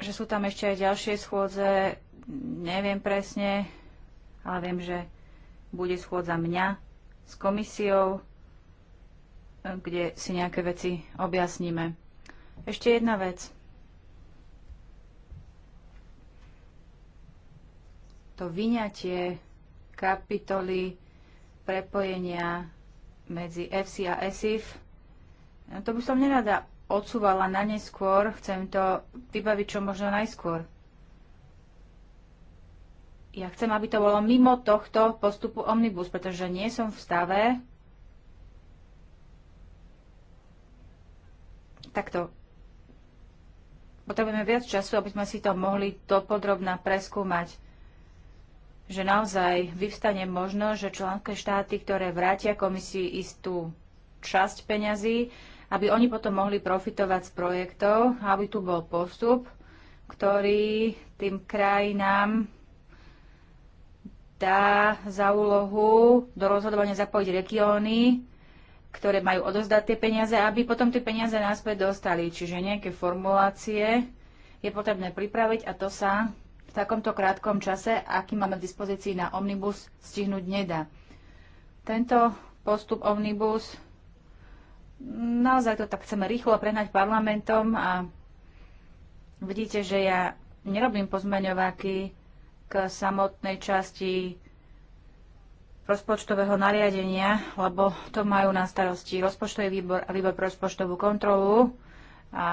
Že sú tam ešte aj ďalšie schôdze, neviem presne, ale viem, že bude schôdza mňa s komisiou kde si nejaké veci objasníme. Ešte jedna vec. To vyňatie kapitoly prepojenia medzi FC a ESIF, to by som nerada odsúvala na neskôr, chcem to vybaviť čo možno najskôr. Ja chcem, aby to bolo mimo tohto postupu Omnibus, pretože nie som v stave takto potrebujeme viac času, aby sme si to mohli dopodrobná preskúmať. Že naozaj vyvstane možno, že členské štáty, ktoré vrátia komisii istú časť peňazí, aby oni potom mohli profitovať z projektov, aby tu bol postup, ktorý tým krajinám dá za úlohu do rozhodovania zapojiť regióny, ktoré majú odozdať tie peniaze, aby potom tie peniaze náspäť dostali. Čiže nejaké formulácie je potrebné pripraviť a to sa v takomto krátkom čase, aký máme v dispozícii na Omnibus, stihnúť nedá. Tento postup Omnibus, naozaj to tak chceme rýchlo prehnať parlamentom a vidíte, že ja nerobím pozmeňováky k samotnej časti rozpočtového nariadenia, lebo to majú na starosti rozpočtový výbor a výbor pre rozpočtovú kontrolu. A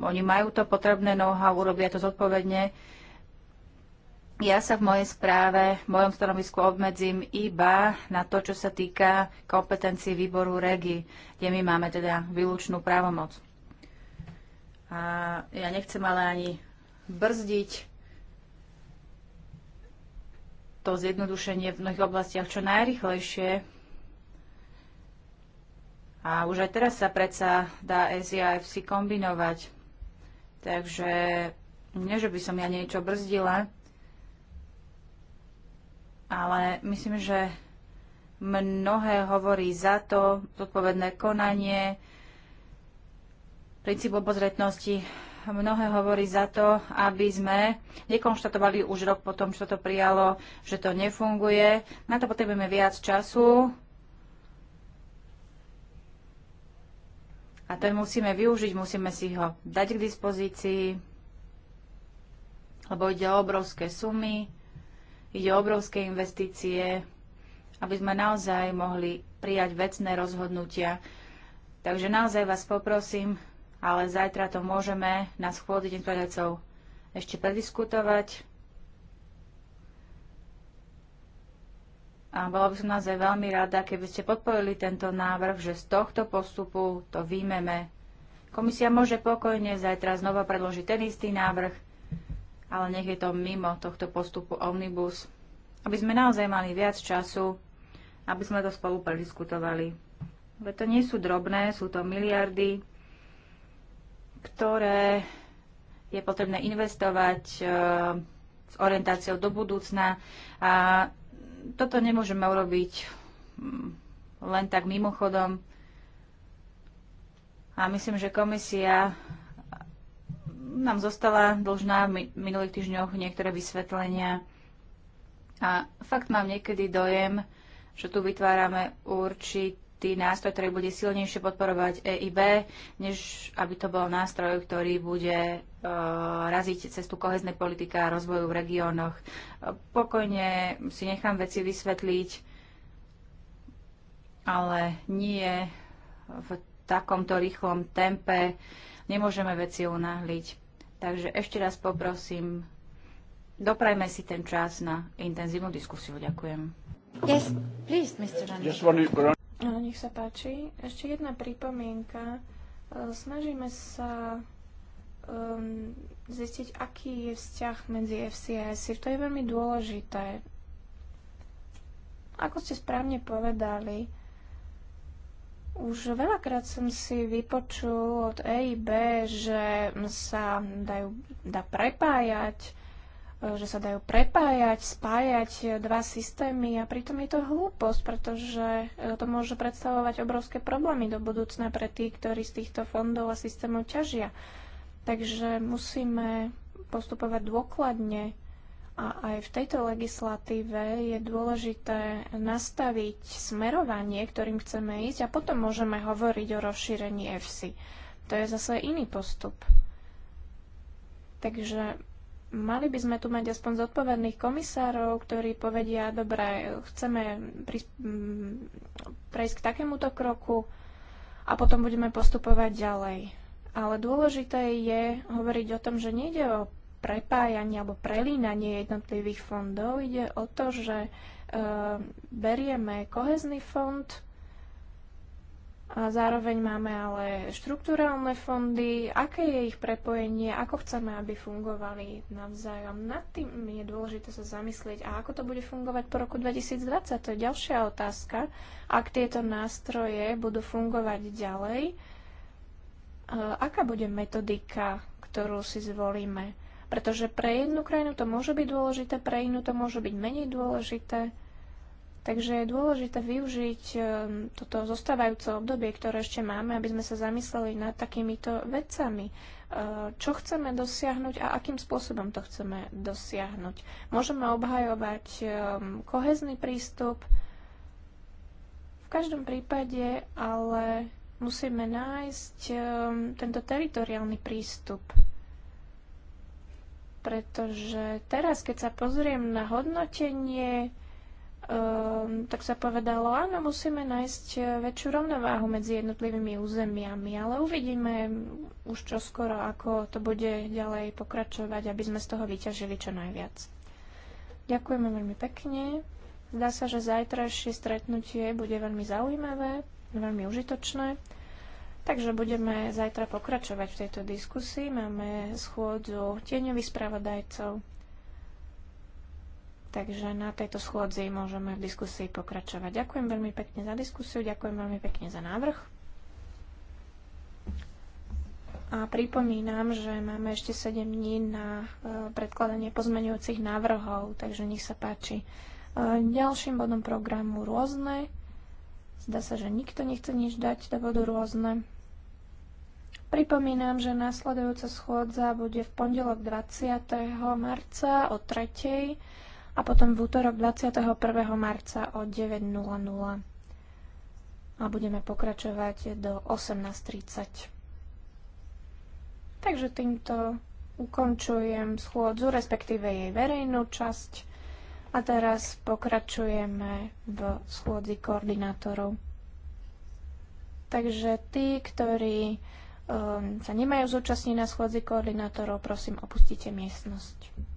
oni majú to potrebné know-how, urobia to zodpovedne. Ja sa v mojej správe, v mojom stanovisku obmedzím iba na to, čo sa týka kompetencií výboru REGI, kde my máme teda výlučnú právomoc. A ja nechcem ale ani brzdiť to zjednodušenie v mnohých oblastiach čo najrychlejšie. A už aj teraz sa predsa dá ESI a kombinovať. Takže nie, že by som ja niečo brzdila, ale myslím, že mnohé hovorí za to, zodpovedné konanie, princíp obozretnosti mnohé hovorí za to, aby sme nekonštatovali už rok po tom, čo to prijalo, že to nefunguje. Na to potrebujeme viac času. A ten musíme využiť, musíme si ho dať k dispozícii, lebo ide o obrovské sumy, ide o obrovské investície, aby sme naozaj mohli prijať vecné rozhodnutia. Takže naozaj vás poprosím, ale zajtra to môžeme na schôdzi deň predajcov ešte prediskutovať. A bola by som naozaj veľmi rada, keby ste podporili tento návrh, že z tohto postupu to výjmeme. Komisia môže pokojne zajtra znova predložiť ten istý návrh, ale nech je to mimo tohto postupu Omnibus, aby sme naozaj mali viac času, aby sme to spolu prediskutovali. Lebo to nie sú drobné, sú to miliardy, ktoré je potrebné investovať e, s orientáciou do budúcna. A toto nemôžeme urobiť mm, len tak mimochodom. A myslím, že komisia nám zostala dlžná v minulých týždňoch niektoré vysvetlenia. A fakt mám niekedy dojem, že tu vytvárame určit, určitý nástroj, ktorý bude silnejšie podporovať EIB, než aby to bol nástroj, ktorý bude e, raziť cestu koheznej politiky a rozvoju v regiónoch. E, pokojne si nechám veci vysvetliť, ale nie v takomto rýchlom tempe. Nemôžeme veci unáhliť. Takže ešte raz poprosím, doprajme si ten čas na intenzívnu diskusiu. Ďakujem. Yes, please, Mr. Randy. No, nech sa páči. Ešte jedna pripomienka. E, snažíme sa um, zistiť, aký je vzťah medzi FC a SIR. To je veľmi dôležité. Ako ste správne povedali, už veľakrát som si vypočul od EIB, že sa dajú, dá prepájať že sa dajú prepájať, spájať dva systémy a pritom je to hlúposť, pretože e, to môže predstavovať obrovské problémy do budúcna pre tých, ktorí z týchto fondov a systémov ťažia. Takže musíme postupovať dôkladne a aj v tejto legislatíve je dôležité nastaviť smerovanie, ktorým chceme ísť a potom môžeme hovoriť o rozšírení EFSI. To je zase iný postup. Takže mali by sme tu mať aspoň zodpovedných komisárov, ktorí povedia, dobre, chceme mm, prejsť k takémuto kroku a potom budeme postupovať ďalej. Ale dôležité je hovoriť o tom, že nejde o prepájanie alebo prelínanie jednotlivých fondov. Ide o to, že e, berieme kohezný fond, a zároveň máme ale štruktúrálne fondy, aké je ich prepojenie, ako chceme, aby fungovali navzájom. Nad tým je dôležité sa zamyslieť. A ako to bude fungovať po roku 2020, to je ďalšia otázka. Ak tieto nástroje budú fungovať ďalej, aká bude metodika, ktorú si zvolíme? Pretože pre jednu krajinu to môže byť dôležité, pre inú to môže byť menej dôležité. Takže je dôležité využiť e, toto zostávajúce obdobie, ktoré ešte máme, aby sme sa zamysleli nad takýmito vecami. E, čo chceme dosiahnuť a akým spôsobom to chceme dosiahnuť. Môžeme obhajovať e, kohezný prístup. V každom prípade ale musíme nájsť tento teritoriálny prístup pretože teraz, keď sa pozriem na hodnotenie um, tak sa povedalo, áno, musíme nájsť e, väčšiu rovnováhu medzi jednotlivými územiami, ale uvidíme už čo skoro, ako to bude ďalej pokračovať, aby sme z toho vyťažili čo najviac. Ďakujeme veľmi pekne. Zdá sa, že zajtrajšie stretnutie bude veľmi zaujímavé, veľmi užitočné. Takže budeme zajtra pokračovať v tejto diskusii. Máme schôdzu tieňových spravodajcov. Takže na tejto schôdzi môžeme v diskusii pokračovať. Ďakujem veľmi pekne za diskusiu, ďakujem veľmi pekne za návrh. A pripomínam, že máme ešte 7 dní na e, predkladanie pozmeňujúcich návrhov, takže nech sa páči. E, ďalším bodom programu rôzne. Zdá sa, že nikto nechce nič dať do bodu rôzne. Pripomínam, že následujúca schôdza bude v pondelok 20. marca o 3 a potom v útorok 21. marca o 9.00 a budeme pokračovať do 18.30. Takže týmto ukončujem schôdzu, respektíve jej verejnú časť a teraz pokračujeme v schôdzi koordinátorov. Takže tí, ktorí um, sa nemajú zúčastniť na schôdzi koordinátorov, prosím opustite miestnosť.